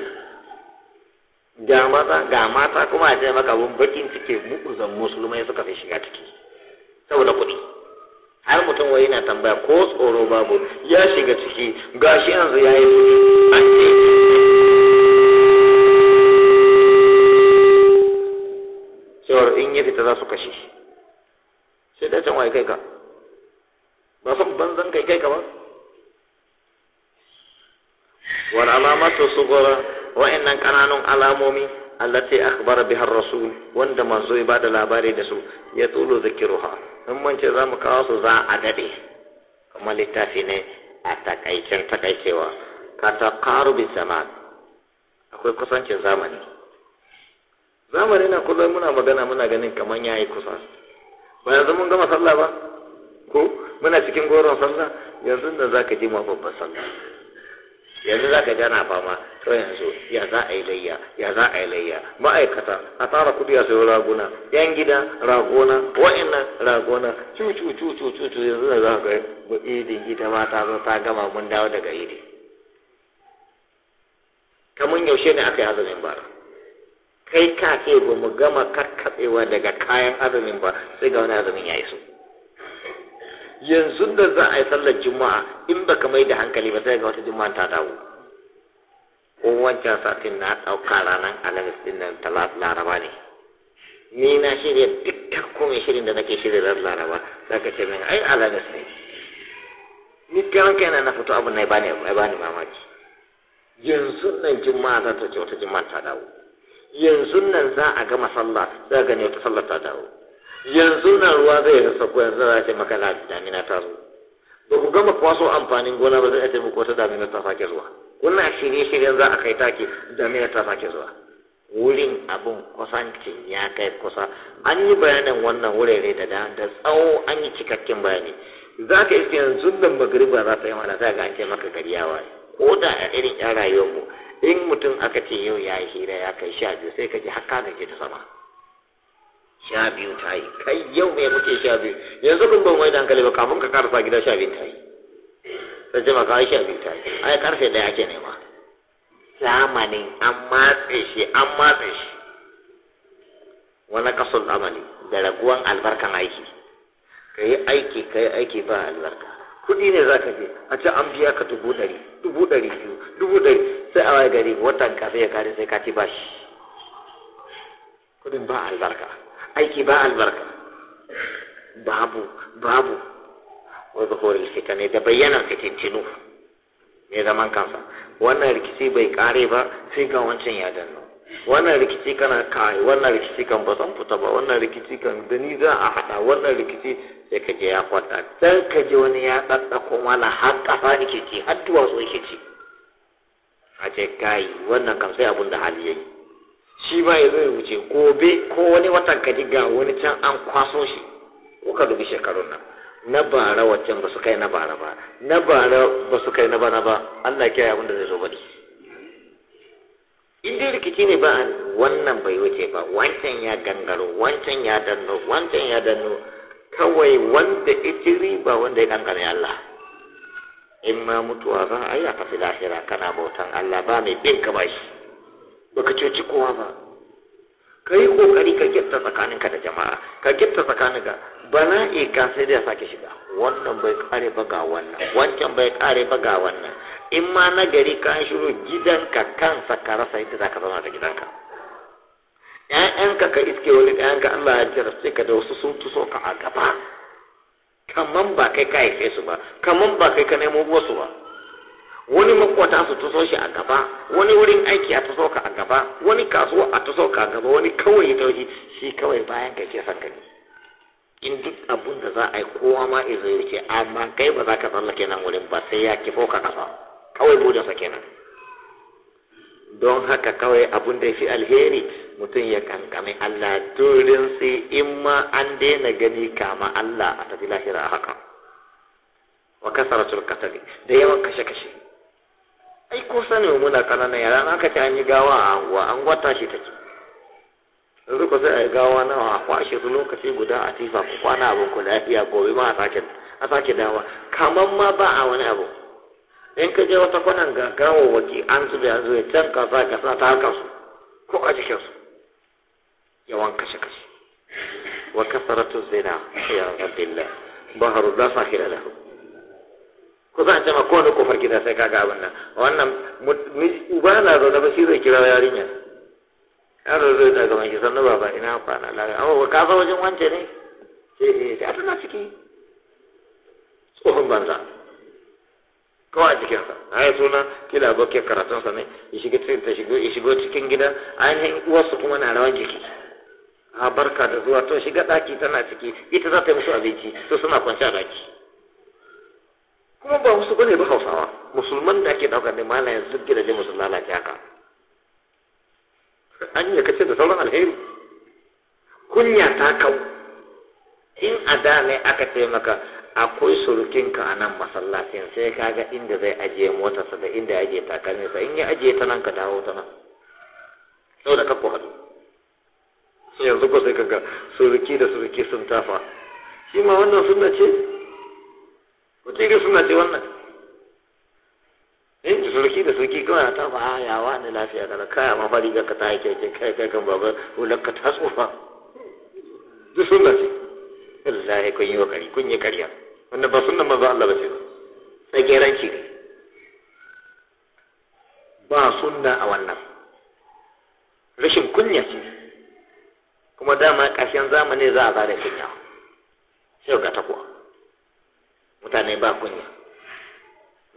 ga mata ga mata kuma a jami'a maka bakin cike mu'uzan musulmai suka fi shiga ciki saboda kuɗi har mutum wai yana tambaya ko tsoro babu ya shiga ciki gashi yanzu ya yi kuɗi cewar in ya fita za su kashe shi sai dai can waye kai ka ba san banzan kai kai ka ba wal alamatu sughra wa'annan kananun alamomi allati akhbara biha rasul wanda manzo ya bada labari da su ya tsulu zikiruha in mun ce zamu kawo su za a dade kuma littafi ne a takaicen takaicewa ka ta karu bi zaman akwai kusancin zamani zamani na kullum muna magana muna ganin kamar ya yi kusa ba yanzu mun gama sallah ba ko muna cikin goron sallah yanzu da za ka ji ma babban sallah yanzu za ka na fama to yanzu ya za a yi layya ya za a yi layya ma'aikata a tara kudi a sayo raguna yan gida raguna wa'ina raguna cucu cucu cucu yanzu da za ka ga idin ita ma ta zo ta gama mun dawo daga idi kamar yaushe ne aka yi azumin bara kai ka ce ba mu gama kakkatsewa daga kayan azumin ba sai ga wani azumin ya iso yanzu da za a yi sallar juma'a in ba ka mai da hankali ba sai ga wata juma'a ta dawo ko wancan satin na ɗauka ranar alamis ɗin nan ta laraba ne ni na shirya dukkan komai shirin da nake shirya ran laraba za ka ce min ai alamis ne ni karan kai na fito abin na ya bani mamaki yanzu nan juma'a za ta ce wata juma'a ta dawo yanzu nan za a gama sallah za a gane ta sallah ta dawo yanzu nan ruwa zai yi ko yanzu za a ce maka damina ta zo ba ku gama kwaso amfanin gona ba zai a taimako wata damina ta sake zuwa wannan shirye-shiryen za a kai take damina ta sake zuwa wurin abun kusancin ya kai kusa an yi bayanin wannan wurare da da tsawo an yi cikakken bayani za ka iske yanzu nan magariba za ta yi mana za ga an ce maka gari ya ko da a irin yan rayuwarmu in mutum aka ce yau ya yi hira ya kai sha biyu sai ka ji haka da ke ta sama sha biyu ta yi kai yau mai muke sha biyu yanzu kun ban da hankali ba kafin ka karasa gida sha biyu ta yi sai ce maka ai sha biyu ta yi ai karfe ɗaya ake nema zamanin an matse shi an matse shi wani kasul amali da raguwan albarkan aiki ka yi aiki ka yi aiki ba albarka kuɗi ne za ka je a ce an biya ka dubu ɗari dubu ɗari biyu dubu ɗari sai a waye gari watan kafin ya kare sai ka ba shi kudin ba albarka aiki ba albarka babu babu wai wa fita ne da bayyana fitintinu mai zaman kansa wannan rikici bai kare ba sai ga wancan ya danno wannan rikici kana kai wannan rikici kan ba fita ba wannan rikici kan da ni za a hada wannan rikici sai ka je ya kwata dan ka je wani ya tsatsa tsatsako mana har kafa yake ci har duwatsu yake ci a ce kai wannan kam sai abin da hali yayi shi ba ya zo ya wuce gobe ko wani watan ka ga wani can an kwaso shi kuka dubi shekarun nan na bara waccan ba su kai na bara ba na bara ba su kai na bana ba Allah ya abin da zai zo bane in dai rikici ne ba wannan bai wuce ba wancan ya gangaro wancan ya danno wancan ya danno kawai wanda ita riba wanda ya kankana Allah in ma mutuwa za a yi a tafi lahira kana bautan Allah ba mai bin ka bashi baka cuci kowa ba ka yi kokari ka gifta tsakaninka da jama'a ka gifta tsakaninka bana ka sai da sake shiga wannan bai kare ba ga wannan wancan bai kare ba ga wannan in ma na gari ka shiru gidanka kansa ka rasa yadda za ka zauna da gidanka ƴaƴanka ka iske wani ƴaƴanka Allah ya jira sai ka da wasu sun tuso ka a gaba kaman ba kai ka haife su ba kaman ba kai ka nemo su ba wani makwata su taso shi a gaba wani wurin aiki a taso ka a gaba wani kasuwa a taso ka a gaba wani kawai ya taushi shi kawai bayan ka ke son ka in duk abun da za a yi kowa ma izo ya amma kai ba za ka tsallake nan wurin ba sai ya kifo ka kasa kawai bude sa kenan don haka kawai abun da ya fi alheri mutum ya kankami Allah turin sai in ma an daina gani kama Allah a tafi lahira a haka wa kasaratul katali da yawan kashe-kashe ai ko sani muna kanana, yara na aka ce an yi gawa a anguwa an gwata shi take yanzu ko sai a yi gawa nawa a kwashe su lokaci guda a tifa ku kwana abin ku lafiya gobe ma a sake dawa kamar ma ba a wani abu in ka je wata kwanan ga waki, an zube an zube can kasa kasa ta haka su ko a jikinsu yawan kashe-kashe wa kafaratu zina ya rabbillah baharu da sahira lahu ku za a jama kowane kofar gida sai kaga abin nan wannan uba na da ba shi zai kira yarinya An zai da gaban shi sannu baba ina fara lafiya amma ba kafa wajen wance ne sai eh da tana ciki tsohon banza kawai a cikin a ai suna kila karatun sa ne ya shigo cikin gida ainihin uwarsu kuma na rawan jiki a barka da zuwa to shiga daki tana ciki ita za ta yi musu abinci to suna kwanci a daki kuma ba wasu bane ba hausawa musulman da ake daukar ne ma yanzu gidaje musu lalace haka an yi kace da sauran alheri kunya ta kau in a da ne aka ce maka akwai surukinka a nan masallacin sai ka ga inda zai ajiye motarsa da inda ya ajiye takalminsa in ya ajiye ta nan ka dawo ta nan saboda ka ku haɗu yanzu ko sai kaga suruki da suruki sun tafa shi ma wannan suna ce wata irin suna ce wannan eh suruki da suruki kawai na tafa a ah, yawa ne lafiya kana kaya ma fari ga ka ta haike ke kai kai kan baba hular ka ta tsufa duk suna ce Allah ya kun yi wa kari kun yi karya wannan ba sunan manzo Allah ba ce tsageranci ne ba sunna a wannan rashin kunya ce kuma dama ƙarshen zamani za a zare kunya sai ga takuwa mutane ba kunya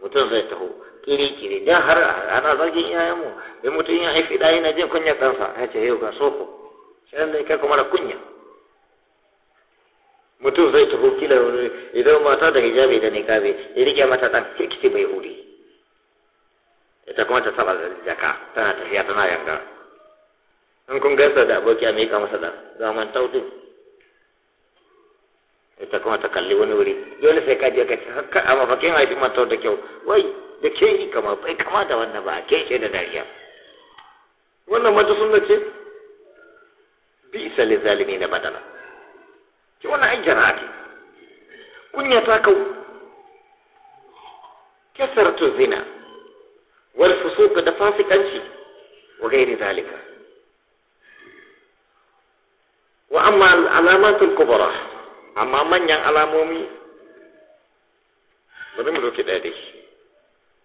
mutum zai taho kiri-kiri dan har ana zargin iyayenmu in mutum ya haifi ɗaya na jin kunya kansa ya ce yau ga soko sai da kai kuma da kunya mutum zai taho kila wani idan mata da hijabi da niqabi ya rike mata dan kirkiti bai hudi ita kuma ta saba da jaka tana tafiya tana yanga in kun gaisa da aboki a miƙa masa da ga man taudin ita kuma ta kalli wani wuri dole sai ka je ka ce haka a mafakin haifi mantau da kyau wai da ke yi kama bai kama da wannan ba a ke da dariya wannan mata sunna ce bi isa li zalimi na badala ki wani ai jana'a ce kunya ta kau kasartu zina wal fusuq da fasikanci wa ghairi zalika amma alamatul kubra amma manyan alamomi bari mu doki ɗaya dai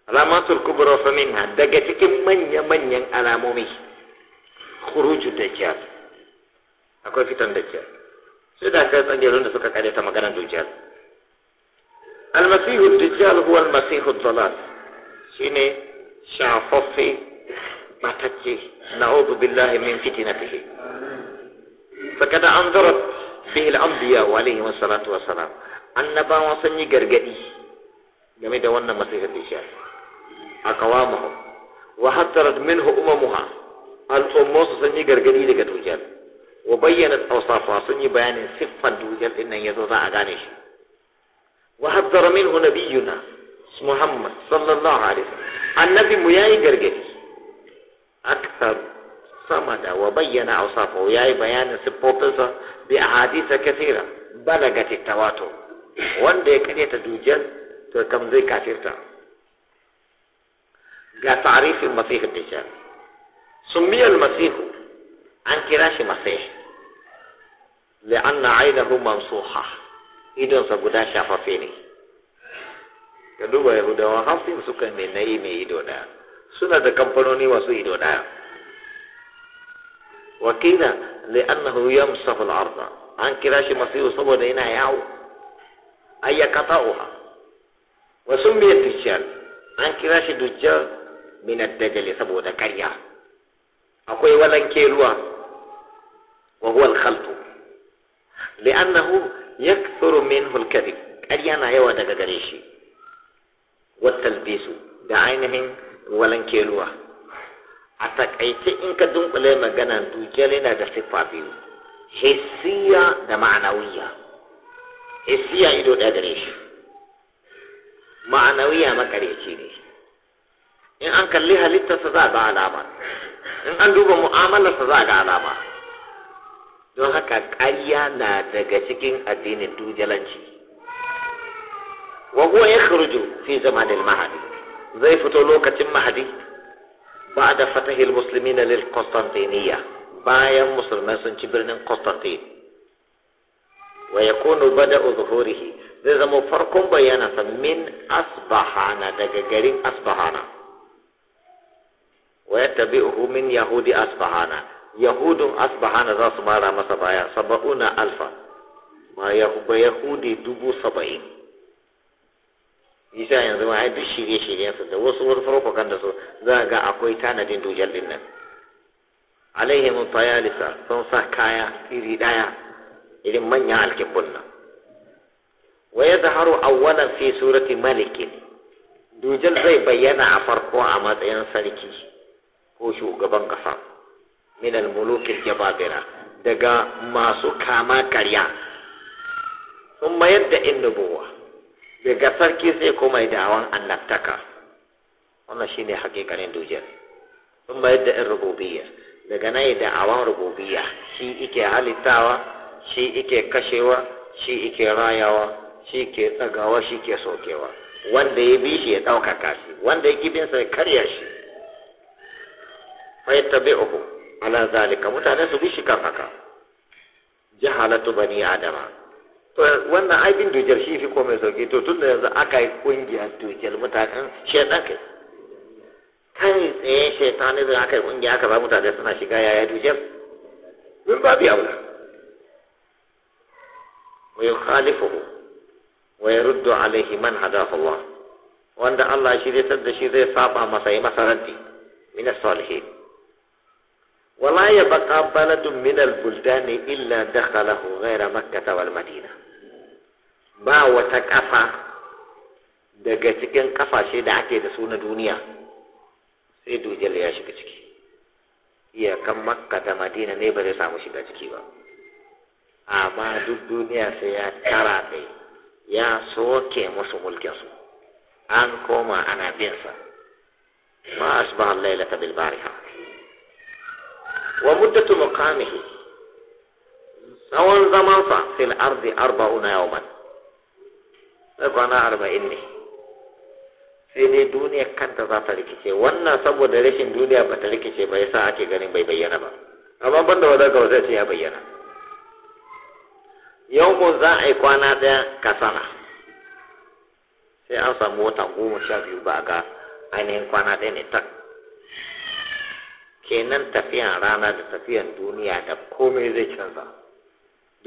alamatul kubra fa minha daga cikin manya-manyan alamomi khuruju dajjal akwai fitan dajjal sai da aka kai tsagerun da suka kare ta magana dajjal almasihu dajjal huwa almasihu dalal shine shafaffe matacce na'udhu billahi min fitnatihi an فقد أنظرت به الأنبياء salatu wa salam annabawa sun yi gargadi game da wannan masifar da shi a kawamahu wa hattarat minhu umamuha al'ummosu sun yi gargadi daga dujal wa bayyana awsafa sun yi bayanin siffan dujal din nan yazo za a gane shi wa min hu nabiyuna muhammad sallallahu alaihi wasallam annabi mu ya yi gargadi akthar Sama da wa bayyana a ya yi bayanin siffofinsa bi ahadisa kathira balagat balaga tawatur wanda ya ta dujal to kam zai kafirta ga ta'rifin masih da shi. Sun miyar an kira shi masih لأن عينه idonsa guda shafafe ne ka duba yahudawa hafi sai suka mai yi mai ido daya suna da kamfanoni wasu ido daya وكيلا لأنه يمسح الأرض عن كراش مصير صبر لنا يعو أي قطعها وسمي الدجال عن كراش الدجال من الدجال سبو ذكريا أخوي ولا كيلوا وهو الخلط لأنه يكثر منه الكذب أريانا يوا دقا والتلبيس بعينهم ولن كيلوا a takaice in ka dunkule magana dukiyar yana da siffa biyu hissiya da ma'anawiya hissiya ido ɗaya gare shi ma'anawiya makareci ne in an kalli halittarsa za a ga alama in an duba mu'amalarsa za a ga alama don haka ƙarya na daga cikin addinin dujalanci wa huwa yakhruju fi zama mahadi zai fito lokacin mahadi بعد فتح المسلمين للقسطنطينية بايا مسلمان سنجبرن قسطنطين ويكون بدء ظهوره لازم فرق بيانا من أصبحنا دقاقرين أصبحنا ويتبعه من يهود أصبحنا يهود أصبحنا ذا سبارة مسابايا سبعون ألفا ويهود يهودي دبو سبعين isa yanzu ma duk shirye-shiryensu da wasu wasu farfakan da su za ga akwai tanadin dujal din nan alaihim tayalisa sun sa kaya iri daya irin manyan alkibbun nan wa a awwalan fi surati malikin dujal zai bayyana a farko a matsayin sarki ko shugaban kasa min al jababira daga masu kama karya sun mayar da innubuwa daga sarki sai kuma yi da'awan annabtaka wannan shi ne hakikanin dujiyar sun bayar da in rububiya daga nan yi da'awan rububiya shi ike halittawa shi ike kashewa shi ike rayawa shi ke tsagawa shi ke sokewa wanda ya bi shi ya ɗaukaka shi wanda ya kibin sai karya shi fa uku. ala zalika mutane su bi shi kan haka jahalatu bani adama to wannan ai bin dojar shi fi komai sauki to tun da yanzu aka yi kungiyar dojar mutanen shaitan kai kai tsaye shaitan da aka yi kungiya aka ba mutane suna shiga yaya dojar min babu yaula wa yukhalifuhu wa yaruddu alaihi man hadafa Allah wanda Allah shi zai da shi zai saba masa yi masa raddi min as-salihin ولا يبقى بلد من البلدان إلا دخله غير مكة والمدينة ba wata ƙafa daga cikin ƙafashe da ake da su na duniya sai dujal ya shiga ciki iyakan makka da madina ne ba zai samu shiga ciki ba amma duk duniya sai ya tara ɗai ya soke musu mulkinsu an koma ana binsa ma asbah Laila ta bil bariha wa muddatu muqamihi tsawon zamansa fil ardi arba'una yawman sai kwana arba'in ne sai dai duniya kanta za ta rikice wannan saboda rashin duniya ba ta rikice ba yasa ake ganin bai bayyana ba amma ban da wadaka ba zai ce ya bayyana yau ko za a yi kwana ɗaya ka sana sai an samu wata goma sha biyu ba ga ainihin kwana ɗaya ne tak kenan tafiyan rana da tafiyan duniya da komai zai canza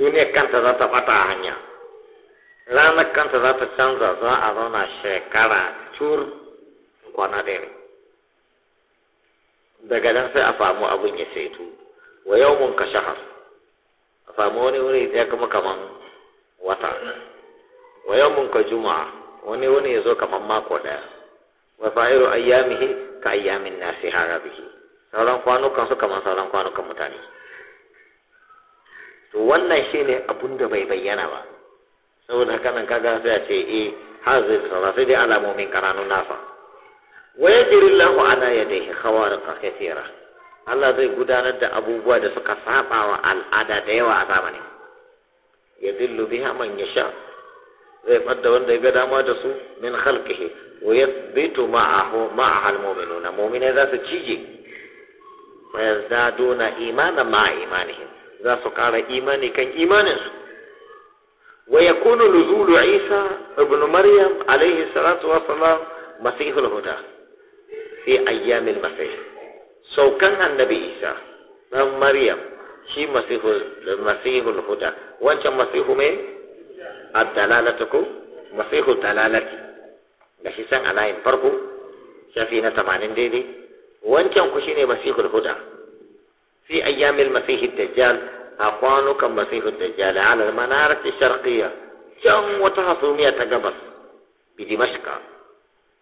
duniyar kanta za ta bata a hanya ranar kanta za ta canza za a zauna shekara cur kwana ɗaya ne daga nan sai a samu abin ya saitu wa yau mun ka shahar a samu wani wuri ya kama kaman wata wa yau mun ka juma'a wani wuri ya zo kaman mako ɗaya wa fa'iru ayyamihi ka ayyamin nasi harabihi sauran kwanukan su kaman sauran kwanukan mutane to wannan shine abun da bai bayyana ba saboda haka nan kaga sai a ce eh hazir sana sai dai alamomin kananun nasa wa yajri Allahu ala yadayhi khawariqa kathira Allah zai gudanar da abubuwa da suka saba wa al'ada da yawa a zamani. ya dillu biha man yasha zai fadda wanda ya ga dama da su min khalqihi wa yathbitu ma'ahu ma'a al-mu'minuna mu'minai za su cije wa yazdaduna imanan ma'a imanihim za su kara imani kan imaninsu waya kunu luzulu isa ibnu mariam alayhi salatu wa salam masihu alhuda fi ayami saukan so, annabi isa dan mariam shi masihu almasihu wancan masihu mai adalalatuku masihu dalalati da shi san alai farko shafi na tamanin daidai wancan ku shine masihu alhuda fi ayami almasih tajjal أقوانو كم مسيح الدجال على المنارة الشرقية جم وتحصل مئة قبص بدمشق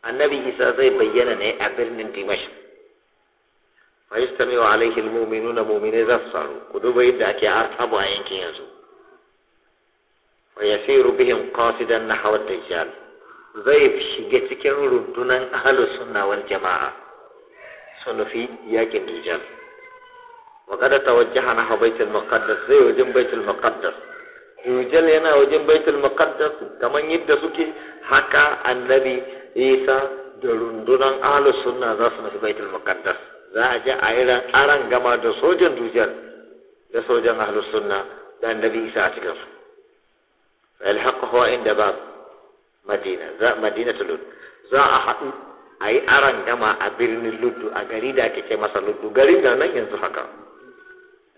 النبي إساء بيّن أن أبرن دمشق فيستمع عليه المؤمنون مؤمنين ذفصروا قدو بيدا كي أرتب أين كينزو ويسير بهم قاصدا نحو الدجال ضيف شجتك رندنا أهل السنة والجماعة سنفي يا الدجال ta وقد توجه نحو بيت zai wajen وجن بيت المقدس yujal yana wajen baitul muqaddas kaman yadda suke haka annabi isa da rundunan ahlus sunna za su nufi baitul muqaddas za a je a yi aran gama da sojan dujal da sojan ahlus sunna da annabi isa a cikin su alhaqahu inda ba madina za madina lud za a haɗu a yi aran gama a birnin luddu a gari da ake ce masa luddu garin da nan yanzu haka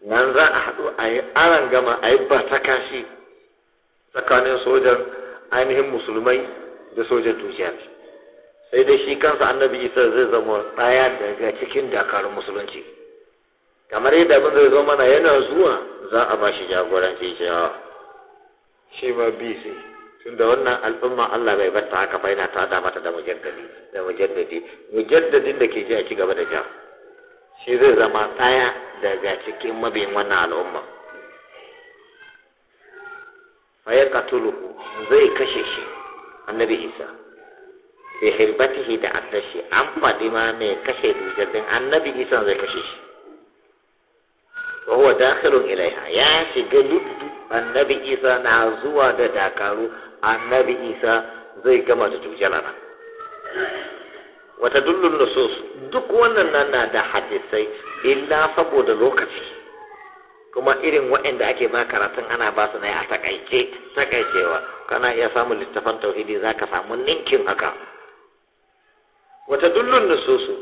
nan za a haɗu a yi aran gama a yi ba ta kashi tsakanin sojan ainihin musulmai da sojan tujiyar sai dai shi kansa annabi isa zai zama ɗaya daga cikin dakarun musulunci kamar yadda abin zai zo mana yana zuwa za a ba shi jagoranci cewa shi ma bi sai tunda wannan al'umma Allah bai batta haka ba yana ta da mata da mujaddadi da mujaddadi mujaddadin da ke ji a ci gaba da ja shi zai zama ɗaya daga cikin mabiyin wannan al'umma faya katuluhu zai kashe shi annabi isa fi hirbatihi da asashi an faɗi ma mai kashe dujardin annabi isa zai kashe shi wa huwa dakhilun ilaiha ya shiga luddu annabi isa na zuwa da dakaru annabi isa zai gama da dujalana wata dullun nusus duk wannan nan na da hadisai illa saboda lokaci kuma irin waɗanda ake ba karatun ana ba su ne a takaice takaicewa kana iya samun littafan tauhidi za ka samu ninkin haka wata dullun nususu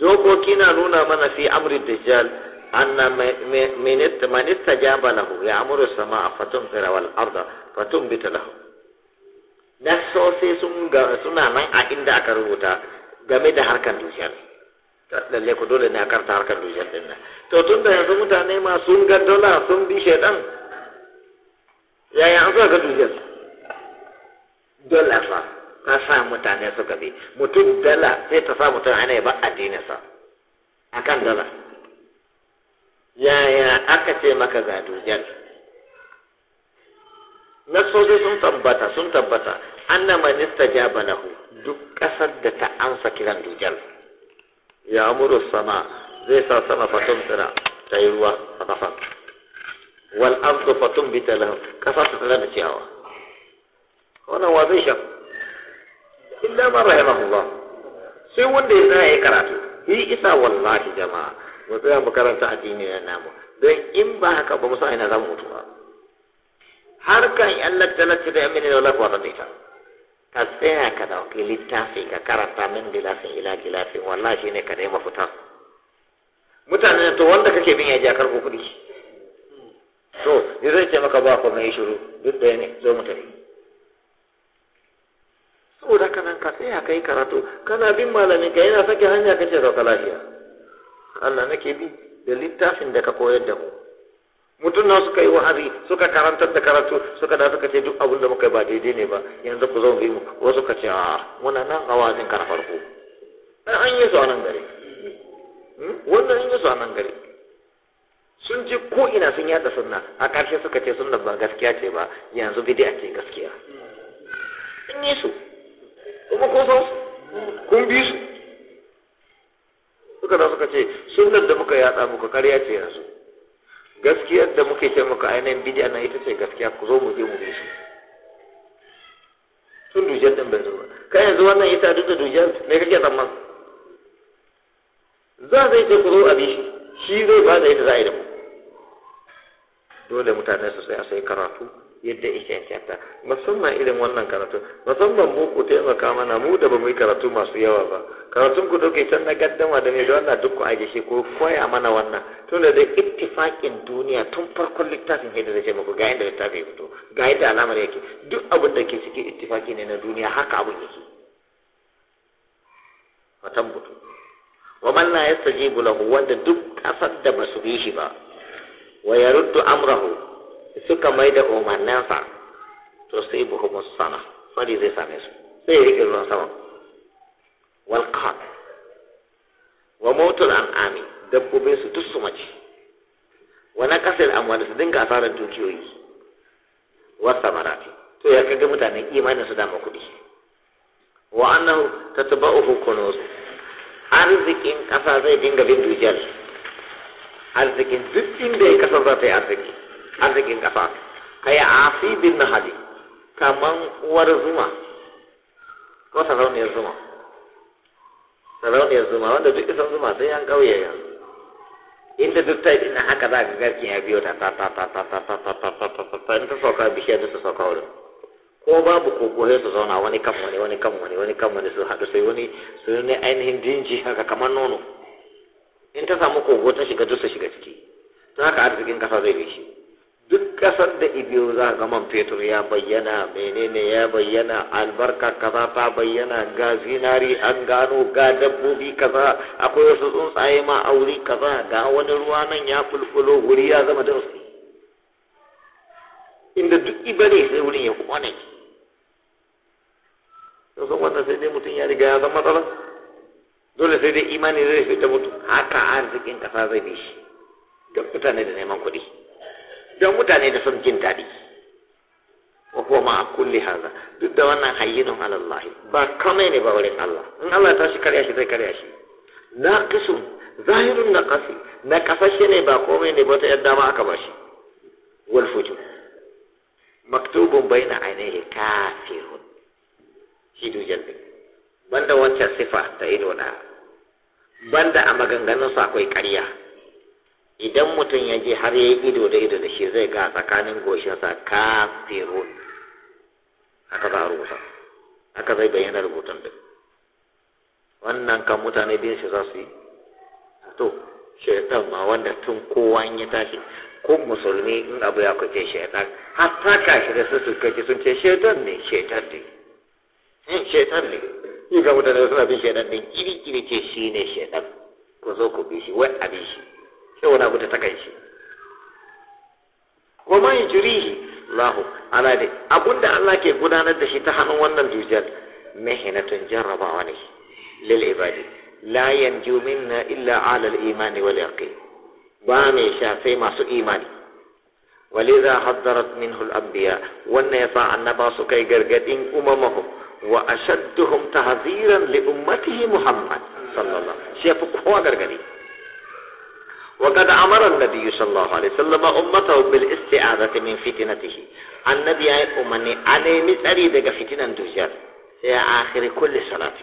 dokoki na nuna mana fi amri dajjal anna man istajaba lahu ya amuru sama'a fatun fira wal arda fatun bita lahu nasosi sun suna nan a inda aka rubuta game da harkar dujal lalle ku dole ne a karta harkar dujal din nan to tun da yanzu mutane ma sun ga dola sun bi shaidan yaya an ga dujal dola fa ta sa mutane suka bi mutum dala sai ta sa mutum ana ba addininsa kan dala yaya aka ce maka ga dujal na soje sun tabbata sun tabbata anna man istajaba lahu duk kasar da ta ansa kiran dujal ya amuru sama zai sa sama fatum tsira ta yi ruwa a kafa wal ardu fatum bi talahu kasar ta tana da ciyawa wannan wa zai sha illa man rahimahullah sai wanda ya zai karatu yi isa wallahi jama'a mu tsaya mu karanta addini na namu don in ba haka ba mu sa ina za mu mutu ba harkan yan lattalar da yan mini da wala kuwa ta ka tsaya ka ɗauki littafi ka karanta min gilafin ila gilafin wallahi shine ka nema fita mutane to wanda kake bin ya ji akar kuɗi to ni zai ce maka ba ko mai shiru duk da ne zo mu tafi saboda da nan ka tsaya ka yi karatu kana bin malamin ka yana sake hanya kace ka lafiya Allah nake bi da littafin da ka koyar da mu mutum na suka yi wa'azi suka karantar da karatu suka da suka ce duk abin da muka yi ba daidai ne ba yanzu ku zo mu wasu suka ce a muna nan a wa'azin kar na farko an yi su a nan gari hmm? wannan an yi su a nan gari sun je ko ina sun yada sunna a ƙarshe suka ce sunna ba gaskiya ce ba yanzu bidiya ce gaskiya sun yi su kuma ko san su kun bi su suka da suka ce sunnar da muka yada muka karya ce yanzu gaskiyar da muke ce muka ainihin bidiya na ita ce gaskiya ku zo mu je mu shi tun dujar din bai zuwa kai yanzu wannan ita duk da dujar me kake tsamman za zai ce ku zo a bishi shi zai ba da yadda za a yi da mu dole mutane su sai a sai karatu yadda kyanta musamman irin wannan karatu musamman mu ku taimaka mana mu da ba mu yi karatu masu yawa ba karatun ku dauke can na gaddama da ne da wannan duk ku aje shi ko koya mana wannan tunda da da ittifakin duniya tun farkon littafin yadda zai ce muku ga inda littafin ya fito ga inda alamar yake duk abin da ke ciki ittifaki ne na duniya haka abin yake watan butu wa man la yastajibu lahu wanda duk kasar da basu bi shi ba wa yaruddu amrahu suka mai da umarninsa to sai buhumus sana fari zai same su sai ya rike ruwan sama wal qad wa mautul an'ami dabbobin su duk su mace wa na kasar amwali su dinga asarar dukiyoyi wa samarati to ya kaga mutane imanin su dama kuɗi wa uku tatba'uhu kunuz arzikin kasa zai dinga bin dujal arzikin duk inda ya kasar za ta yi arziki arzikin ƙasa afi asibin na hadi kaman uwar zuma ko sarauniyar zuma sarauniyar zuma wanda duk isan zuma sai yan kauye yanzu inda duk ta ina haka za ka garkin ya biyo ta ta ta ta ta ta ta ta ta ta ta ta ta in ta sauka bishiyar da ta sauka wurin ko babu koko sai su zauna wani kan wani wani kan wani wani kan wani su haɗu sai wani su ne ainihin dinji haka kamar nono in ta samu kogo ta shiga duk su shiga ciki ta haka arzikin kasa zai bi shi duk ƙasar da ibiyo za a gaman fetur ya bayyana menene ya bayyana albarka kaza ta bayyana ga zinari an gano ga dabbobi kaza akwai wasu tsuntsaye ma a wuri kaza ga wani ruwa nan ya fulfulo wuri ya zama da wasu inda duk ibane sai wurin ya kone yanzu wannan sai dai mutum ya riga ya zama matsala dole sai dai imani zai fita mutu haka arzikin kasa zai bi shi ga mutane da neman kuɗi. don mutane da sun jin daɗi wa kuma a kulli haza duk da wannan hayyinun alallahi ba kamai ne ba wurin Allah in Allah ta shi karya shi zai karya shi kisu zahirun na naqasashe ne ba komai ne ba ta yadda ma aka bashi wal fujur maktubun baina ainihi kafirun shi dujan din banda wancan sifa ta ido da banda a maganganunsa akwai karya idan mutum ya je har ya yi ido da ido da shi zai ga tsakanin goshinsa kafirun aka za a rubuta aka zai bayyana rubutun duk wannan kan mutane biyan shi za su yi to shaitan ma wanda tun kowa in ya tashi ko musulmi in abu ya kwace shaitan hatta kashi da su su kace sun ce shaitan ne shaitan ne in eh, shaitan ne yi ga mutane suna bin shaitan din kiri kiri ce shi ne shaitan ku zo ku bi shi wai abin shi sai wani abu ta takaici wa ma yi jirihi Allah ke gudanar da shi ta hannun wannan dujjal mahinatun jarrabawa ne lil ibadi la yanju minna illa ala al imani wal yaqin ba mai sha masu imani walidha haddarat min al anbiya wannan yasa annaba su kai gargadin umamahu wa ashadduhum tahziran li ummatihi muhammad sallallahu alaihi wasallam shi fa kowa gargadi وقد أمر النبي صلى الله عليه وسلم أمته بالاستعاذة من فتنته النبي أي أمني أنا مثري دقى فتنة دجال في آخر كل صلاة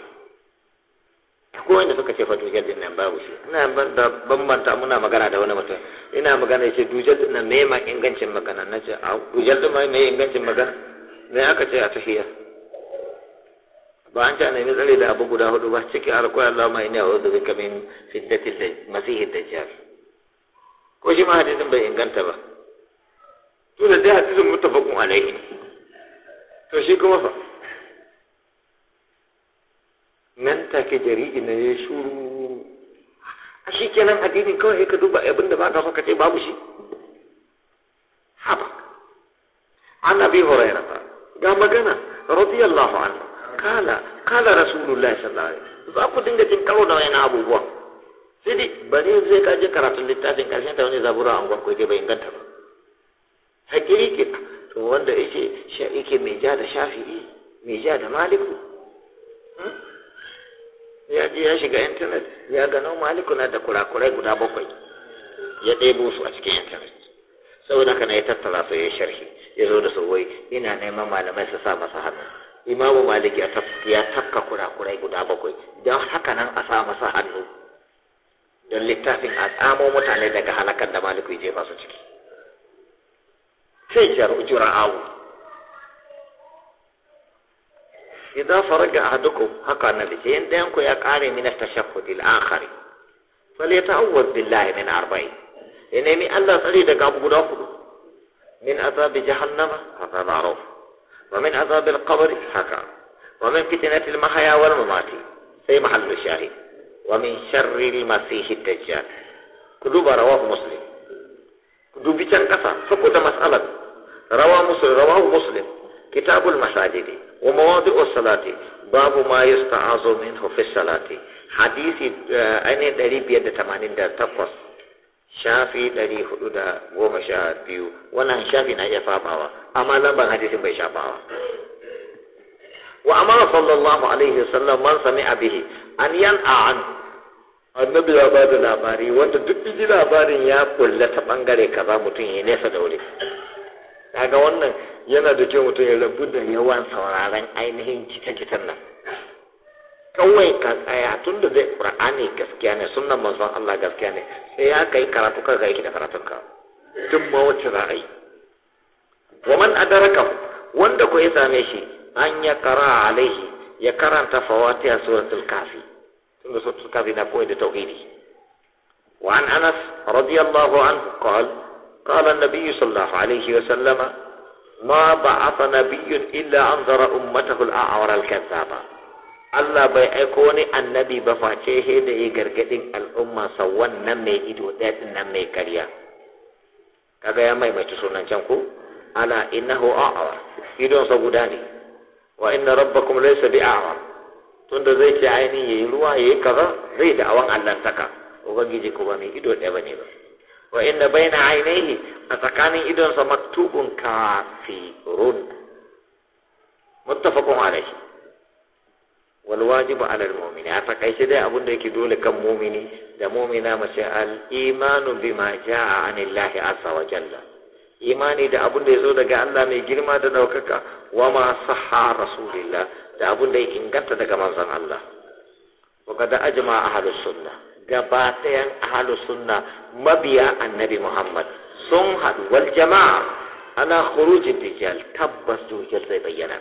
ko inda suka ce fa dujal nan babu shi ina ban da bambanta muna magana da wani mutum ina magana yace dujal din nan meye ma ingancin magana ce a dujal din ma ingancin magana me aka ce a tahiyya ba an ta nemi tsare da abu guda hudu ba ciki alƙawar Allah ma ina a'udhu bika min fitnatil masihid dajjal ko shi ma hadisin bai inganta ba to da dai hadisin mutafakun alaihi to shi kuma fa nan take jari'i na ya shuru a shi kenan addinin kawai ka duba abin da ba ka so ka ce babu shi haba an abi ta ga magana radiyallahu anhu kala kala rasulullahi sallallahu alaihi wasallam za ku dinga jin karo da wani abubuwan sai dai bari zai kaje karatun littafin karshen ta wani zabura a gwarko bai inganta ba hakiri ke to wanda yake sha yake mai ja da shafi'i mai ja da maliku hmm? ya je ya shiga intanet ya gano maliku na da kurakurai guda bakwai ya ɗebo su a cikin intanet saboda haka na ya tattara su ya sharhi ya zo da sauwai ina neman malamai su sa masa hannu imamu maliki ya tafka kurakurai guda bakwai don haka nan a sa masa hannu don littafin a tsamo mutane daga halakar da maliku je ba su ciki sai jar jura'awu idan faraga ahadukum haka na ce in ɗayan ku ya kare min tashahhud al-akhari falyata'awwaz billahi min arba'in ya nemi Allah tsari daga abu guda hudu min azabi jahannama haka ma'ruf wa min azabi al-qabr haka wa min fitnati al-mahya wal mamati sai mahallu shahid Wa min sharrin masin hidde jiya. Kuɗu ba rawar musulun. Kuɗu bishiyar ƙasa, fokoda mas'alan. Rawar musulun, rawar musulun. Kitaɓul mas'alili. Wama Babu ma yasta min haife salati. Hadisi eh, ainihin ɗari biyar da tamanin da takwas. Shafi ɗari huɗu da goma sha biyu. na yafa bawa. Amma nan ban hadisi mai Wa amma Sallallahu alaihi wa man sami An yi annabi ya ba da labari wanda duk ji labarin ya kulle ta bangare kaza mutum ya nesa da wuri kaga wannan yana da kyau mutum ya rabu da yawan sauraron ainihin kita-kitan nan kawai ka tsaya tun da zai qur'ani gaskiya ne sunnan manzon Allah gaskiya ne sai ya kai karatu ka kai da karatun ka duk ma wacce ra'ayi a wa man adaraka wanda ko ya same shi an ya kara alaihi ya karanta fawatiha suratul kafi suka zina koyi da tauhidi wa an anas radiyallahu anhu qal qala an-nabiy sallallahu alaihi wa sallama ma ba'atha nabiyyun illa anzara ummatahu al-a'war Allah bai aiko wani annabi ba face he da ya gargadin al'umma sa wannan mai ido ɗaya din nan mai karya kaga ya maimaita sunan can ko ala innahu a'war idon sa guda ne wa inna rabbakum laysa bi'awar tunda zai ce ainihin yayi ruwa yayi kaza zai da awan allantaka ubangiji kuma mai ido ɗaya bane ba wa inda baina ainihi a tsakanin idon sa maktubun kafirun muttafaqun alaihi wal wajibu ala al mu'mini a takaice dai abin da yake dole kan mu'mini da mu'mina mace al imanu bima jaa anillahi azza wa jalla imani da abin da yazo daga Allah mai girma da daukaka wa ma sahha rasulillah da abun da ya inganta daga manzon Allah wa kada ajma ahlus sunna gaba ɗayan ahlus sunna mabiya annabi Muhammad sun haɗu wal jama'a ana khurujin dijjal tabbas dijjal zai bayyana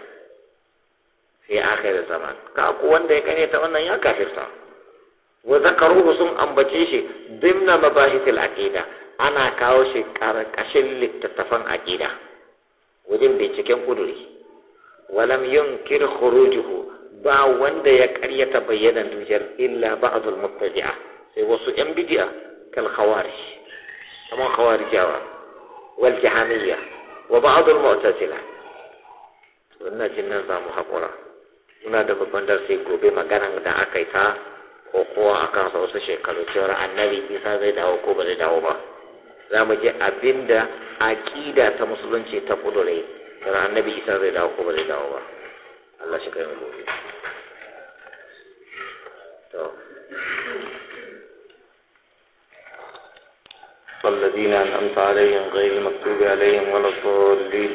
sai akhir zaman ka ku wanda ya kane ta wannan ya kafirta wa zakaruhu sun ambace shi dimna mabahithil aqida ana kawo shi karkashin littattafan aqida wajen binciken kuduri walam yunkir khurujuhu ba wanda ya karya ta bayyana dukiyar illa ba'dul mubtadi'a sai wasu yan bid'a kal khawarij kama khawarijawa wal jahamiyya wa ba'dul mu'tazila wannan jin nan mu hakura muna da babban darasi gobe magana da aka yi ta ko kowa kan sa wasu shekaru cewar annabi isa zai dawo ko ba zai dawo ba za mu je abinda aƙida ta musulunci ta ƙudurai. tara annabi isa zai dawo ko ba zai dawo ba Allah shi kai mu gobe to والذين أنعمت عليهم غير المكتوب عليهم ولا الضالين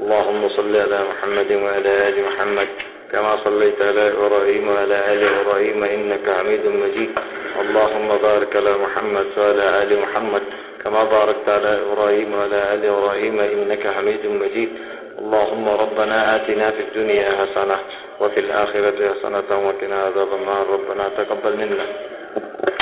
اللهم صل على محمد وعلى آل محمد كما صليت على إبراهيم وعلى آل إبراهيم إنك حميد مجيد اللهم بارك على محمد وعلى آل محمد كما باركت على إبراهيم وعلى آل إبراهيم إنك حميد مجيد اللهم ربنا آتنا في الدنيا حسنة وفي الآخرة حسنة وقنا عذاب النار ربنا تقبل منا